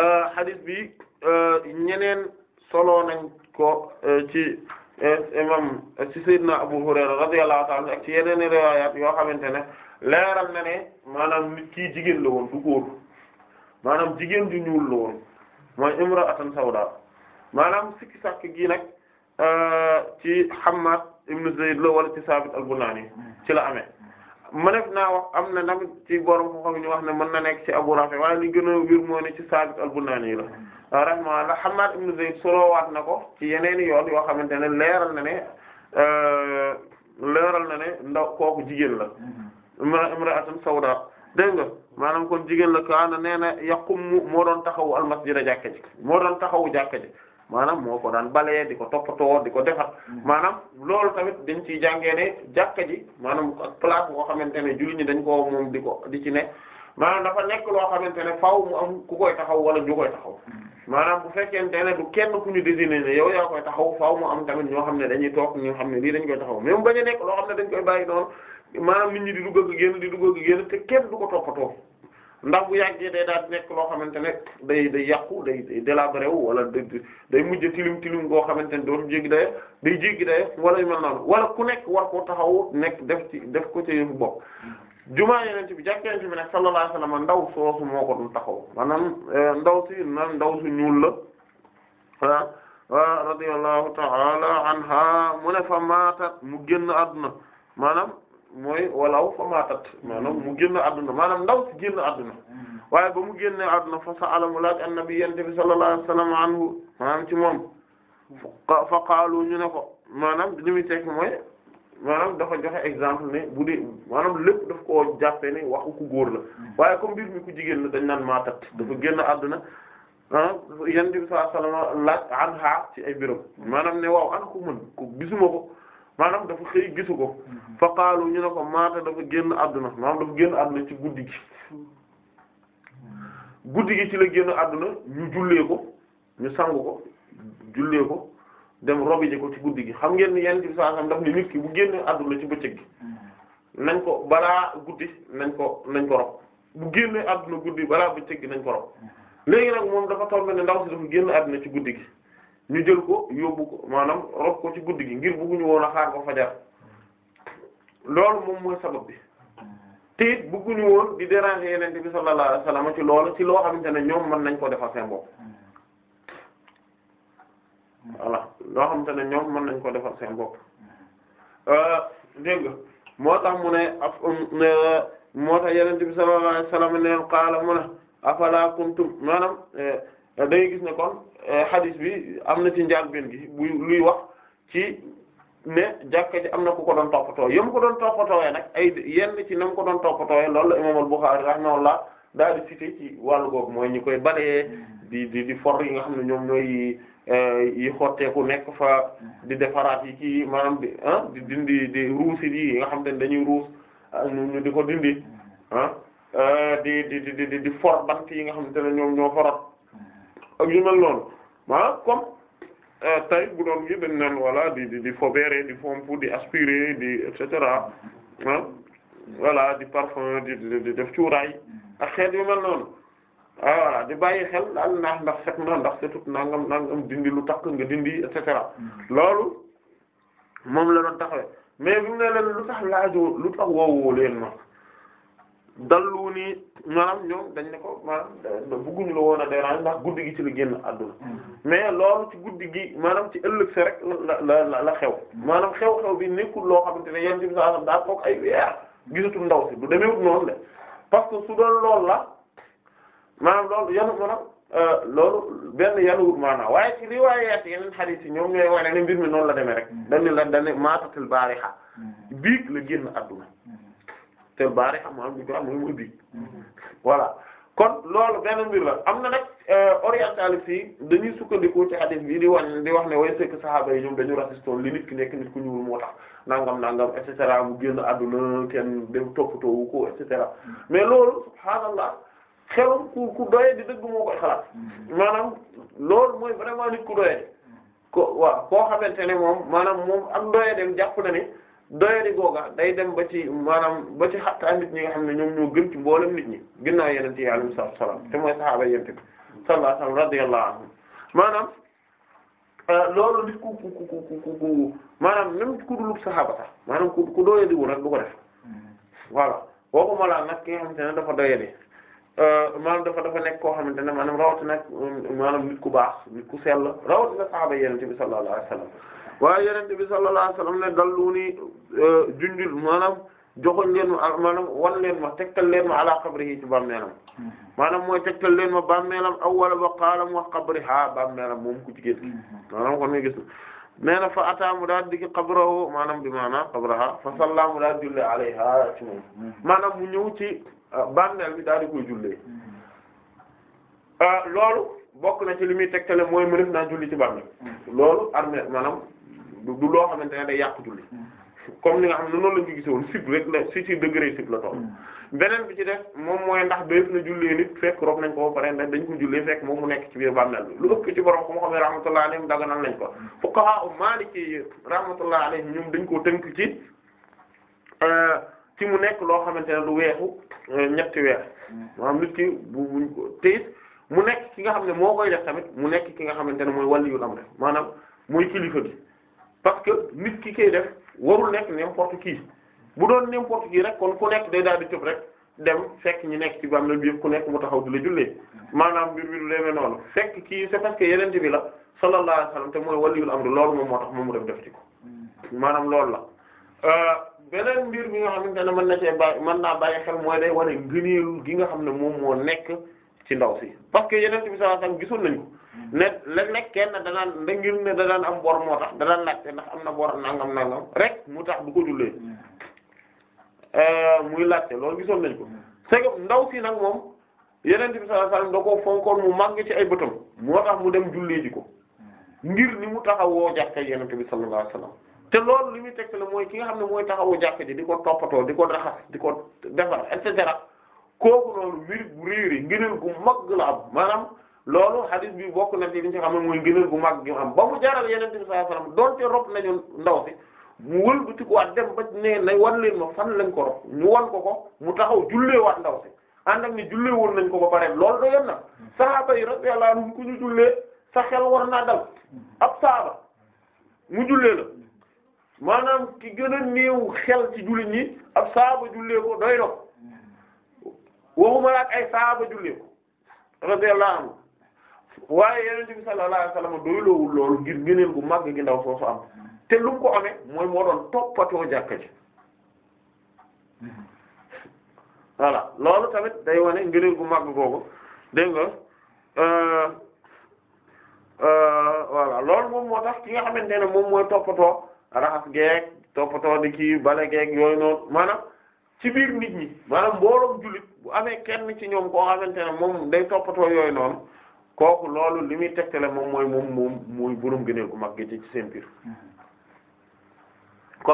euh, hadith bi euh, ñeneen solo nañ ko euh, ci imam ci sayyidina Abu Hurayra radiyallahu ta'ala ak ci yeneen riwayat yoo xamante ne leeral na ne maanaam jigéen la woon maanaam jigéen ju ñuul la woon mooy imra'atan sawda maanaam sikki sàkk gi nag euh, ci Hammad ibn Zayd la wala ci Sabit al-Bunani ci la amee mëneef naa am na tamit ci borom ko xam ñu wax ne mën na nekk ci Abu Rafi waaye li gën a wér moo ci Sabit al-Bunani la rahimahullah Hammad ibn Zayd solowaat na ko ci yeneeni yoon yoo xamante ne leeral na ne euh, leeral na ne ndaw kooku jigéen la mm-hmm. imra'atan sawda dégg nga maanaam kon jigéen la kaana nee na yaqumu moo doon taxawu almasjida jàkka ji moo doon taxawu jàkka ji maanaam moo ko daan balee di ko toppatoo di ko defar mm-hmm. maanaam loolu tamit dañ ciy jàngee ne jàkka ji maanaam ak place boo xamante ne julli ñi dañ koo di ko di ci ne maanaam dafa nekk loo xamante ne faaw mu ku koy taxaw wala ñu koy taxaw mm-hmm. maanaam bu fekkente ne du kenn ku ñu désigné ne yow yaa koy taxaw faaw mu am tamit ñoo xam ne dañuy toog ñoo xam ne lii dañ koy taxaw même bañ a nekk loo xam ne dañ koy bàyyi noonu maanaam nit ñi di dugg ak génn di dugg ak génn te kenn du ko toppatoo ndax bu yàggee day daal nekk loo xamante ne day day yàqu day day délabré wu wala day mujj tilim tilim goo xamante ne doon jéggi day day jéggi day wala yu mel noonu wala ku nekk war koo taxaw nekk def ci def ko ci yëfu bopp. jumaa yeneen bi jàkkee bi nag sallallahu alayhi wasallam ndaw soosu moo ko taxaw maanaam eh, ndaw si naan ndaw su ñuul la ah. radiyallahu ta'ala anha mu ne fa maata mu génn àdduna maanaam mooy walaw fa maatat maanaam mu génn adduna maanaam ndaw si génn adduna hmm. waaye ba mu génnee adduna fa sa alamu laaj annabi yente bi sallallahu alayhi wa sallam anhu ci moom fa qaalu ne ko maanaam li muy mooy maanaam dafa joxe exemple ne bu dee maanaam lépp daf koo jàppee ne ku góor la hmm. waaye comme mbir mi ku jigéen la dañ naan maatat dafa génn adduna ah yente bi sallallahu alayhi laaj an ha ci ay biram hmm. maanaam ne waaw an ko mën ko maanaam dafa xëy gisu ko mm-hmm. fa qaalu ñu ne ko maata dafa génn adduna maanaam dafa génn adduna ci guddi gi mm-hmm. guddi gi ci la génn àdduna ñu jullee ko ñu sangu ko jullee ko dem robi ko ci guddi gi xam ngeen ni yenn ci bi saa xam daf ni nit ki bu génn adduna ci bëccëg gi mm-hmm. nañ ko balaa guddi nañ ko nañ ko rob bu génnee adduna guddi balaa bëccëg gi nañ ko rob léegi nag moom dafa toll ne ndaw si dafa génn adduna ci guddi gi ñu jël ko yóbbu ko maanaam rob ko ci guddi gi ngir bëgguñu woon a xaar ko fajar loolu moom mooy sabab bi te it bëgguñu woon di déranger yeneen bi sallallahu alayhi wasallam ci loolu ci loo xamante ne ñoom mën nañ ko defal seen bopp xamante ne ñoom mën nañ ko defal seen bopp euh, moo tax mu ne af moo tax yeneen bi sallallahu alayhi wasallam neen qaala mu ne afala kuntum maanaam euh, da gis ne kon Euh, hadith bi am na ci njàlbéen gi buy luy wax ci ne jàkka ji am na ku ko doon toppatoo yam ko doon toppatoowee nag ay yenn ci nam ko doon toppatoowee loolu la imam al-Bukhari la daal di cité ci wàllu googu mooy ñi koy balee di di di for yi nga xam ne ñoom ñooy euh, yi xotteeku nekk fa di defaraat yi kii maanaam di ah di dindi di ruusi yi nga xam ne dañuy ruus ah, di ko dindi ah, euh, di di di di di yi nga xamante ne ñoom ñoo forot ak yu mel noonu maanaam ah, comme euh, tey bu doon gi dañ naan voilà di di di di fomp di aspirer di et cetera ah di parfum di di def cuuraay ak xeet yu mel noonu ah di bàyyi xel daal naax ndax set na ndax setut nangam nangam dindi lu takk nga dindi et cetera loolu moom la doon taxawee mais bu ne leen lu tax laajoo lu tax woowoo leen ma dallu nii maanaam ñoom dañ ne ko maanaam bëgguñu la woon a dérange ndax guddi gi ci la génn àdduna mm-hmm. mais loolu ci guddi gi maanaam ci ëllëg sa rek la xew mm-hmm. maanaam xew-xew bi nekkul loo xam xamante ne yéen ci bi saa daa toog ay weer gisatul ndaw si du demeewut noonu de parce que su doon lool la maanaam loolu yanu maanaam euh, loolu benn yanuwut maanaam waaye ci riwaayaat yeneen hadith yi ñoom ñooy wane ne mbir mi noonu la demee rek mm-hmm. dañ ne la dañ ne maatatul baariha biig la génn àdduna te bari maanaam li ñu ko am mooy bi voilà kon loolu benn mbir la am na nag euh, orientaliste yi dañuy sukkandiku ci hadith bi di wan di wax ne way sekk saxaaba yi ñoom dañu rasistoon li nit ki nekk nit ku ñuul moo tax nangam nangam et cetera mu génn àdduna kenn dem toppatoo ko et cetera mais loolu subhaanallah xelum ku ku di dëgg moo koy xalaat maanaam loolu mooy vraiment nit ku doye ko waaw koo xamante ne moom maanaam moom ak doye dem jàpp na ne. doyadi googa day dem ba ci maanaam ba ci xattaa nit ñi nga xam ne ñoom ñoo gën ci mboolem nit ñi ginnaaw yenente yi alayhi salaatu wassalaam te mooy sahaaba yente bi sallallahu alayhi wasallam maanaam euh, loolu nit ku ku maanaam même ku dulub sahaaba sax maanaam ko def malaa nag ki dafa doyadi euh, maanaam dafa dafa nekk koo xamante ne maanaam rawatina nag nit ku baax nit ku sell rawatina sahaaba yenente bi sallallahu alayhi wasallam waaye yenente bi sallallahu alayhi wasallam ne e, junjul maanaam joxoñ leen ma maanaam leen ma tegtal leen ma ala qabrihi ci bàmmeelam mm-hmm. maanaam mooy tegtal leen ma bàmmeelam awwala ba qaalam wax qabriha bàmmeelam moom ku jigéen mm-hmm. maanaam kon nga gis nee na fa ata mu daal di ki qabrahu maanaam bi maanaam qabraha fa salla mu daal jullee alayha ci mm-hmm. mu ñëw ci e, bàmmeel bi daal di koy jullee e, loolu bokk na ci li muy tegtale mooy mu def naa julli ci bàmmeel loolu armeel maanaam du loo xamante ne de yàq julli comme ni nga xam ne noonu la ñu gisoon sib rek la si si degré sib la toll mm. beneen bi ci def moom mooy ndax def na jullee fekk rob nañ ko ba pare ndax ko jullee fekk moom mu nekk ci biir bàmmeel bi lu ëpp ci borom ko mu xam ne rahmatullah alayhim nañ ko fuqaha maliki rahmatullah alayhim ñoom dañ koo tënk ci euh, ci mu nekk loo xamante ne du weexu euh, ñetti weer mm. maanaam nit ki bu buñ ko teyit mu nekk ki nga xam ne moo koy def tamit mu nekk ki nga xamante ne mooy wàllu yu lam rek maanaam mooy kilifa gi parce que nit ki koy def warul nekk n'importe kii bu doon n'importe qui rek kon ku nekk day daal di tëb rek dem fekk ñi nekk ci bàmmeel na yëpp ku nekk mu taxaw di la jullee maanaam mbir bi du noonu fekk kii c'est parce que yenente bi la sallallahu alayhi wa te mooy waliyul amri loolu moom moo tax moom mu dem def ci ko maanaam loolu la euh, beneen mbir bi nga xam ne mën na cee bàyyi mën naa bàyyi xel mooy day wane ngëneelu gi nga xam ne moom moo nekk ci ndaw si parce que yeneen bi sallallahu alayhi wa sallam gisoon nañu ne léeg-léeg kenn danaan da ngir ne daan am bor moo tax danaan laajte ndax am na bor nangam nangam rek mu tax du ko jullee euh, muy laajte loolu gisoon nañ ko c'est ndaw si nag yeneen bi sallallahu alayhi wasallam da koo fonkoon mu màgg ci ay bëtam moo tax mu dem jullee ji ko ngir ni mu taxawoo jàkka yeneen bi sallallahu alayhi wasallam te loolu li muy teg la mooy ki nga xam ne mooy taxawu jàkka ji di ko toppatoo di ko raxas di ko defar et cetera kooku noonu mbir bu réeré ngëneel gu mag la am maanaam. loolu hadith bi bokk na ci xam ne mooy ngëneel bu mag gi am ba mu jaral yenente bi sallallahu alayhi wasallam donte rob nañu ndaw si mu wëlbatikuwaat dem ba ne nañ wan leen ma fan lañ ko rob ñu wan ko ko mu taxaw julleewaat ndaw si ànd ak ni jullee woon nañ ko ba pare loolu doyoon na sahaaba yi radiyallahu anhum ku ñu jullee sa xel war naa dal ab saaba mu jullee la maanaam ki gën a néew xel ci jullit ñi ab saaba jullee ko doy na waxuma la ak ay saaba jullee ko waaye yenente bi sallallahu alayhi wasallam doyloowul loolu ngir gëneel gu màgg gi ndaw soosu am te lu ko amee mooy moo doon toppatoo jàkka ji voilà loolu tamit day wane ngëneel gu màgg googu dégg nga euh, euh, voilà loolu moom moo tax ki nga xamante ne moom mooy toppatoo raxas geek toppatoo di kii bale geek yooyu noonu ci biir nit ñi maanaam mbooloom julit bu amee kenn ci ñoom ko xamante ne moom day toppatoo yooyu noonu kooku loolu li muy tegtale moom mooy moom muy mooy borom gëneel gu mag gi ci seen biir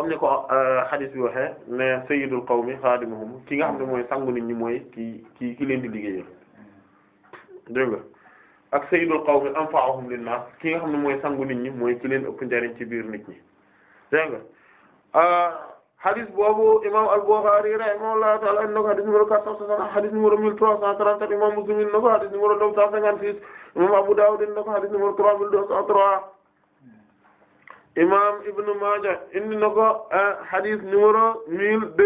ni ko euh, hadith bi waxee ne sayyidul qawmi xaadimuhum ki nga xam ne mooy sangu nit ñi mooy ki ki ki leen di liggéeyal dégg nga ak sayyidul qawmi anfa'uhum linnaas ki nga xam ne mooy sangu nit ñi mooy ki leen ëpp njariñ ci biir nit ñi dégg nga euh, hadith boobu imam al-Bukhari rahimahullahu ta'ala indi na ko hadith numéro 460 hadith numéro 1334 imam Muslim indi na ko hadith numéro 956 imam Abu Dawud indi na ko hadith numéro 3203 imam Ibn Maaja indi na ko eh, hadith numéro 1200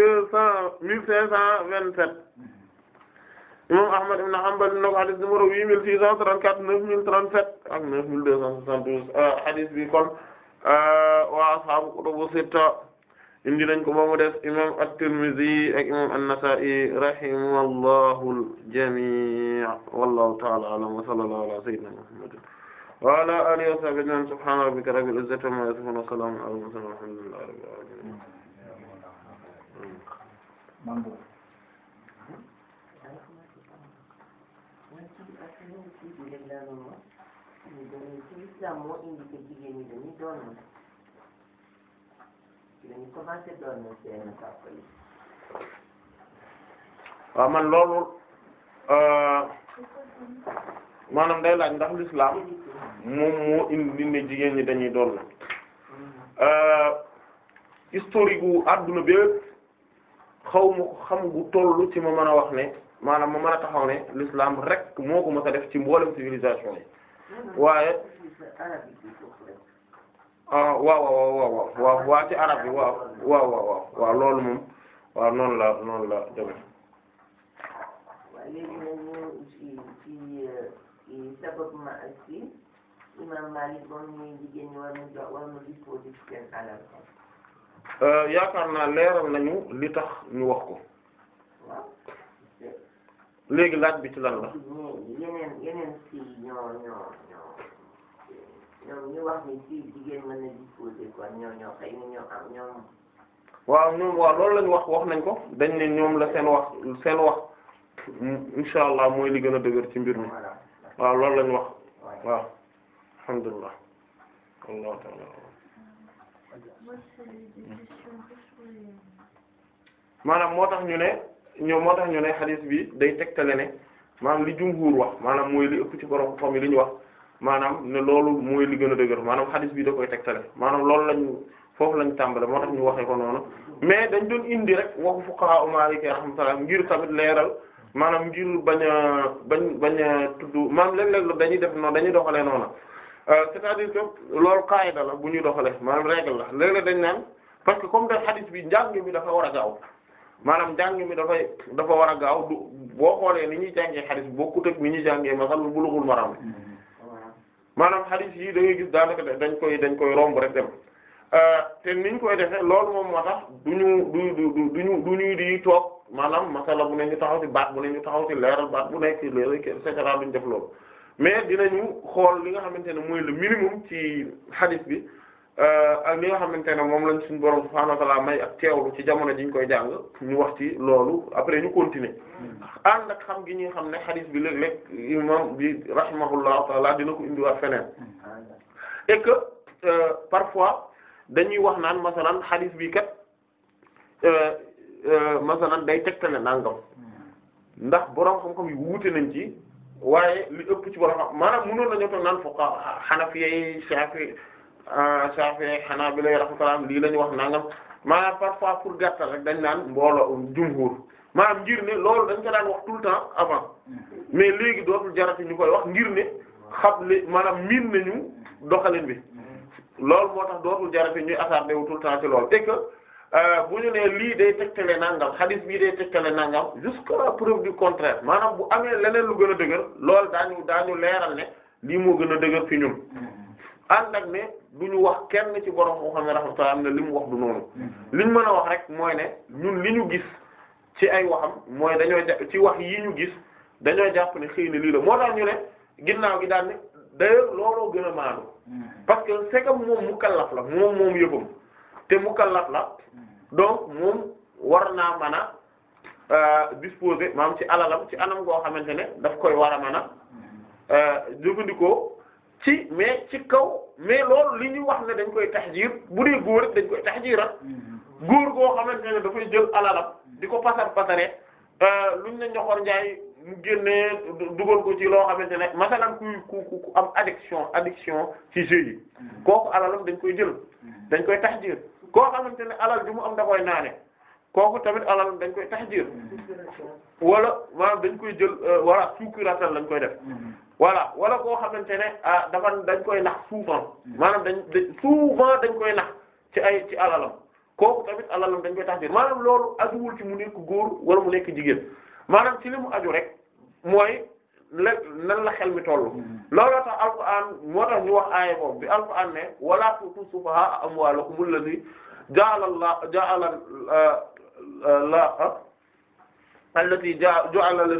1527 imam Ahmad ibn Hanbal indi na ko hadith numéro 8634 9037 ak 9272 eh, hadith bi kon eh, wa ashaabu kutubu sitta indi nañ ko ba mu def imam at-Tirmidhi ak imam an-Nasa'i rahimahumullahu al-jami' wallahu ta'ala a'lam wa sallallahu ala sayyidina Muhammad wa ala alihi wa sahbihi ajma'in subhana rabbika rabbil izzati amma yasifun wa salamun ala al-mursalin walhamdulillahi rabbil alamin Islam moo indi jigéen ñi dañuy doon dañu commencé doon seen waaw man loolu maanaam day laaj ndax l'islam moom moo indi ne jigéen ñi dañuy doon la eh, historique gu adduna bi xaw ma ko xam gu tollu ci ma mën a wax ne maanaam ma mën a taxaw ne l'islam rek moo ko ma a def ci mboolem civilisation yi waaye Ah, waaw waaw waaw waaw waaw waaw waaw waaw loolu moom waaw noonu la noonu la demee. waaw léegi na jox euh, yaakaar naa leeral nañu li tax ñu wax ko. léegi laaj bi ci lan la. ñoom ñu wax ni ci jigéen waaw ñoom waaw loolu lañ wax wax nañ ko dañ ne ñoom la seen wax seen wax insha allah mooy li gën a dëgër ci mbir mi waaw loolu lañu wax waaw alhamdulillah allah taala maanaam moo tax ñu ne ñoom moo tax ñu ne xadiis bi day tegtale ne maanaam li jumhuur wax maanaam mooy li ëpp ci borom xam yi li wax maanaam ne loolu mooy li gën a dëgër maanaam hadith bi da koy tegtale maanaam loolu lañ foofu lañ tàmbale moo tax ñu waxee ko noonu mais dañ doon indi rek waxu fuqaha Maliki rahmatullah ngir tamit leeral maanaam ngir bañ bañ bañ a tudd maanaam léeg-léeg dañuy def noonu dañuy doxalee noonu euh, cest à loolu qaida la bu ñuy doxalee maanaam règle la léeg-léeg dañ naan parce que comme da hadith bi njàng mi dafa war a gaaw maanaam njàng mi dafay dafa war a gaaw du boo xoolee ni ñuy jàngee hadith bokkut ak ni ñuy jàngee ma masal Bulughul Maram mm-hmm. maanaam hadith yi da gis daanaka dañ koy dañ koy romb rek dem euh, te niñ koy defee loolu moom moo tax duñu du du duñu duñu di toog maanaam masala bu ne ñu taxaw ci baat bu ne ñu taxaw ci leeral baat bu nekk leeral et cetera duñ def loolu mais dinañu xool li nga xamante ne mooy le minimum ci hadith bi Euh, ak li nga xamante ne moom lañ suñu borom subhaanahu wa ta'ala may ak teewlu ci jamono ji koy jàng ñu wax ci loolu après ñu continuer hmm. ànd ak xam gi ñuy xam ne hadith bi léeg-léeg imam bi rahimahullahu ta'ala dina ko indiwaat feneen hmm. et que euh, parfois dañuy wax naan masalan hadith bi kat euh, masalan day tegtale nangam hmm. ndax borom xam-xam yi wuute nañ ci waaye li ëpp ci borom maanaam mënoon nañoo toog naan fuqaha hanafi yi shafi Ah, xanaa Shafi'i Hanbali rahmatullah lii la ñu wax nangam maanaam parfois pour gàttal rek dañ naan mbooloo jumhur maanaam ngir ne loolu dañ ko daan wax tout le temps avant mais léegi dootul jarati ñu koy wax ngir ne xam li maanaam miin nañu doxalin bi loolu moo tax dootul jarati ñuy attardé wu tout le temps ci loolu et que euh, bu ñu nee lii day tegtale nangam hadith bii day tegtale nangam jusqu'à preuve du contraire maanaam bu amee leneen lu gën a dëgër loolu daañu daañu leeral ne lii moo gën a dëgër fi ñun mm-hmm. du ñu wax kenn ci borom xam ne rahmatullah am na li mu wax du noonu mm-hmm. liñ mën a wax rek mooy ne ñun li ñu gis ci ay waxam mooy dañoo ci wax yi ñu gis dañoo jàpp ne xëy na lii la moo tax ñu ne ginnaaw gi daal ne d'ailleurs looloo gën a maanu mm-hmm. parce que c'est comme moom mukallaf la moom moom yëppam te mu mukallaf la mm-hmm. donc moom war naa mën a euh, disposer maam ci alalam ci anam goo xamante ne daf koy war a mën a euh, jëfandikoo ci mais ci kaw mais loolu li ñuy wax ne dañ koy tahjir bu dee góor dañ koy tahjirat mm-hmm. góor goo xamante ne dafay jël alalam di ko pasar pasare euh, luñ ne ñoxor njaay mu génnee dugal ko ci loo xamante ne masalan kuy ku am addiction addiction ci jeu yi mm-hmm. kooku alalam dañ koy jël mm-hmm. dañ koy tahjir koo xamante ne alal ju mu am da koy naane kooku tamit alal dañ koy tahjir wala maanaam dañ koy jël wala euh, suukuratal lañ koy def voilà wala koo xamante ne ah dafa dañ koy nax souvent maanaam dañ koy nax ci ay ci alalam kooku tamit alalam dañ koy tax biir maanaam loolu ci mu nekk góor wala mu nekk jigéen maanaam ci li mu aju rek mooy lé nan la xel mi toll hmm. looloo tax alquran wax aaya boobu bi alquran ne wala tu'tu sufahaa amwaalakum allazii ja'ala Allah ja'ala ah, la ah, allazii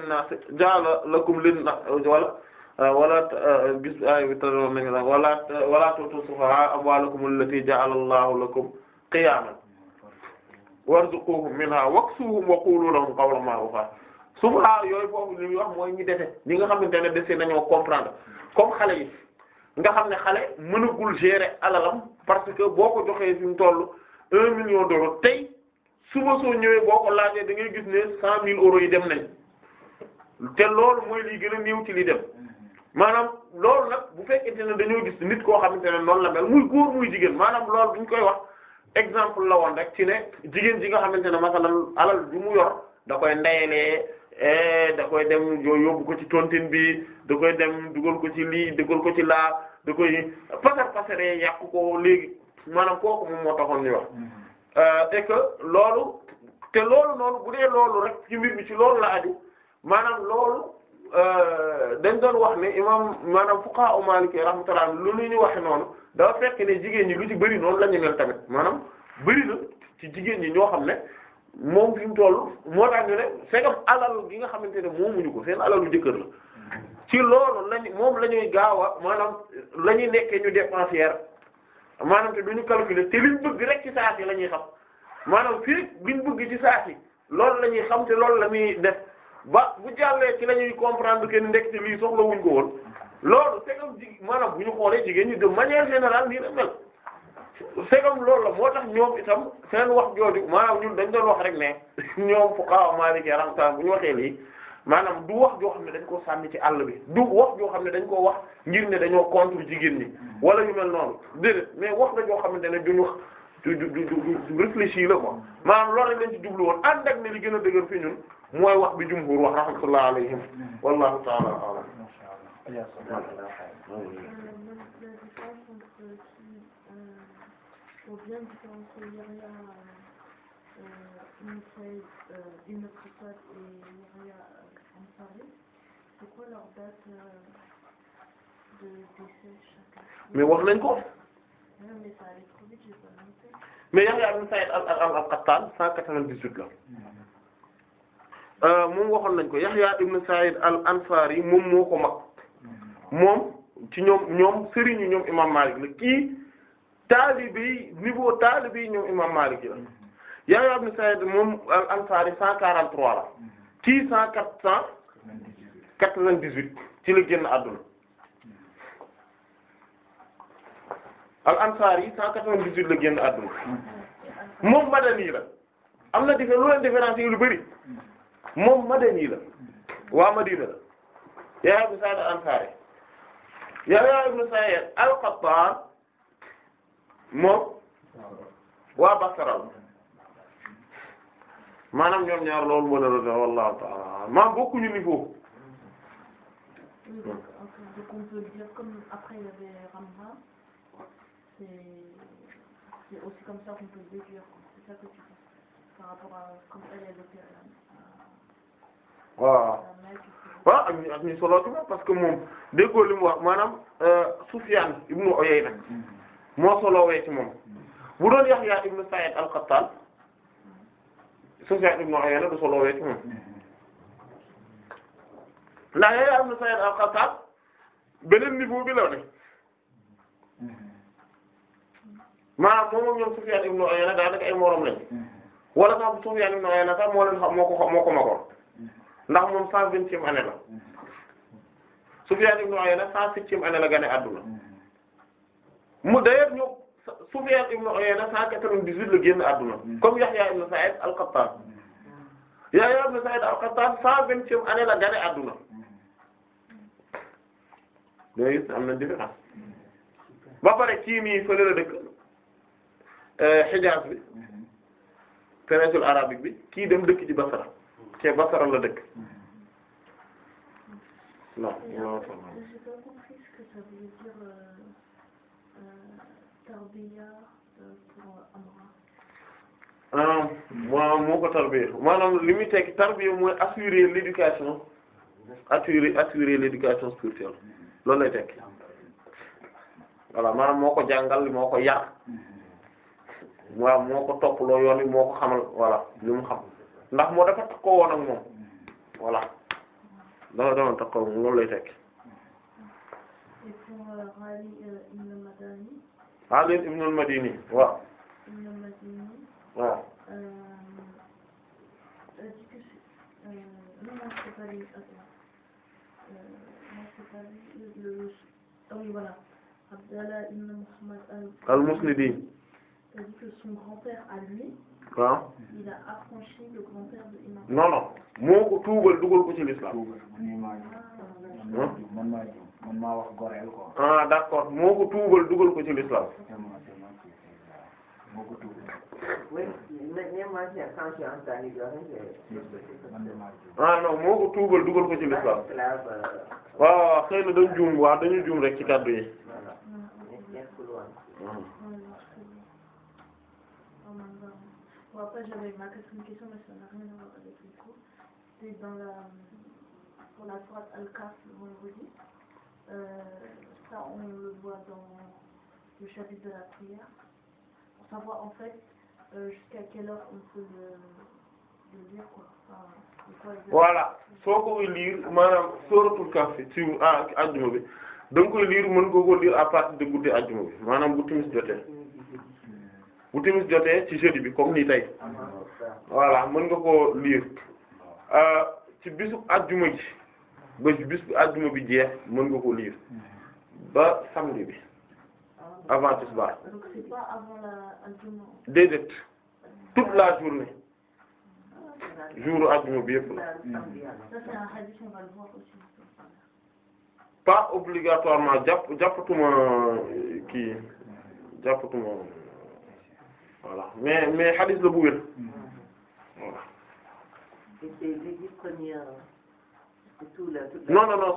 naasi ja'ala lakum lin-naasi Euh, wala euh, gis ay bi tadoo nañ la wala euh, wala tu'tu sufahaa amwaalakum allatii ja'ala Allahu lakum qiyaaman warzuquhum minhaa waksuuhum wa quulu lahum qawlan ma'ruufaa sufahaa yooyu foofu li ñuy wax mooy ne dese nañoo comprendre comme xale yi xam ne xale mënagul gérer alalam parce que boo ko joxee fi toll un million d'euros tey ñëwee boo ko laajee da ngay gis ne cent mille euros yi dem nañ te loolu mooy li gën a néew ci li dem. maanaam loolu nag bu fekkee te ne dañoo gis nit koo xamante ne noonu la mel muy góor muy jigéen maanaam loolu duñ koy wax exemple la woon rek ci ne jigéen ji nga xamante ne masalan alal du mu yor da koy ndeyalee eh, da koy dem yóbbu ko ci tontine bi da koy dem dugal ko ci lii dugal ko ci laa da koy pasar pasare yàq ko léegi maanaam kooku moom moo taxoon ñu wax mm-hmm. euh, et que loolu te loolu noonu bu dee loolu rek ci mbir bi ci loolu la aju maanaam loolu Euh, dañ doon wax ne imam maanaam fuqaha maliki rahmatullah lu lu ñu waxe noonu dafa fekk ne jigéen ñi lu ci bëri noonu la ñu mel tamit maanaam bëri ci jigéen ñi ñoo xam ne moom fi mu toll moo tax ñu ne fekkam alal gi nga xamante ne moomuñu ko seen alalu jëkkër la ci loolu lañ moom lañuy ñuy gaaw a maanaam lañuy nekkee ñu dépensière maanaam te du ñu calculer te liñ bëgg rek ci saa si la ñuy xam maanaam fii liñ bëgg ci saa si loolu la ñuy xam te loolu la muy def ba bu jàllee ci la ñuy comprendre que ni ndekete lii soxla wuñ ko woon loolu segam ji maanaam bu ñu xoolee jigéen ñi de manière général nii la mel segam loolu la moo tax ñoom itam seen wax jooju maanaam ñun dañ doon wax rek ne ñoom fuqaha Maliki rahmatullah bu ñu waxee lii maanaam du wax joo xam ne dañ koo sànni ci àll bi du wax joo xam ne dañ koo wax ngir ne dañoo contre jigéen ñi wala ñu mel noonu déedéet mais wax la joo xamante ne duñu du du du du réfléchi la quoi maanaam loolu lañ ci jublu woon ànd ak ne li gën a dëgër fi ñun mooy wax bi jumhur wax rahmatullah alayhim wallahu ta'ala a'lam euh, on vient différencier Myria une feuille, une autre feuille et Myria Ansari. C'est quoi leur date de décès chacun? Mais wax nañ ko. Non mais ça allait trop vite, j'ai pas noté. mais Yahya ibn Sa'id al-Qattan 198 la euh, moom waxoon nañ ko Yahya ibn Sa'id al-Ansari moom moo ko mag moom ci ñoom ñoom sëriñu ñoom imam Malik la kii taalibi niveau taalibi ñoom imam Malik la Yahya ibn Sa'id moom al-Ansari 143 la kii 100 498 ci la génn àdduna al ansaar yi cent quatre vingt la génn àdduna moom madani la am na dife lu leen différence yi lu bëri moom madani la waa madina la Yahya ibn Sa'id al ansaari moom waa Basra la ñoom ñaar loolu moo leen doon wallahu ta'ala maa bokkuñu niveau. Euh, donc on peut dire c'est aussi comme ça que ñu ak ci moom parce que moom déggoo li mu wax maanaam euh, Sufyaan ibnu Uyayna moo solo wee ci moom bu doon Yahya ibnu Sa'id al-Qattan Sufyaan ibnu Uyayna du solo wee ci moom ndax Yahya ibnu Sa'id al-Qattan beneen niveau bi la ne maa moom ak ñoom Sufyaan ibn Uyayna daanaka ay morom lañ wala sax Sufyaan ibn Uyayna sax moo leen moo ko moo ndax moom cent vingtième année la Sufyaan ibn Uyayna cent septième année la gane àdduna mu d'ailleurs ñoo Sufyaan ibn Uyayna cent quatre-vingt-dix-huit la génn àdduna comme Yahya ibn Sa'id al-Qattan Yahya ibn Sa'id al-Qattan cent vingtième année la gane àdduna dooyu am na différence ba pare kii nii fële la dëkk Euh, Hijaz bi péninsule arabique bi kii dem dëkk ci Basra te Basra la dëkk non euh, euh, ah moo ko tarbiya maanaam li muy tekki tarbiya mooy assurer l'éducation assurer assurer l'éducation spirituelle loolu lay tekki voilà maanaam moo ko jàngal moo ko yar waaw moo ko topploo yoon wi moo ko xamal voilà li mu xam ndax moo dafa takkoo woon ak moom voilà dama dama takkoo moom loolu lay tekk euh, Ali euh, ibn al-Madini waaw waaw euh, al-Musnidi C'est-à-dire ko son grand-père à lui. waaw il a affranchi le grand-père de moo ko tuubal dugal ko ci l'islam. Ah, man maa man maa wax gorel quoi. ah d'accord moo ko tuubal dugal ko ci l'islam. moo ko tuubal. oui ah non moo ko tuubal dugal ko ci l'islam. Ah, euh, ah, waaw rek ci kaddu yi. Bon, après, j'avais ma quatrième question, mais ça n'a rien à voir avec le cours. C'était dans la, pour la sourate Al-Kahf, le vendredi. Euh, ça, on le voit dans le chapitre de la prière. Pour savoir, en fait, euh, jusqu'à quelle heure on peut le, le lire, quoi. Enfin, quoi voilà soo koy lire maanaam sóoratul Kahf ci ah ajjuma bi da nga koy lire mën nga ko lire à partir de guddi ajjuma bi maanaam bu timis jotee bu timis jotee ci jeudi bi comme nii tey voilà mën nga koo lire euh, ci bisu ajjuma ji ba bisu bi jeex mën nga koo liir ba samedi bi avant tisbaar déedéet toute la journée jour ajjuma bi yëpp la pas obligatoirement jàpp jàppatuma euh, kii voilà mais mais xadis la bu wér voilà. Euh,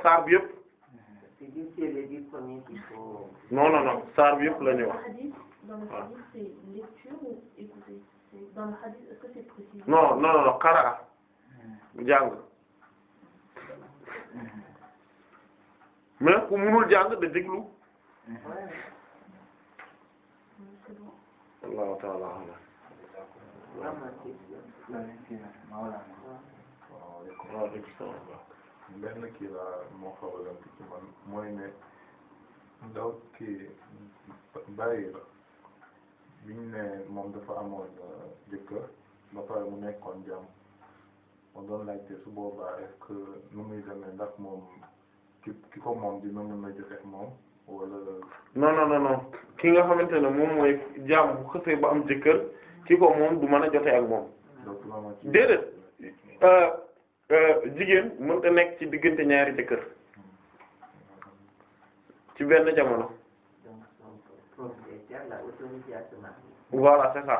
saar bi yëpp. non non saar bi yëpp la ñuy wax. voilà. non non non xaraa jàng. mais ku munul Allahu ta'ala a'lam. benn kii laa moo xawalanti ci man mooy ne ndaw kii bàyyi la biñ ne moom dafa amoon uh, jëkkër ba pare mu nekkoon jàmm ma doon laajte su boobaa est-ce que nu muy demee ndax moom ki ki ko moom dina mën a joxe moom non non non ki nga xamante ne moom mooy jaam bu ba am jëkkër ki ko moom du mën a jote ak moom déedéet euh, euh, jigéen mënta nekk ci diggante ñaari jëkkër ci benn jamono voilà c'est ça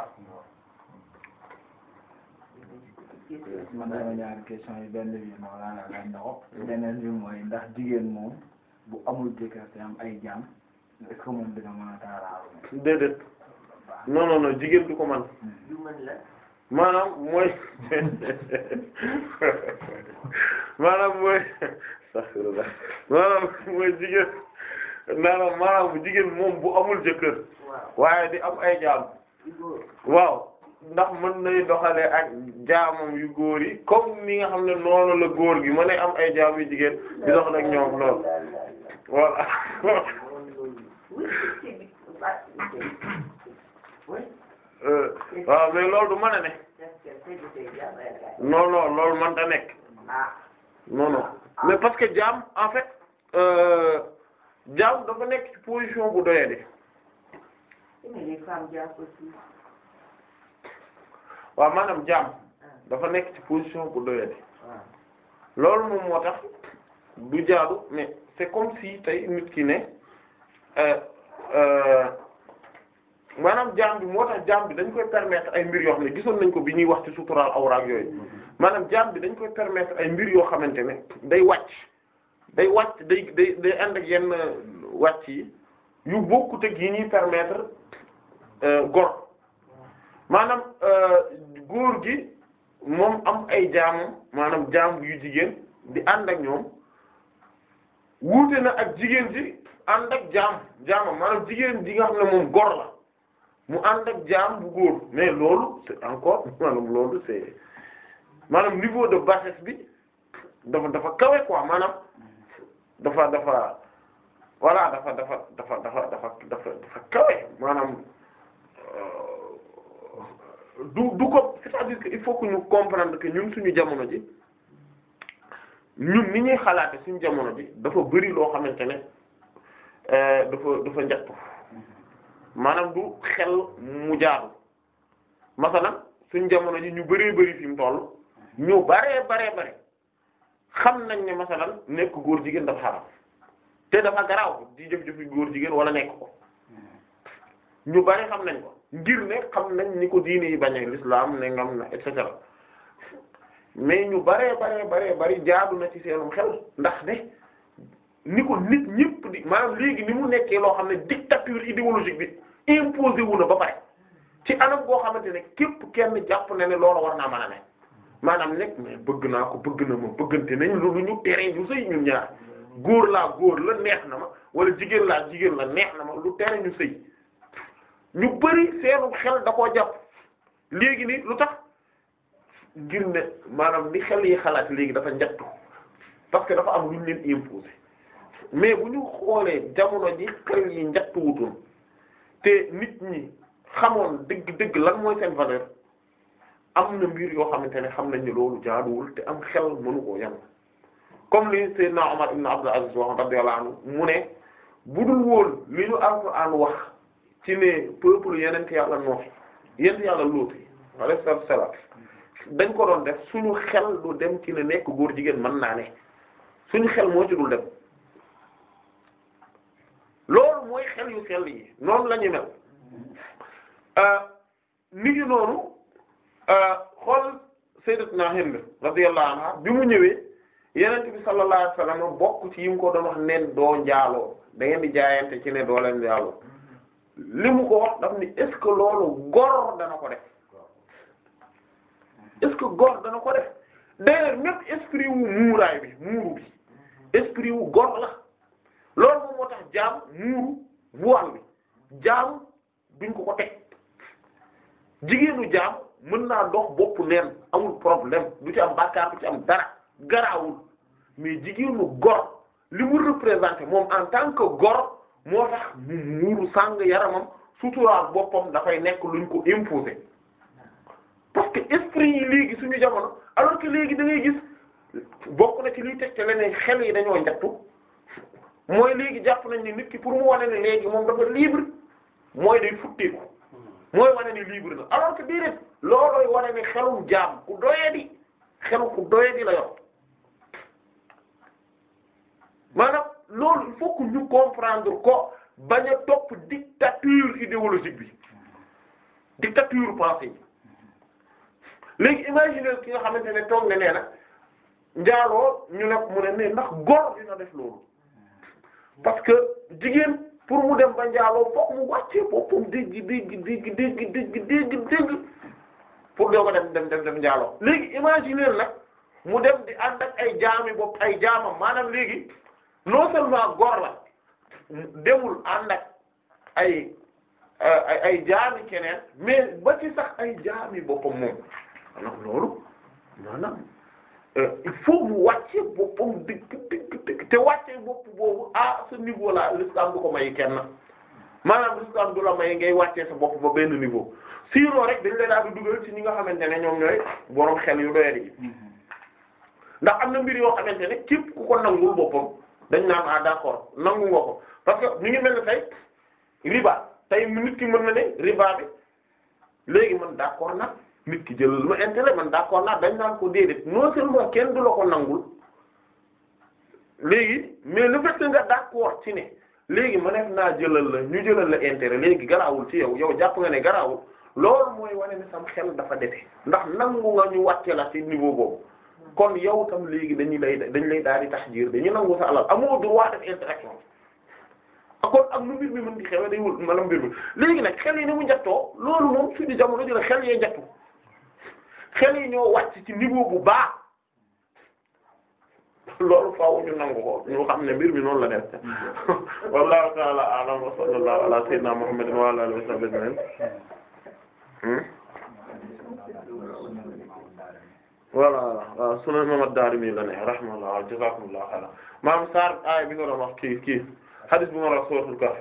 man dama question yi ndax jigéen bu amul jëkkër te am ay jigéen du ko man maanaam mooy maanaam mooy astaghfirullah maanaam jigéen bu jigéen moom bu amul jëkkër waaye di am ay jaam waaw ndax mën nay doxale ak jaamam yu góor yi comme ni nga xam ne noonu la góor gi mën nay am ay jaam yu jigéen di dox nag ñoom lool voilà waaw mais loolu du mën a ne non non loolu man da nekk non non mais parce que jaam en fait jaam dafa nekk ci position bu doyadi waaw maanaam jaam dafa nekk ci position bu doyadi loolu moom moo tax du jaadu te comme si tey nit ki ne euh, euh, maanaam jaam bi moo tax jaam bi dañ koy permettre ay mbir yoo xam ne gisoon nañ ko bi ñuy wax ci suturaal awraak yooyu maanaam jaam bi dañ koy permettre ay mbir yoo xamante ne day wàcc day wàcc day day day ànd ak yenn wàcc yi yu bokkute ak yi ñuy permetre euh, góor maanaam góor gi moom am ay jaamam maanaam jaam yu jigéen di ànd ak ñoom wuute na ak jigéen ji ànd ak jaam jaamam maanaam jigéen ji nga xam ne moom góor la mu ànd ak jaam bu góor mais loolu c'est encore maanaam loolu c'est maanaam niveau de bassesse bi dafa dafa kawe quoi maanaam dafa dafa voilà dafa dafa dafa dafa dafa dafa dafa kawe maanaam euh, du du ko c'est-à-dire que il faut que ñu comprendre que ñun suñu jamono ji ñun ni ñuy xalaate suñu jamono bi dafa bëri loo xamante ne euh, dafa dafa njattu maanaam du xel mu jaadu masalan suñ jamono ji ñu bëree bari fi mu ñu baree baree bari xam nañ ne masalan nekk góor jigéen dafa xaram te dafa garaaw di jëf-jëfi góor jigéen wala nekk ko ñu bare xam nañ ko ngir ne xam nañ ni ko diine yi bañe l'islam ne ngam na et mais ñu baree baree baree bari jaadu na ci seenum xel ndax ne ni ko nit ñëpp di maanaam léegi ni mu nekkee loo xam ne dictature idéologique bi imposé wu na ba pare ci anam goo xamante ne képp kenn jàpp na ne loolu war naa mën a maanaam nekk mais bëgg naa ko bëgg na ma bëggante nañ loolu ñu tere ñu sëy ñu ñaar góor laa góor la neex na ma wala jigéen laa jigéen la neex na ma lu tere ñu sëy ñu bari seenu xel da koo jàpp léegi ni lu tax ngir ne maanaam li xel yi xalaat léegi dafa njattu parce que dafa am lu ñu leen mais bu ñu xoolee jamono ji xel yi njattu wutoon te nit ñi xamoon dëgg-dëgg lan mooy seen valeur am na mbir yoo xamante ne xam nañ ni loolu jaaduwul te am xel mënu ko yem comme li Seydina Omar ibn Abdul Aziz wax radiyallahu anhu mu ne bu dul woon li ñu Alxuraan wax ci ne peuple yeneen yàlla noox yeneen yàlla luuti alayhi salaatu dañ ko doon def suñu xel du dem ci ne nekk góor jigéen mën naa ne suñu xel moo ci dul dem loolu mooy xel yu xel yi noonu la ñu mel euh, ni ñu noonu euh, xool sayyidatuna Hind radiyallahu anha bi mu ñëwee yeneen bi sallallahu alayhi wasallam bokk ci yi mu ko doon wax neen doo njaaloo da ngeen di jaayante ci ne doo leen njaaloo mm-hmm. li mu ko wax daf ni est ce que loolu góor dana ko def est-ce que góor dana ko def d'ailleurs même esprit wu muuraay bi muuru bi esprit wu gor la loolu moom moo tax jaam muuru voile bi jaam duñ ko ko teg jigéenu jaam mën naa dox bopp neen amul problème du ci am bàkkaar du ci am dara garaawul mais jigéenu gor li mu représenté moom en tant que góor moo tax mu muuru sàng yaramam suturaal boppam dafay nekk luñ ko imposer parce que esprit yi suñu jamono alors que léegi da ngay gis bokk na ci liy teg te leneen xel yi dañoo njattu mooy léegi jàpp nañ ni nit ki pour mu wane ne léegi moom dafa libre mooy day futteeku mooy wane ni libre na alors que déedéet loolooy wane ni xelum jaam ku doyee di xelu ku doyee di la yor maanaam loolu il faut que ñu comprendre ko bañ a topp dictature idéologique bi dictature pensée léegi imaginer ki nga xamante ne toog ne nee na njaaloo ñu nag mu ne nee ndax góor dina def loolu parce que jigéen pour mu dem ba njaaloo fokk mu wàccee boppam dégg dégg dégg dégg dégg dégg dégg pour doo ko dem dem dem dem njaaloo léegi imaginer na mu dem di ànd ak ay jaami bopp ay jaamam maanaam léegi non seulement góor la demul ànd ak ay ay ay jaami keneen mais ba ci sax ay jaami boppam moom alors loolu maanaam euh, il faut mu wàcce boppam dëgg dëgg te wàcce bopp boobu ah ce niveau là l'islam du ko may kenn maanaam l'islam du la may ngay wàccee sa bopp ba benn niveau sinon rek dañ lay daal di dugal ci ñi nga xamante ne ñoom ñooy borom xel yu doyadi ndax am na mbir yoo xamante ne képp ku ko nangul boppam dañ naan ah d'accord nangu parce que ñu ngi mel ne tey riba tey nit ki mën na ne riba bi léegi man d'accord nag nit ki jëlal ma intérêt man d'accord naa dañ naan ko déedéet non seulement kenn du la ko nangul léegi mais lu fait nga d'accord ci ne léegi ma nekk naa jëlal la ñu jëlal la intérêt léegi garaawul ci yow yow jàpp nga ne garaawul loolu mooy wane ne sama xel dafa defe ndax nangu nga ñu wàcce la ci niveau kon yow tam léegi dañu lay dañ lay daal di tahjir dañu nangu sa alal amoo droit def interaction ah, kon ak lu mbir mi mën di xewe day wul malam mbir mi léegi nag xel yi ni loolu moom suñu xel yee xel yi ñoo wàcc ci niveau bu baax loolu faaw ñu nangu ko xam ne mbir mi noonu la def wallahu ta'ala a'lam wa sallallahu ala sayyidina muhammadin wa ala alihi wa sahbihi ajma'in hmm? voilà waaw sunu imam ad-Daarimi la ne rahimahullah wa jazaakumullahu khayran maam Sarr aay bi nga doon wax kii kii hadith bi nga doon wax suuratul Kahf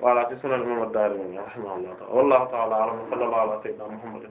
voilà ci sunu imam ad-Daarimi rahimahullah wallahu ta'ala a'lam wa sallallahu ala sayyidina muhammadin